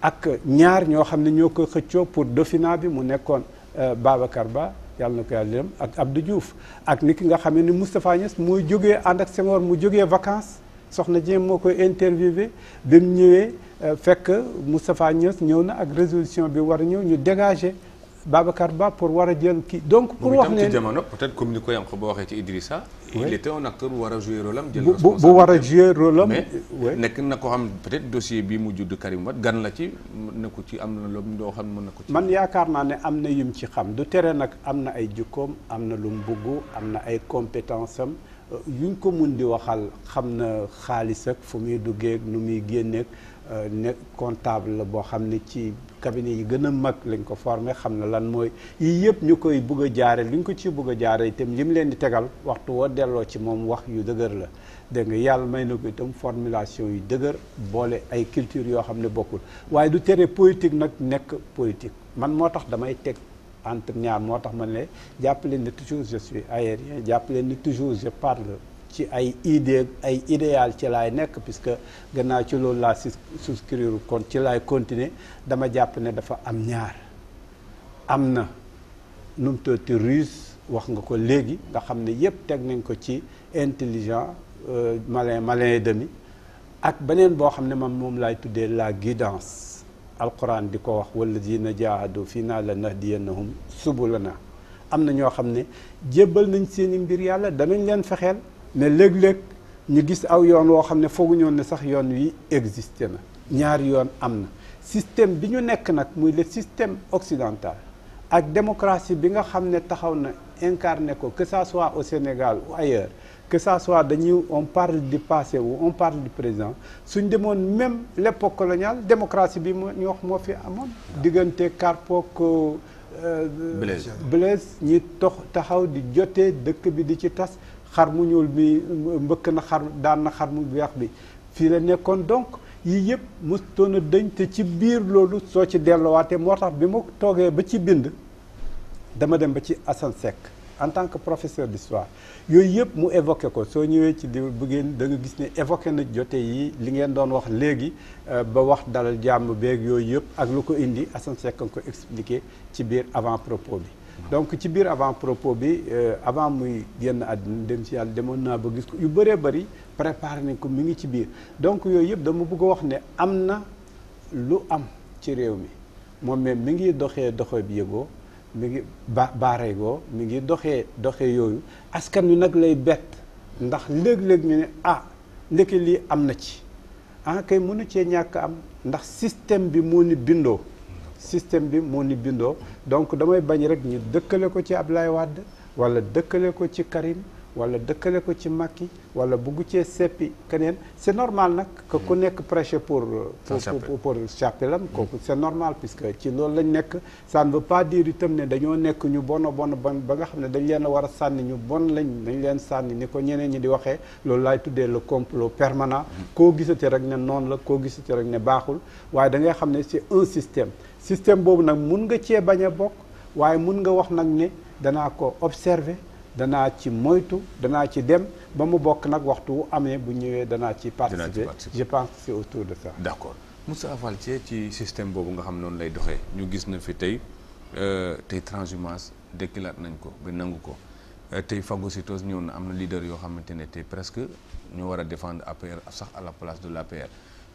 ak ñaar ñoo xam ne ñoo ko xëccoo pour dauphinat bi mu nekkoon Euh, Babacar Ba yàlla na ko yàlla yërëm ak Abdou Diouf ak ni ki nga xam ne Moustapha Niass mooy jógee ànd ak Senghor mu jóge vacances soxna Dieng moo koy interviewé bi mu ñëwee euh, fekk Moustapha Niass ñëw na ak résolution bi war a ñëw ñu dégagé. Babacar Ba pour war a jël kii donc. pour wax ne ci jamono peut-être comme ni ko Yankho ba waxee ci Idrissa. il était un acteur war a jouer rôle jël bu war a jouer rôle nekk na ko xam peut-être dossier bii mu judd Karim Wade gan la ci mën na ko ci am na loolu loo xam mën na ko ci. man yaakaar naa ne am na yum ci xam du tere nag am na ay jukkoom am na lu mu bëgg am na ay compétence am euh, yuñ ko mun di waxal xam na xaalis ak fu muy duggee nu muy génneek Euh, ne comptable la boo xam ne ci cabinet yi gën a mag lañ ko formé xam na lan mooy yii yëpp ñu koy bëgg a jaare li ñu ko ci bëgg a jaare itam li mu leen di tegal waxtu woo delloo ci moom wax yu dëgër la dégg yàlla may na ko itam formulation yu dëgër boole ay culture yoo xam ne bokkul waaye du tere politique nag nekk politique man moo tax damay teg entre ñaar moo tax man ne jàpp leen ne toujours je suis aérien jàpp leen ne toujours je parle ci ay idée ay idéal ci laay nekk que gannaaw ci loolu laa si souscrire kon ci laay continuer dama jàpp ne dafa am ñaar am na nu mu tuuti wax nga ko léegi nga xam ne yépp teg nañ ko ci intelligent euh, malin malin et demi ak beneen boo xam ne man moom laay tuddee laa guidance alquran di ko wax walladina jaahadu fii naa la nahdiyannahum subulana am na ñoo xam ne jébbal nañ seeni mbir yàlla danañ leen fexeel mais léeg-léeg ñu gis aw yoon woo xam ne fooguñoon ne sax yoon wi existé na ñaari yoon am na système bi ñu nekk nag muy le système occidental ak démocratie bi nga xam ne taxaw na incarné ko que ça soit au Sénégal ou ailleurs que ça soit dañuy on parle du passé ou on parle du présent suñ demoon même l'époque coloniale démocratie bi ñu wax moo fi amoon diggante Carpok euh, euh, Blaise ñi tox taxaw di jotee dëkk bi di ci tas xar mu ñuul bi mbëkk na xar daan na xar mu weex bi fii la nekkoon donc yii yëpp mësutoon a dëñ te ci biir loolu soo ci delluwaatee moo tax bi ma toogee ba ci bind dama dem ba ci Assane Seck en tant que professeur d'histoire yooyu yëpp mu évoqué ko soo ñëwee ci livre bu ngeen da gis ne évoqué na jote yi li ngeen doon wax léegi euh, ba wax dalal jàmm beeg yooyu yëpp ak lu ko indi Assane Seck nga ko expliqué ci biir avant propos bi donc ci biir avant propos bi euh, avant muy génn àddina dem ci yàlla demoon naa ba gis ko yu bëree bari préparé nañ ko mi ngi ci biir donc yooyu yëpp dama bëgg wax ne am na lu am ci réew mi moom même mi ngi doxee doxe bi yëgoo mi ngi ba baareegoo mi ngi doxee doxe yooyu askan wi nag lay bett ndax léeg-léeg ñu ne ah ndeke lii am na ci ah kay mënu cee ñàkk am ndax système bi moo ni bindoo système bi moo ni bindoo donc damay bañ rek ñu dëkkale ko ci ab lay Wade wala dëkkale ko ci Karim wala dëkkale ko ci Macky wala bugg cee seppi keneen c'est normal nag que ku hmm. nekk prêcher pour pour pour chapelam hmm. kooku c'est normal puisque ci loolu lañ nekk ça ne veut pas dire itam ne dañoo nekk ñu bono bon bon ba nga xam ne dañ leen a war a sànni ñu bon lañ dañ leen sànni ni ko ñeneen ñi di waxee loolu laay tuddee la complot permanent hmm. koo gisati rek ne noonu la koo gisati rek ne baaxul waaye da xam ne c'est système système boobu nag mun nga cee bañ a bokk waaye mun nga wax nag ni danaa ko observer danaa ci moytu danaa ci dem ba mu bokk nag waxtu wu amee bu ñëwee danaa ci participer je pense c'est autour de ça d'accord Moussa Faltier ci système boobu nga xam noonu lay doxee ñu gis na fi tey euh, tey transhumance dekkilaat nañ ko ba nangu ko euh, tey phagocytose ñëw na am na leader yoo xamante ne tey presque ñu war a défendre APR sax à la place de la l'APR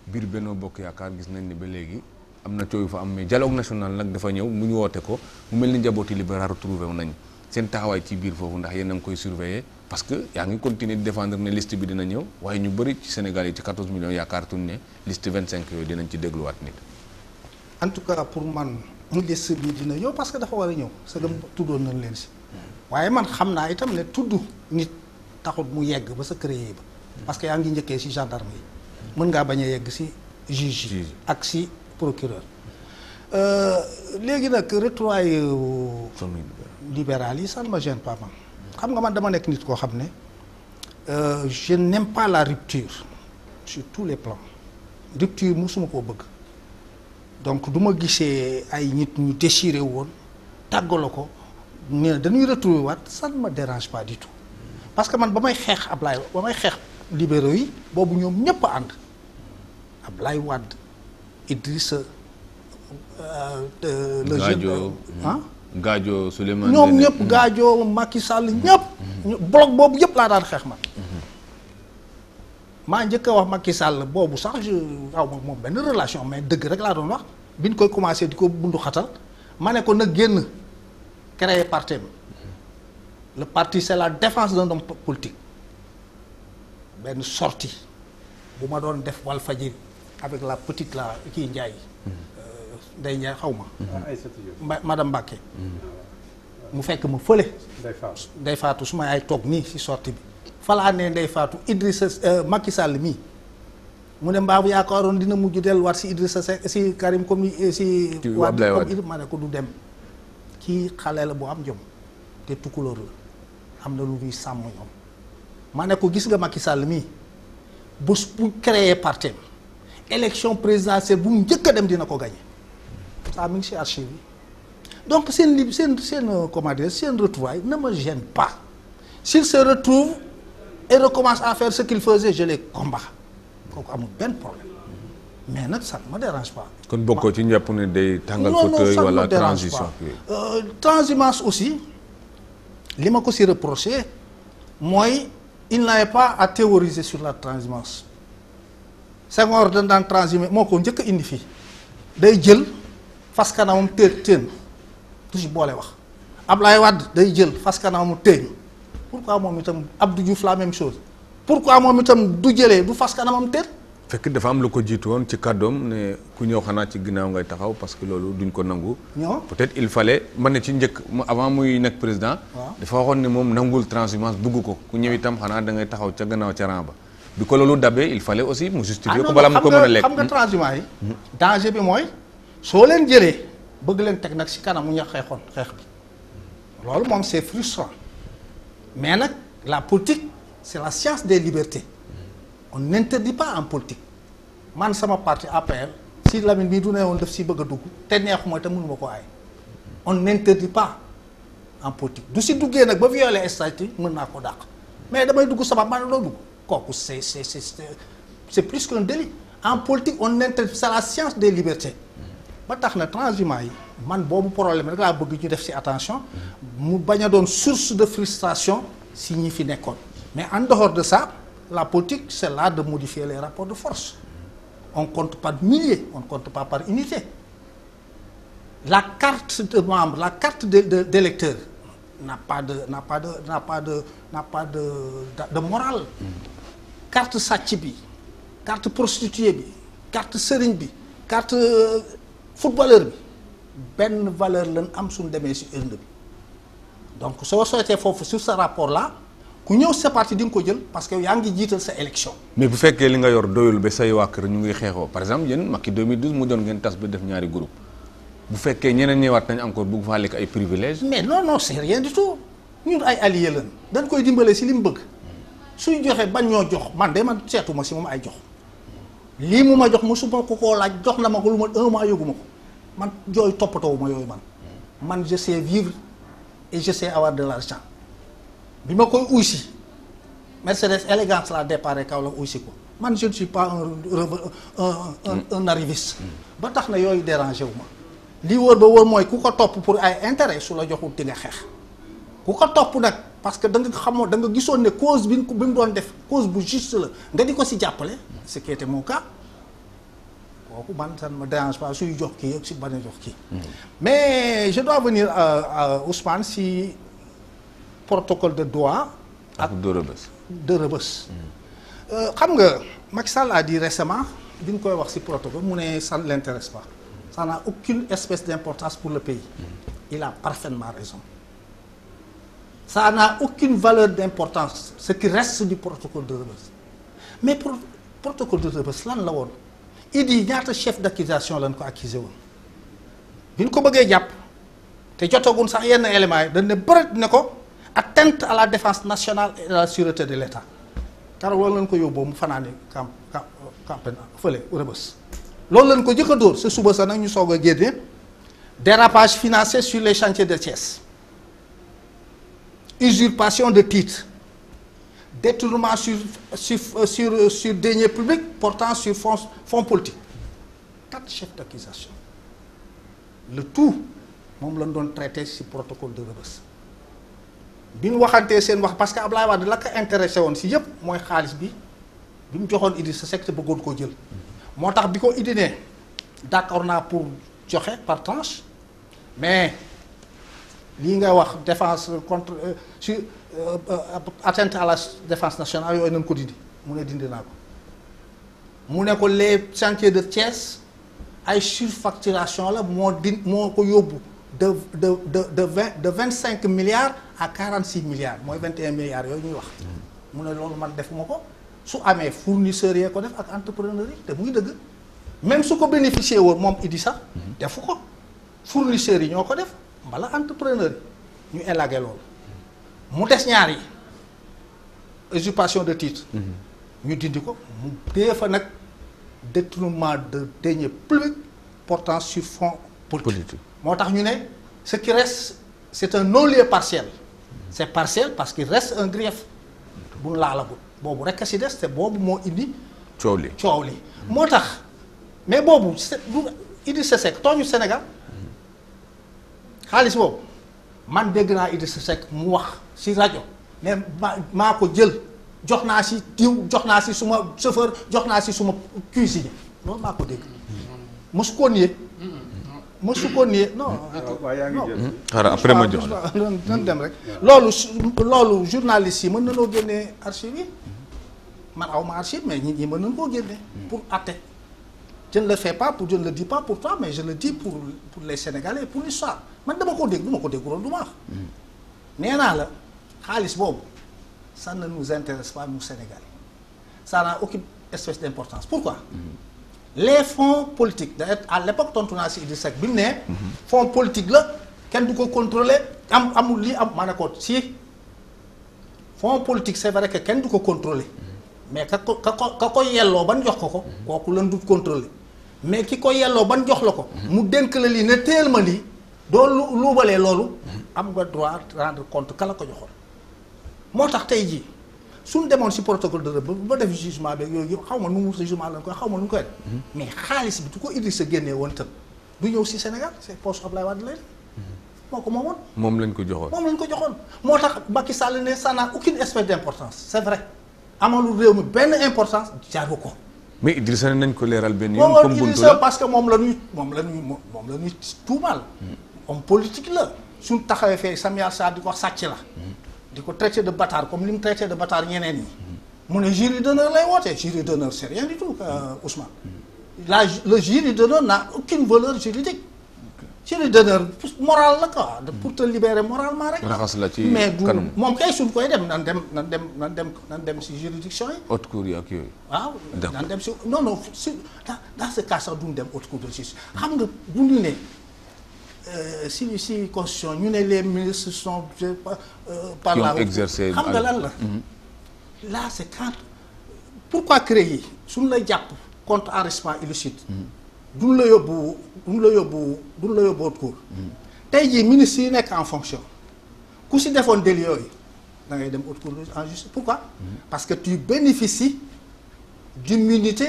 biir Benno Bokk Yaakaar gis nañ ni ba léegi am na coow fa am mais dialogue national nag dafa ñëw mu ñu woote ko mu mel ni njabooti libéral retrouvé wu nañ seen taxawaay ci biir foofu ndax yéen a ngi koy surveiller parce que yaa ngi continuer di défendre ne liste bi dina ñëw waaye ñu bëri ci Sénégal yi ci 14 millions yaakaartuñ ne liste 25 yooyu dinañ ci dégluwaat en tout cas pour man liste bi dina ñëw parce que dafa war a ñëw sëgam tuddoon nañ leen si. waaye man xam naa itam ne tudd nit taxul mu yegg ba sa kër ba. parce que yaa ngi njëkkee si gendarme yi. mën ngaa bañ a yegg si juge yi si. procureur euh, léegi nag retrouvaille euh, libéral yi ça ne me gêne man xam nga man dama nekk nit koo xam ne euh, je n'aime pas la rupture sur tous les plans rupture mosuma koo bëgg donc du ma gisee ay nit ñu déchiré woon tàggala ko ne dañuy retrouver waat ça ne me dérange pas du tout parce que man ba may xeex Ablaye ba may xeex libéraux yi boobu ñoom ñëpp a ànd Ablaye Wade Idrissa. Euh, euh, le jeune ah. Gadio Souleymane ñoom ñëpp Gadio Macky Sall ñëpp. bloc boobu yëpp laa daan xeex man. Mhm. maa njëkk a wax Macky Sall boobu sax je aw moom benn relation mais dëgg rek laa doon wax bi ñu koy commencé di ko bundu ma ne ko na génn créer parti bi le parti c'est la défense d'un homme politique benn sorti bu ma doon def Walfadjri. avec la petite la kii Ndiaye. Euh, Ndeye Ndiaye xaw ma. ma mm-hmm. ah, madame Mbacke. Mm-hmm. mu fekk ma fële. Ndeye Fatou su ma ay toog nii si sorti bi. falaa ne Ndeye Fatou Idrissa euh, Macky Sall mii mu ne mbaa bu yaakaaroon dina mujj delluwaat si Idrissa Seck si Karim comme eh, si. Wade comme ma ne ko du dem. kii xale la bu am jom te tukulóor la am na lu muy sàmm ñoom ma ne ko gis nga Macky sàll mii bés bu créé parti élection présidentielle bu mu njëkk a dem dina ko gagné ça mi ngi donc seen li seen seen euh, comment dire seen retrouvaille ne me gêne pas s'il se retrouve et recommence à faire ce qu'il faisait je les combats kooku amul benn problème mais nag ça ne me dérange kon bokkoo ci ñëpp ne day. tàngal fauteuil wala transition euh, aussi li ma ko si reproché mooy il n'avait pas à théoriser sur la transhumance. Senghor dañ daan transhumé moo ko njëkk a indi fii day jël fas kanamam téen téen du ci boole wax Ablaye Wade day jël fas kanamam téen pourquoi moom itam ab du ju la même chose pourquoi moom itam du jëlee du fas kanamam téen fekk dafa am lu ko jiitu woon ci kàddoom ne ku ñëw xanaa ci ginnaaw ngay taxaw parce que loolu duñ ko nangu. peut-être il fallait man ne ci njëkk mu avant muy nekk président. dafa waxoon ne moom nanguwul transhumance bugg ko ku ñëw itam xanaa da ngay taxaw ca gannaaw ca rang ba. bi ko loolu dabee il fallait aussi mu justifier ah ko balaa mu ko mën xam nga hmm. transhumance yi danger bi mooy soo leen jëlee bëgg leen teg nag si kanam mu ñax xeexoon xeex bi loolu moom c'est frustrant mais nag la politique c'est la science des libertés on n'interdit pas en politique man sama parti APR si Lamine bii du ne woon daf si bëgg a dugg te neexuma te mënuma ko aay on n'interdit pas en politique du si duggee nag ba violé statut mën naa koo dàq mais damay dugg sabab maa kooku c'est c'est c'est c'est plus qu'un délit en politique on intéresse c'est la science des libertés ba tax na transhumance yi man boobu problème rek laa bëgg ñu def ci attention mu bañ a doon source de frustration si ñi fi nekkoon mais en dehors de ça la politique c'est là de modifier les rapports de force on compte par milliers on compte pas par unité la carte de membre la carte de de d'électeur n'a pas de n'a pas de n'a pas de n'a pas de de morale carte sàcc bi carte prostituée bi carte sëriñ bi carte euh, footballeur bi benn valeur lañ am suñ demee si urne bi donc soo soytee foofu sur ce rapport là ku ñëw sa parti di nga ko jël parce que yaa ngi jiital sa élection. mais bu fekkee li nga yor doyul ba say waa ñu ngi xeexoo par exemple yéen Macky 2012 mu doon ngeen tas ba def ñaari groupe bu fekkee ñeneen ñëwaat nañ encore bëgg faa lekk ay privilèges. mais non non c'est rien du tout ñun ay alliés lañ dañ koy dimbale si li mu bëgg. suñ joxe bañ ñoo jox man de man seetuma si moom ay jox lii mu ma jox mosuma ko koo laaj jox na ma ko lu ma un mois yëguma ko man jooy toppatoo ma yooyu man man je sais vivre et je sais avoir bi ma koy uy si Mercedes élégance la déparé kaw la uy si ko man je ne suis pas un un un arriviste ba tax na yooyu dérangé wu ma lii wóor ba wóor mooy ku ko topp pour ay intérêt su la joxul di xeex ku ko topp nag parce que da nga xamoon da nga gisoon ne cause bi bi mu doon def cause bu juste la nga di ko si jàppale ce qui était mon cas kooku man ça ne me suy jox kii ak su bañ jox kii hmm. mais je dois venir à, euh, euh, si protocole de Doha ak de Rebeuss de Rebeuss hmm. euh, xam nga Macky Sall di dit récemment bi ñu koy wax si protocole mu ne ça ne l'intéresse pas ça n'a aucune espèce d'importance pour le pays hmm. il a parfaitement raison ça n'a aucune valeur d'importance ce qui reste du protocole de Rebeuss mais pro protocole de Rebeuss lan la woon Idy ñaata chef d'accusation lañ ko accusé woon bi ñu ko bëggee jàpp te jotagun sax yenn éléments yi dañ ne bëreet ne ko atteinte à la défense nationale et à la sûreté de l'État keroog loolu lañ ko yóbboo mu fanaani camp camp camp fële Rebeuss loolu lañ ko jëkk a dóor sa suba sax nag ñu soog a génne dérapage financier sur les chantiers de Thiès. usurpation de titre détournement sur sur sur sur deniers publics portant sur fonds fonds politiques quatre chefs d'accusation le tout moom lañ doon traité ci protocole de Rebeuss bi ñu waxantee seen wax parce que Ablaye Wade la ko intéressé woon ci yépp mooy xaalis bi bi mu joxoon Idrissa sa te bëggoon koo jël moo tax bi ko Idy ne d'accord naa pour joxe par tranche mais lii nga wax défense contre euh, sur euh, euh, atteinte à la défense nationale yooyu nañ ko dindi mu ne dindi naa ko mu ne ko les chantiers de Thiès ay surfacturation la moo di moo ko yóbbu de de de de vingt de vingt cinq milliards à quarante six milliards mooy vingt un milliards yooyu ñuy wax mu ne loolu man defuma ko su amee fournisseurs yee ko def ak entrepreneur yi te muy dëgg même su ko bénéficier woon moom Idi sax mm-hmm. defu ko fournisseurs yi ñoo ko def. mbala entrepreneur ñu élagué loolu mu des ñaari yi de titre mm-hmm. ñu dindi ko mu dee fa nag détournement de deniers publics portant sur fonds politique moo tax ñu ne ce qui reste c'est un non-lieu partiel mm-hmm. c'est partiel parce qu'il reste un grief bu laalagul boobu rekk si des te boobu moo indi coow li coow li moo tax mais boobu indi Idrissa Seck tooñu Sénégal xaalis boobu man dégg naa Idrissa Seck mu wax si rajo ne ma maa ko jël jox naa si diw jox naa si suma chauffeur jox naa si suma cuisinier loolu maa ko dégg mosu ko nii mosu ko nii non. waaw yaa ngi jël hmm? xaaral ma jox la dem rek. loolu su loolu yi mën nanoo génnee archive man aw ma archive mais ñi mën nañu koo génne. pour àtte. je ne le fais pas pour je ne le dis pas pour toi mais je le dis pour pour les Sénégalais pour l'histoire man dama ko dégg du ma ko dégguloon du ma nee naa la xaalis boobu ça ne nous intéresse pas nous Sénégalais ça n'a aucune espèce d'importance pourquoi. les fonds politiques d'ailleurs à l'époque tontu naa si Idrissa Seck bi mu nee. fonds politique la kenn du ko contrôler am amul lii am ma ne ko si fonds politique c'est vrai que kenn du ko contrôler mais ka ko ka ko ka ko yelloo ban jox ko ko kooku lan du contrôler mais ki ko yelloo ban jox la ko. mu dénk la lii ne teel ma lii doo lu luubalee loolu. am nga droit rendre compte kala ko joxoon. moo tax tey jii suñ demoon si protocole de Rëbb ba def jugement be yooyu yëpp xaw ma nu mu sa jugement lañ koy xaw ma nu mu koy def. Mm-hmm. mais xaalis bi du ko Idrissa génnee woon tam du ñëw si Sénégal c'est poche Ablaye Wade leen. Mm-hmm. moo ko moomoon. moom lañ ko joxoon moom lañ ko joxoon. moo tax Macky Sall ne ça n'a aucune espèce d'importance c'est vrai amalul réew benn importance jaru ko. mais Idrissa ne nañ ko leeral benn yoon. comme buntu la parce que moom la ñuy moom la ñuy moom la ñuy tuumaal. homme la. suñ taxawee fee Samuel Sarr di ko wax la. di ko traité de bâtard comme li mu traité de bâtard ñeneen ñi. mu ne jury d'honneur lay wootee jury d'honneur c'est rien du tout euh, Ousmane. la le jury d'honneur n'a aucune valeur juridique. ci li dënër moral la quoi. pour te libérer moralement rek. la ci mais du moom kay suñ koy dem nan dem nan dem nan dem nan dem si juridiction yi. haute cour yi ak yooyu. waaw nan dem si non non si dans dem haute cour de justice. xam nga bu ñu ne euh, si si constitution ñu ne les ministres sont euh, par la. exercer xam nga lan la. Mm-hmm. là c' est quand pourquoi créer suñu lay jàpp contre enrichissement illicite. Mm-hmm. duñ la yóbbu duñ la yóbbu duñ la yóbbu haute cour hmm. tey jii ministre yu nekk en fonction ku si defoon délit yooyu da ngay dem haute cour en justice pourquoi hmm. parce que tu bénéficies d'immunité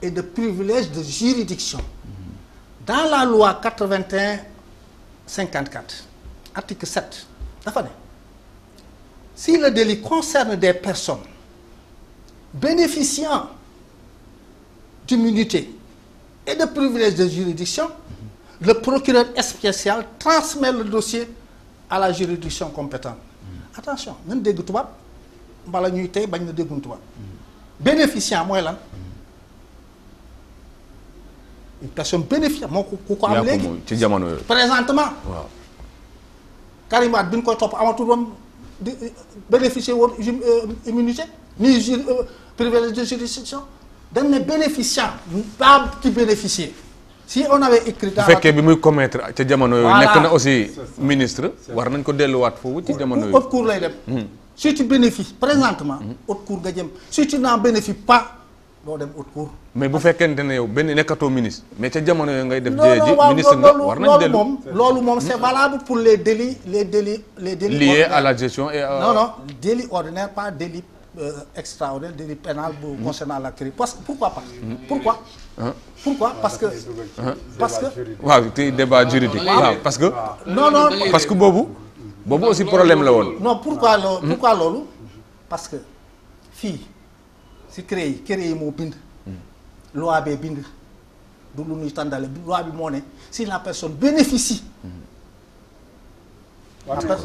et de privilège de juridiction hmm. dans la loi 81 54 article 7 dafa ne si le délit concerne des personnes bénéficiant d'immunité et de privilèges de juridiction, le procureur spécial transmet le dossier à la juridiction compétente. attention nañ dégg tubaab mbala ñuy tey bañ na dégguñ tubaab. bénéficiaire mooy lan. une personne bénéficiaire moo ko ku ko am léegi ci jamono yooyu présentement. waaw Karim Wade bi ñu koy topp amatul woon di euh, bénéficier woon euh, immunité ni euh, privilège de juridiction. dañ ne bénéficiaire pas ki bénéficier si on avait écrit bu fekkee bi muy commettre ca jamono yooyu nekk na aussi ministre war nañ ko delluwaat foofu ci jamono yooyu haute cour lay dem hmm. si tu bénéfices présentement hmm. haute cour nga jëm si tu n'en bénéfices pas doo dem haute cour mais bu fekkente ne yow benn nekkatoo ministre mais ca jamono yooyu ngay def jëye ji ministre nga war nañ dellu moom loolu moom c'est valable pour les délits les délits les délits à la gestion et non non délit ordinaire pas délit Euh, extraordinaire délit pénal bu mhm. concernant la CREI parce que pourquoi pas mhm. pourquoi parce que parce que waaw tey débat juridique waaw parce que non non parce que boobu boobu aussi problème la woon non pourquoi mhm. loolu parce que fii si CREI yi CREI yi moo bind loi bee bind du lu ñuy tàndale loi bi moo ne si la personne bénéficie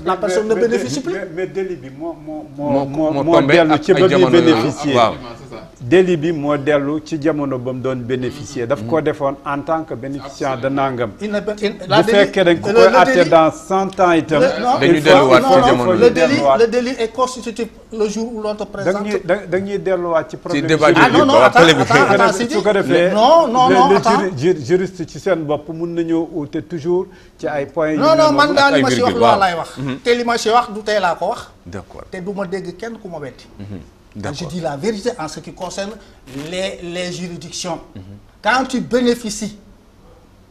la personne ne bénéficie plus. mais délit bi moo moo moo moo moo dellu ci ba muy ah, bénéficier délit bi moo dellu ci jamono ba mu doon bénéficier daf ko mm-hmm. defoon en tant que bénéficiaire de nangam. bu fekkee dañ ko koy àtte dans cent ans itam. dañuy delluwaat ci jamono le délit le délit est constitutif le jour où l'on te présente. dañuy delluwaat ci problème. ci débat ah non non attends su ko defee non non non juriste ci seen bopp mun nañoo uute toujours ci ay points. yu non non man daal ma si wax loola laay wax. te li ma si wax du tey laa ko wax. d'accord te du ma dégg kenn ku ma wetti. Mhm. d'accord je di la vérité en ce qui concerne les les juridictions. quand tu bénéficies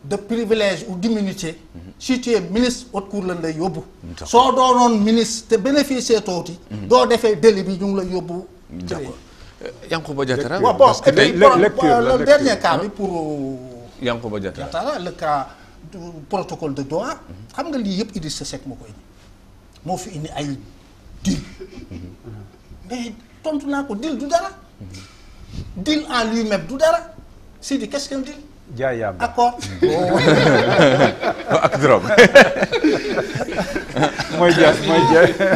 de privilèges ou d'immunité. Mhm. si tu es ministre haute cour lañ lay yóbbu. soo doo doonoon ministre te bénéficier tooti mhm. doo defee délit bi ñu ngi lay yóbbu. d'accord euh, Yankhoba Diattara. parce que tey le dernier cas bi pour. Euh, Yankhoba Diattara le cas. protocole de Doha xam nga lii yëpp Idrissa Seck moo ko indi moo fi indi ay deal mais tontu naa ko deal du dara deal en lui-même du dara si di qu'est-ce qu'un deal jaay ak drogue mooy jeex mooy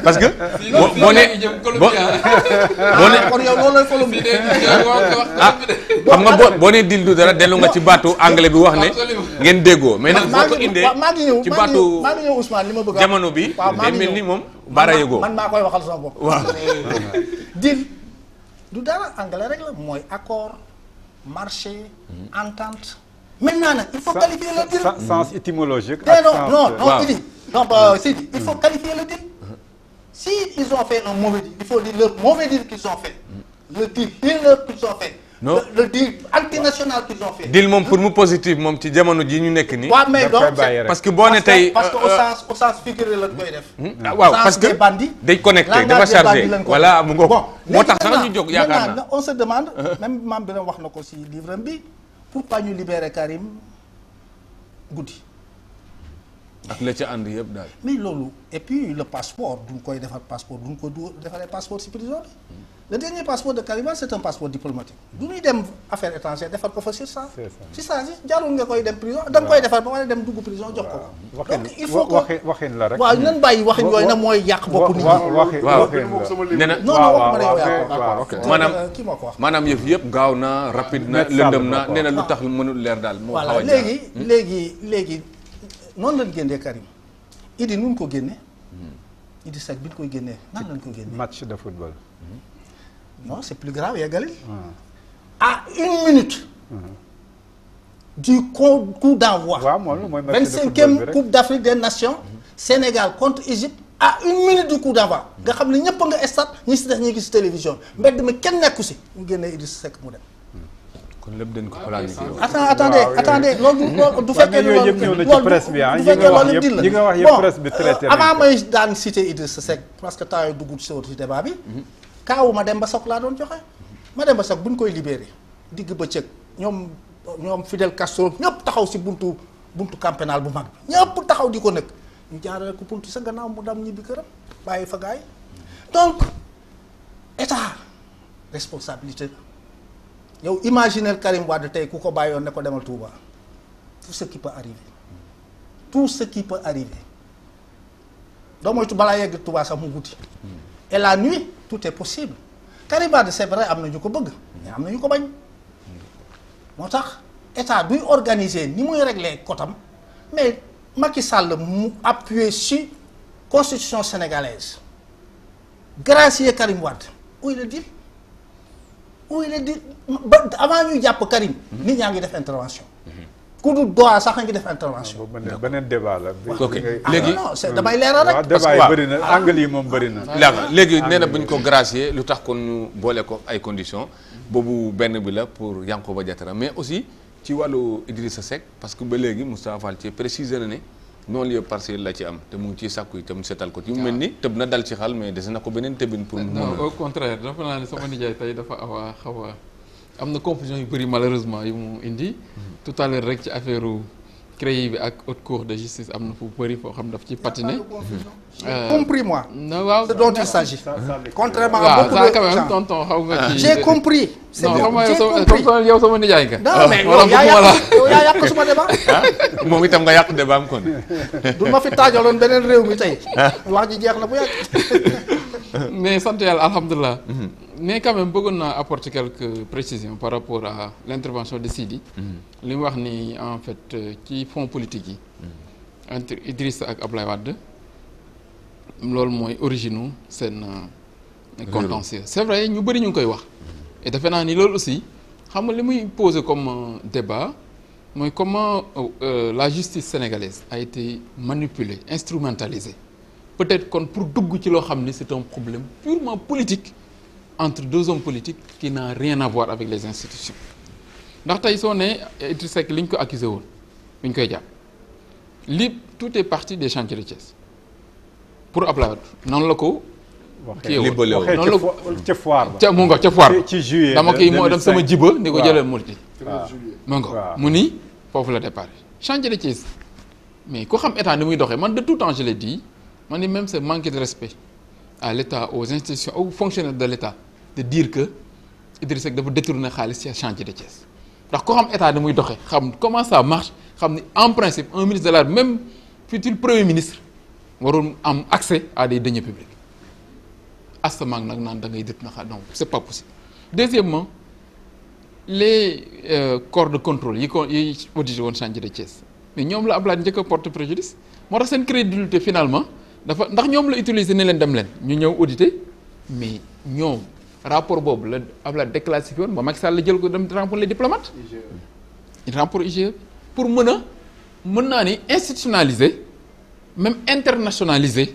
parce que. boo ah. boo nee boo ah, ah, xam nga boo boo nee dil du dara dellu nga ci baatu anglais bi wax ne. ngeen déggoo mais nag boo ko indee. ci maa ngi ñëw Ousmane li ma bëgg jamono bi. waaw maa ngi mel ni moom baara yëgoo. man maa koy waxal sama bopp. maintenant nag il faut qualifier le deal. sens étymologique. Eh ak sens non non il dit euh, il faut euh. qualifier le deal. si ils ont fait un mauvais deal il faut dire qu'ils ont fait. Mm. le deal healer qu'ils ont fait. non le, le moom mu positif moom ci jamono ji ñu nekk ni waaw parce que boo ne tey. parce que euh, au sens au sens figuré def. Hmm? waaw parce que day connecté dafa chargé voilà mu ngoog. bon moo tax sax ñu jóg yaakaar naa on se demande. même maam wax na ko si livre bi. pourquoi ñu libérer Karim guddi. ak la ca ànd yëpp daal. mais loolu et puis le passeport duñ koy defar passeport duñ ko defaree passeport ci prison le dernier passeport de Kariba c'est un passeport diplomatique du ñuy dem affaire étrangère defar ko fa sur ça sur ça si jarul nga koy dem prison da nga koy defar ba wala dem dugg prison jox ko ko donc il faut que waxin la rek waaw nan bàyyi waxin yooyu nag mooy yàq bopp nit ñi waaw nee na non non wax ma ne yow yaa ko d'accord maanaam euh, kii moo ko wax maanaam yëf yëpp gaaw na rapide na lëndëm na nee na lu ah. tax mënul leer daal moo xaw a léegi hmm? léegi léegi noonu lañ génnee Karim Idi nun ko génne hmm. Idi Seck bi ñu koy génnee nan lañ ko génne match de football hmm? non c'est plus grave yeggali à une minute du coup d'envoi vingt-cinquième coupe d'Afrique des nations Sénégal contre Égypte à une minute du coup d'envoi nga xam ne ñëpp nga stade ñi si def ñi gis télévision mbedd mi kenn nekku si ñu génnee Idrissa Seck mu dem kon lépp dañ ko planifié woon. attends attendez attendez loolu du fekkee loolu du fekkee loolu dil ah, la bon avant may daan cité Idrissa Seck parce que temps yii dugg si woon si bi. kaawu ma dem ba sook laa doon joxe ma dem ba soog bu ñu koy libéré digg ba bëccëg ñoom ñoom Fidel Castro ñëpp taxaw si buntu buntu camp bu mag bi ñëpp taxaw di ko nëkk ñu jaarale ko buntu sa gannaaw mu dam ñibbi këram bàyyi fa gaay donc état responsabilité yow imaginer Karim Wade tey ku ko bàyyoon ne ko demal Touba tout ce qui peut arriver tout ce doo moytu balaa yegg Touba sax mu guddi et la nuit. tout est possible Karim Wade c'est vrai am na ñu ko bëgg mais am na ñu ko bañ moo tax état buy organiser ni muy régler kotam mais Macky Sall mu appuyer sur constitution sénégalaise gracier Karim Wade où est le ba avant ñuy jàpp Karim mm-hmm. nit ñaa ngi def intervention mm-hmm. ku dul doa sax a def intervention. d'accord ah, beneen débat la. ok ah, léegi non non damay leeral rek. parce que waaw débat yi bëri na angle moom bëri na. Ah, léegi nee na bu ñu ko gracier lu tax kon ñu boole ko ay conditions. boobu benn bi la pour ba Diattara mais aussi ci wàllu Idrissa Seck parce que ba léegi Moustapha Fall ci préciser na ne non-lieu partiel la ci am te mu ngi ciy sàkku itam seetal ko. ci mu mel ni tëb na dal ci xal mais des na ko beneen tëbin. pour mu mën non xaw a am na confusion yu bëri malheureusement yu mu indi. tout rek ci affaire CREI bi ak haute cour am na fu bëri foo xam daf ci patiner. j'ai euh, compris moi. non waaw dont de gens quand même tonton xaw nga ci. Ah. j'ai compris. c'est bien j'ai compris yow sama nga. yàq suma débat. Ah, moom itam nga yàq débat am kon. Ah. sant yàlla alhamdulilah. Mhm. mais quand même bëggoon naa apporter quelques précisions par rapport à l'intervention de Sidi. Mm-hmm. li mu wax ni en fait ci fonds politique yi. Mm-hmm. entre Idrissa ak Ablaye Wade loolu mooy origine seen. Euh, contentieux c'est vrai ñu bëri ñu ngi koy wax. Mm-hmm. et defe naa ni loolu aussi xam nga li muy poser comme euh, débat mooy comment euh, euh, la justice sénégalaise a été manipulée instrumentalisée peut-être kon pour dugg ci loo xam ni c'est un problème purement politique. entre deux hommes politiques qui n'a rien à voir avec les institutions ndax tey soo ne Idrissa Seck li ñu ko accusé woon bi ñu koy jàpp li tout est parti des chantiers de Thiès pour Abdoulaye Wade noonu la ko waxee noonu la ko ca foire ba ca nga ca foire ba ci juillet dama koy moo dem sama jiba ni ko jëlal multi mu nga mu ni foofu la départ chantier de Thiès mais ku xam état ni muy doxee man de tout temps je l'ai dit man ni même c'est manque de respect à l'État aux institutions aux fonctionnaires de l'État de dire que Idrissa Seck dafa détourner xaalis ci chantier de Thiès ndax ko xam état da muy doxee xam comment ça marche xam ni en principe un ministre de la même futur premier ministre warul am accès à des deniers publics astamank nag naan da ngay na xaalis donc c'est pas possible deuxièmement les euh, corps de contrôle yi ko yi audité woon chantier de Thiès mais ñoom la Ablaye njëkk a porte préjudice moo tax seen crédibilité finalement dafa ndax ñoom la utiliser ne leen dem leen ñu ñëw auditer mais ñoom rapport boobu la ab la déclassifié woon ma Macky Sall la jël ko dem rapport les diplomates. IGE rapport IGE pour mën a mën naa ni institutionnaliser même internationaliser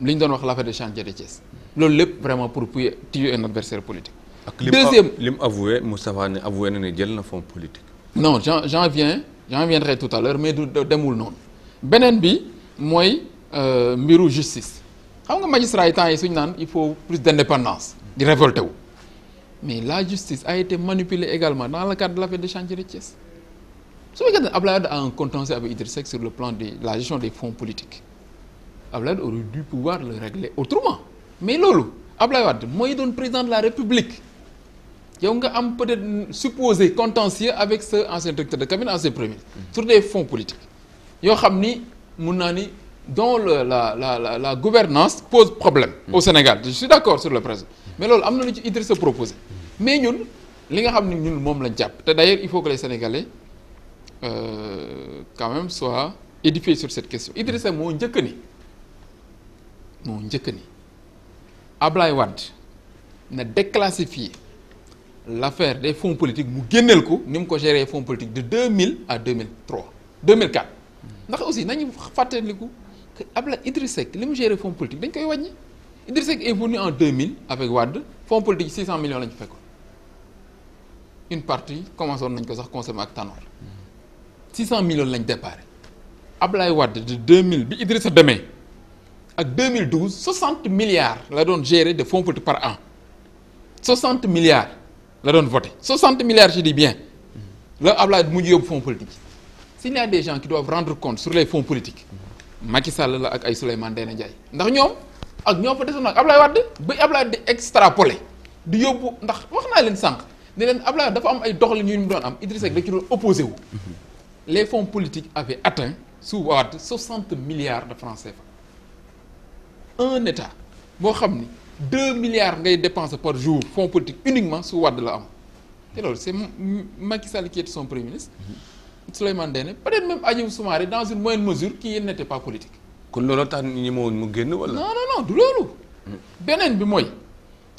li ñu doon wax l'affaire de chantier de Thiès loolu lépp vraiment pour pour tuer un adversaire politique. deuxième ak li mu avoué Moustapha ne avoué na ne jël na fonds politique. non j'en j'en viens j'en viendrai tout à l'heure mais du demul noonu beneen bi mooy. Euh, mbiru justice xam nga magistrat yi temps yi suñu naan il faut plus d'indépendance di révolté wu mais la justice a été manipulée également dans le cadre de l'affaire de chantier de Thiès su fekkee ne Abdoulaye Wade a un contentieux avec Idrissa Seck sur le plan de la gestion des fonds politiques Abdoulaye Wade aurait dû pouvoir le régler autrement mais loolu Abdoulaye Wade mooy doon président de la République yow nga am peut-être supposé contentieux avec ce ancien directeur de cabinet ancien premier sur des fonds politiques yoo xam ni mun naa ni dont la, la la la gouvernance pose problème au Sénégal je suis d'accord sur le principe mais loolu am na lu ci Idrissa proposé mais ñun li nga xam ne ñun moom lañ jàpp te d'ailleurs il faut que les Sénégalais euh, quand même soient édifiés sur cette question Idrissa moo njëkk ni moo njëkk ni Ablaye Wade na déclassifier l'affaire des fonds politiques mu génneel ko ni mu ko gérer fonds politiques de mille à 2003 2004 ndax aussi nañu fàttaliku que Abdoulaye Idriss Seck li mu géré fonds politique koy wàññi Idriss en 2000 avec Wade fonds politique 600 millions la ñu une partie commencé nañ ko sax consommé ak Tanor 600 millions lañ déparé Abdoulaye Wade de 2000 bi Idrissa demee ak 2012 60 milliards la doon géré de fonds politique par an 60 milliards la doon voté 60 milliards je dis bien la Abdoulaye mujj yóbbu fonds politique a des gens qui sur les fonds politiques. Macky Sall la ak ay Souleymane Ndéné Ndiaye ndax ñoom ak ñoo fa desoon nag Ablaye Wade ba Ablaye di extrapolé di yóbbu ndax wax naa leen sànq ne leen Ablaye dafa am ay doxalin yu mu doon am Idrissa Seck da ci doon opposé wu. les fonds politique avaient atteint sous Wade 60 milliards de francs CFA un état boo xam ni 2 milliards ngay dépenser par jour fonds politique uniquement sous Wade la am te loolu c'est Macky Sall qui son premier ministre. Souleymane Ndéné peut-être même Hadjibou Soumaré dans une moindre mesure qui n'était pas politique. kon looloo tax ñi ma woon mu génn wala. non non non du loolu. beneen bi mooy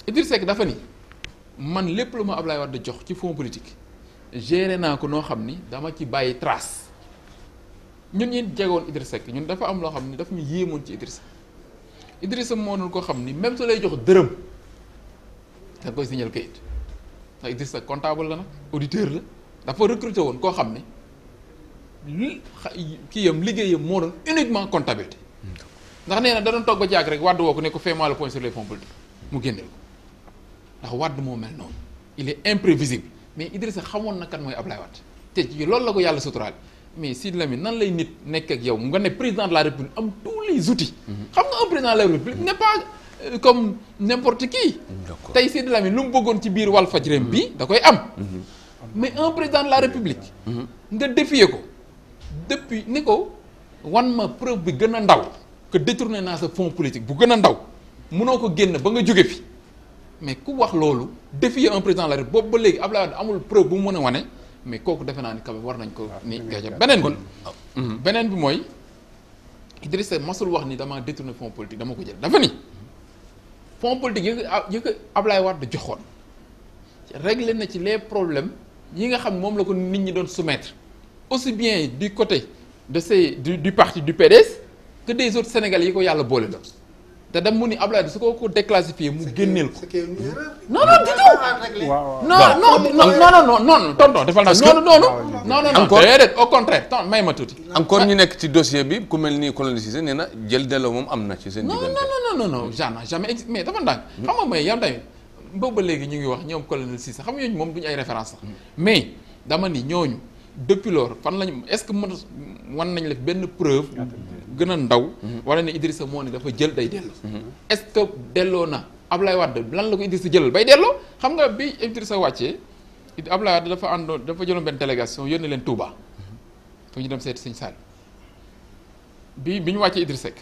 Idriss dafa ni man lépp lu ma lay Ablaye Wade jox ci fonds politique géré naa ko noo xam ni dama ci bàyyi tras ñun ñi jegoon Idriss Seck ñun dafa am loo xam ni dafa ñu yéemoon ci Idriss Idriss moo doon ko xam ni même su lay jox dërëm da nga koy signal kayit ndax Idriss Seck comptable la nag auditeur la dafa recruter woon koo xam ni kii yam liggéeyam moo doon uniquement comptabilité ndax nee na da doon toog ba jàgg rek wàdd woo ko ne ko fais-moi le point sur les fonds politiques mu génne ko ndax wàdd moo mel noonu il est imprévisible mais Idrissa xamoon na kan mooy Ablaye Wade te ci loolu la ko yàlla suturaal mais Sidy Lamine nan lay nit nekk ak yow nga ne président de la république am tous les outils. xam nga un président de la république n'est pas euh, comme n'importe qui. tey Sidy mu bëggoon ci biir Walfadjri bi da koy am. Mm-hmm. mais un président de la république. Mm-hmm. nga défier ko. depuis ni ko wan ma preuve bi gën a ndaw que détourné naa sa fonds politique bu gën a ndaw munoo ko génn ba nga jóge fi mais ku wax loolu défier un président de la République boobu ba léegi Abdoulaye Wade amul bu mu mën a wane mais kooku defe naa ni quand même war nañ ko ah, ni beneen kon ah, mhm. mhm. beneen bi mooy Idriss Seck masul wax ni damaa détourné fonds politique dama ko jël dafa ni fonds politique yi yi ko Abdoulaye Wade joxoon réglé na ci les problème yi nga xam moom la ko nit ñi doon soumettre aussi bien du côté de ces du, du parti du PDS que des autres Sénégalais yi ko yàlla boole la te dama mu ni Abdoulaye su ko ko déclassifié mu génneel ko. non non du tout. waaw non non non non non tonton encore may ma tuuti. encore ñu ah. nekk ci dossier bi ku mel ni Colonel Cissé nee na jël delloo moom am na ci seen. diggante non non non non mais dafa ndànk. Hmm. xam nga mooy yow tamit boobu ba léegi ñu ngi wax ñoom Colonel Cissé xam nga ñooñu moom duñu ay référence sax hmm. mais dama ni ñooñu. depuis lors fan lañu est-ce que mën wan nañ def benn preuve gën a ndaw wala ne Idrissa moo ne dafa jël day dellu est-ce que delloo na Ablaye Wade lan la ko Idrissa jëlal bay delloo xam nga bi Idrissa wàccee Ablaye Wade dafa àndoon dafa jëloon benn délégation yónnee leen Touba pour ñu dem seeti Sëñ Sall bi bi ñu wàccee Idrissa Seck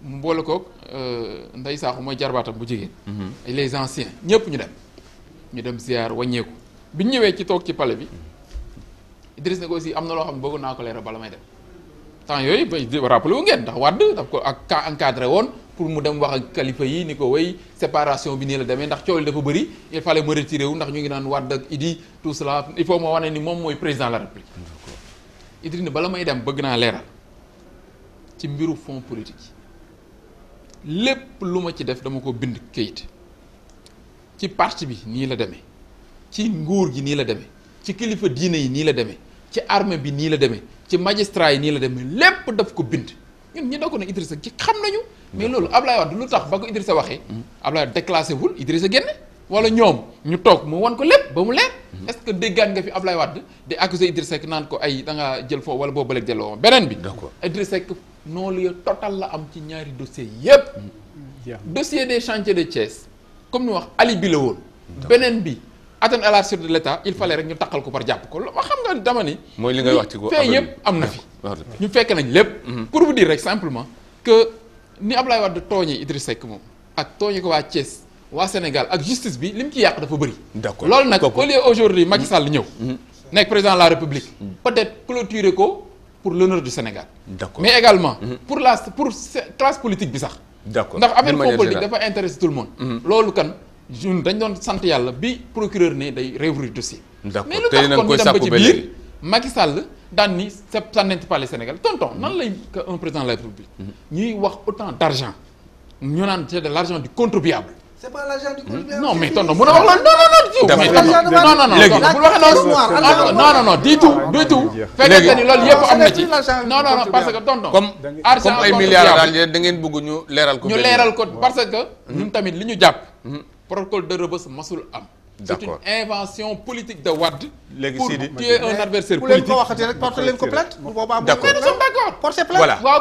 mu boole koog euh, Ndeye Sakho mooy jarbaatam bu jigéen mhm. les anciens ñëpp ñu dem ñu dem ziar wàññeeku bi ñu ñëwee ci toog ci palais bi Idriss Seck aussi am na loo xam ne bëgg naa ko leeral bala may dem temps yooyu ba rappelé wu ngeen ndax Wade daf ko ak ka encadré woon pour mu dem wax ak kalifa yi ni ko way séparation bi nii la demee ndax coow li dafa bëri il fallait me wu ndax ñu ngi naan Wade ak Idi tout cela il faut ma wane ni moom mooy président de la République Idriss ne bala may dem bëgg naa leeral ci mbiru fonds politique lépp lu ma ci def dama ko bind kayit ci parti bi nii la demee ci nguur gi nii la demee ci kilifa diine yi nii la demee ci armée bi nii la demee ci magistrat yi nii la demee lépp daf ko bind ñun ñi doog na Idrissa ci xam nañu. mais loolu Ablaye Wade lu tax ba ko Idrissa waxee. Ablaye Wade déclassé wul Idrissa génne. wala ñoom ñu toog mu wan ko lépp ba mu leer. est-ce que déggaan nga fi Ablaye Wade di accuser Idrissa Seck naan ko ay danga ngaa jël foofu wala boo bëleeg delloo woon beneen bi. d'accord Idrissa Seck noonu la total la am ci ñaari dossiers yépp mm. dossier des chantiers de Thiès comme nu wax alibi woon. beneen bi. atteinte à la sûreté de l'État il fallait rek ñu takkal ko par jàpp ko loo xam nga dama ni. ngay wax ci fee yëpp am na fi. Ah, ñu fekk nañ lépp. Mhm. pour vous dire rek simplement que ni Ablaye Wade tooñee Idrissa Seck moom ak tooñee ko waa Thiès waa Sénégal ak justice bi mu ci yàq dafa bëri. d'accord loolu nag au lieu aujourd'hui Macky Sall ñëw. Mhm. nekk président de la République. Mhm. peut-être clôturer ko pour l'honneur du Sénégal. d'accord mais également. pour la pour classe politique bi sax. d'accord ndax affaire politique dafa intéresser loolu kan. ñun dañ doon sant yàlla bi procureur ne day réouvrir dossier. mais lu tax kon ñu dem ba ci biir Macky daan ni ça n'aide pas les Sénégalais tonton nan lay un président la République. Mhm. ñuy wax autant d' ñu naan c'est de l' argent du contribuable. c'est mais tonton mën na wax loolu non non non. mais tonton non ni loolu yëpp am na ci non non non parce que tonton. comme comme ay milliards daal da ngeen bëgg ñu leeral ko. ñu leeral ko parce que ñun tamit li ñu jàpp mhm. protocole de Rebeuss masul am. d'accord c'est une invention politique de Wade. léegi Sidi pour tuer un adversaire politique ku leen ko waxati rek porte leen ko plainte. d'accord. porter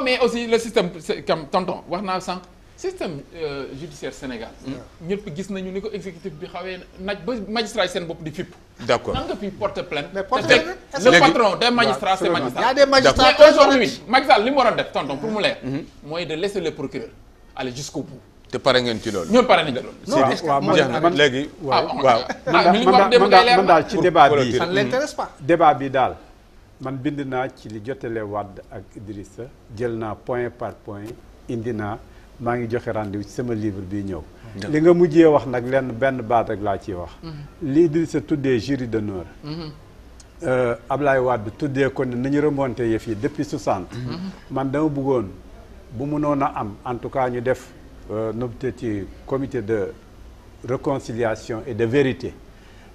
mais aussi le système kam tonton wax naa sànq. système euh, judiciaire Sénégal. Hmm. ñëpp gis nañu ni ko exécutif bi xawee naaj ba magistrat yi seen bopp di fipp. d'accord nan nga fi porter plainte. mais porter patron des magistrats c'est magistrat. a mais aujourd'hui Macky li mu def tonton pour mu leer. Mhm. mooy de laisser le procureur aller jusqu'au bout. te pare ngeen ci loolu. ñun pare nañ ci man léegi. Ah, waaw man ah, daal ci débat bi ça ne mm. bi daal man bind naa ci li jotele Wade ak Idrissa jël naa point par point indi naa maa ngi joxe rendez-vous ci sama livre bi ñëw. li nga mujjee wax nag lenn benn baat rek laa ci wax. Mm-hmm. li Idrissa tuddee jury d'honneur. Mm-hmm. Euh, Ablaye Wade tuddee ko ne nañu remonté yëf yi depuis 60. Mm-hmm. man dama bëggoon bu mënoon a am en tout cas ñu def. Euh, nobité ci comité de réconciliation et de vérité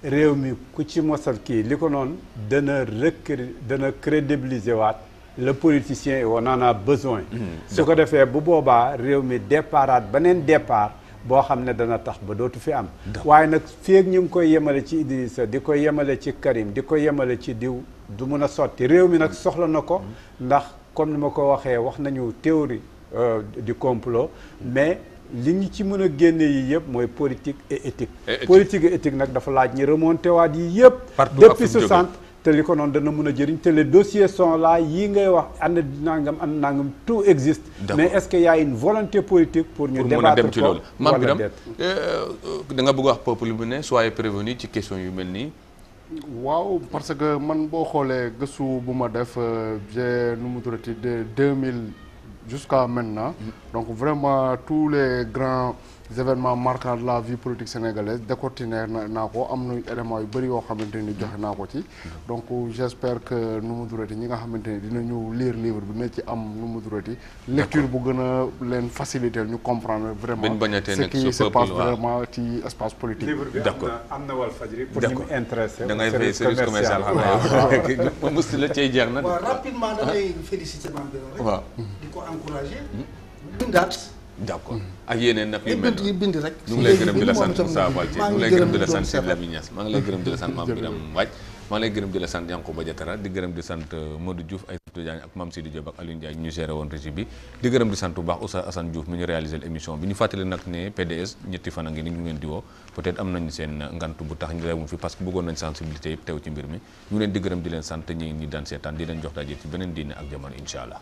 réew mi ku ci mosal kii li ko noonu dana recr dana crédibiliser waat le politicien et on en a besoin mm-hmm. su ko defee bu boobaa réew mi départaat beneen départ boo xam ne dana tax ba dootu fi am waaye nag féeg ñu ngi koy yemale ci Idrissa di ko yemale ci Karim di ko yemale ci diw du mun a sotti réew mi nag soxla na ko mm-hmm. ndax comme ni ma ko waxee wax nañu théorie Euh, di complot mais li ñu ci mën a génne yi yëpp mooy politique et éthique. politique et éthique nag dafa laaj ñi remonté waat yi yëpp. depuis 60 te li ko noonu dana mën a jëriñ te les dossiers sont là yii ngay wax ànd nangam ànd nangam tout existe. mais est-ce que y a une volonté politique pour ñu débattre ko wala Mame Birame euh, da nga bëgg wax peuple bi ne soyez prévenu ci question yu mel nii. waaw parce que man boo xoolee gëstu bu ma def euh, j'ai nu mu tuddati deux mille. jusqu'à maintenant. Mm. donc vraiment tous les grands. événements marquants de la vie politique sénégalaise décortiné naa ko am na éléments yu bëri yoo xamante ni joxe naa ko ci. donc j' espère que nu mu ñi nga xamante ni dinañu lire livre bi na ci am nu mu durati. lecture bu gën a leen faciliter ñu comprendre vraiment. ce qui se passe vraiment ci espace politique. d' accord livre bi am na Walfadjri pour ñu intéressé. ngay fay service commercial xam nga mosut la cay jeex na. waaw rapidement damay féliciter maam rek. d'accord ak yeneen nag yu mel noonu bind rek ñu ngi lay gërëm di la sant Moussa Balti ñu ngi lay gërëm di la sant Sidi Lamine Niass maa ngi lay gërëm di sant Mame Biram Waaj di gërëm di sant euh, Modou Diouf ay Diagne ak Mame Sidi Diop ak Aliou ñu géré woon régie bi di gërëm di sant bu baax Oustaz Assane Diouf mi ñu réalisé émission bi ñu fàttali nag ne PDS ñetti fan a ngi ni ñu leen di nañ seen ngantu bu tax ñu rewuñ que bëggoon nañ sensibilité yëpp teew leen di gërëm di leen sant ñi ñi daan seetaan di leen jox daje ci beneen diine ak jamono incha allah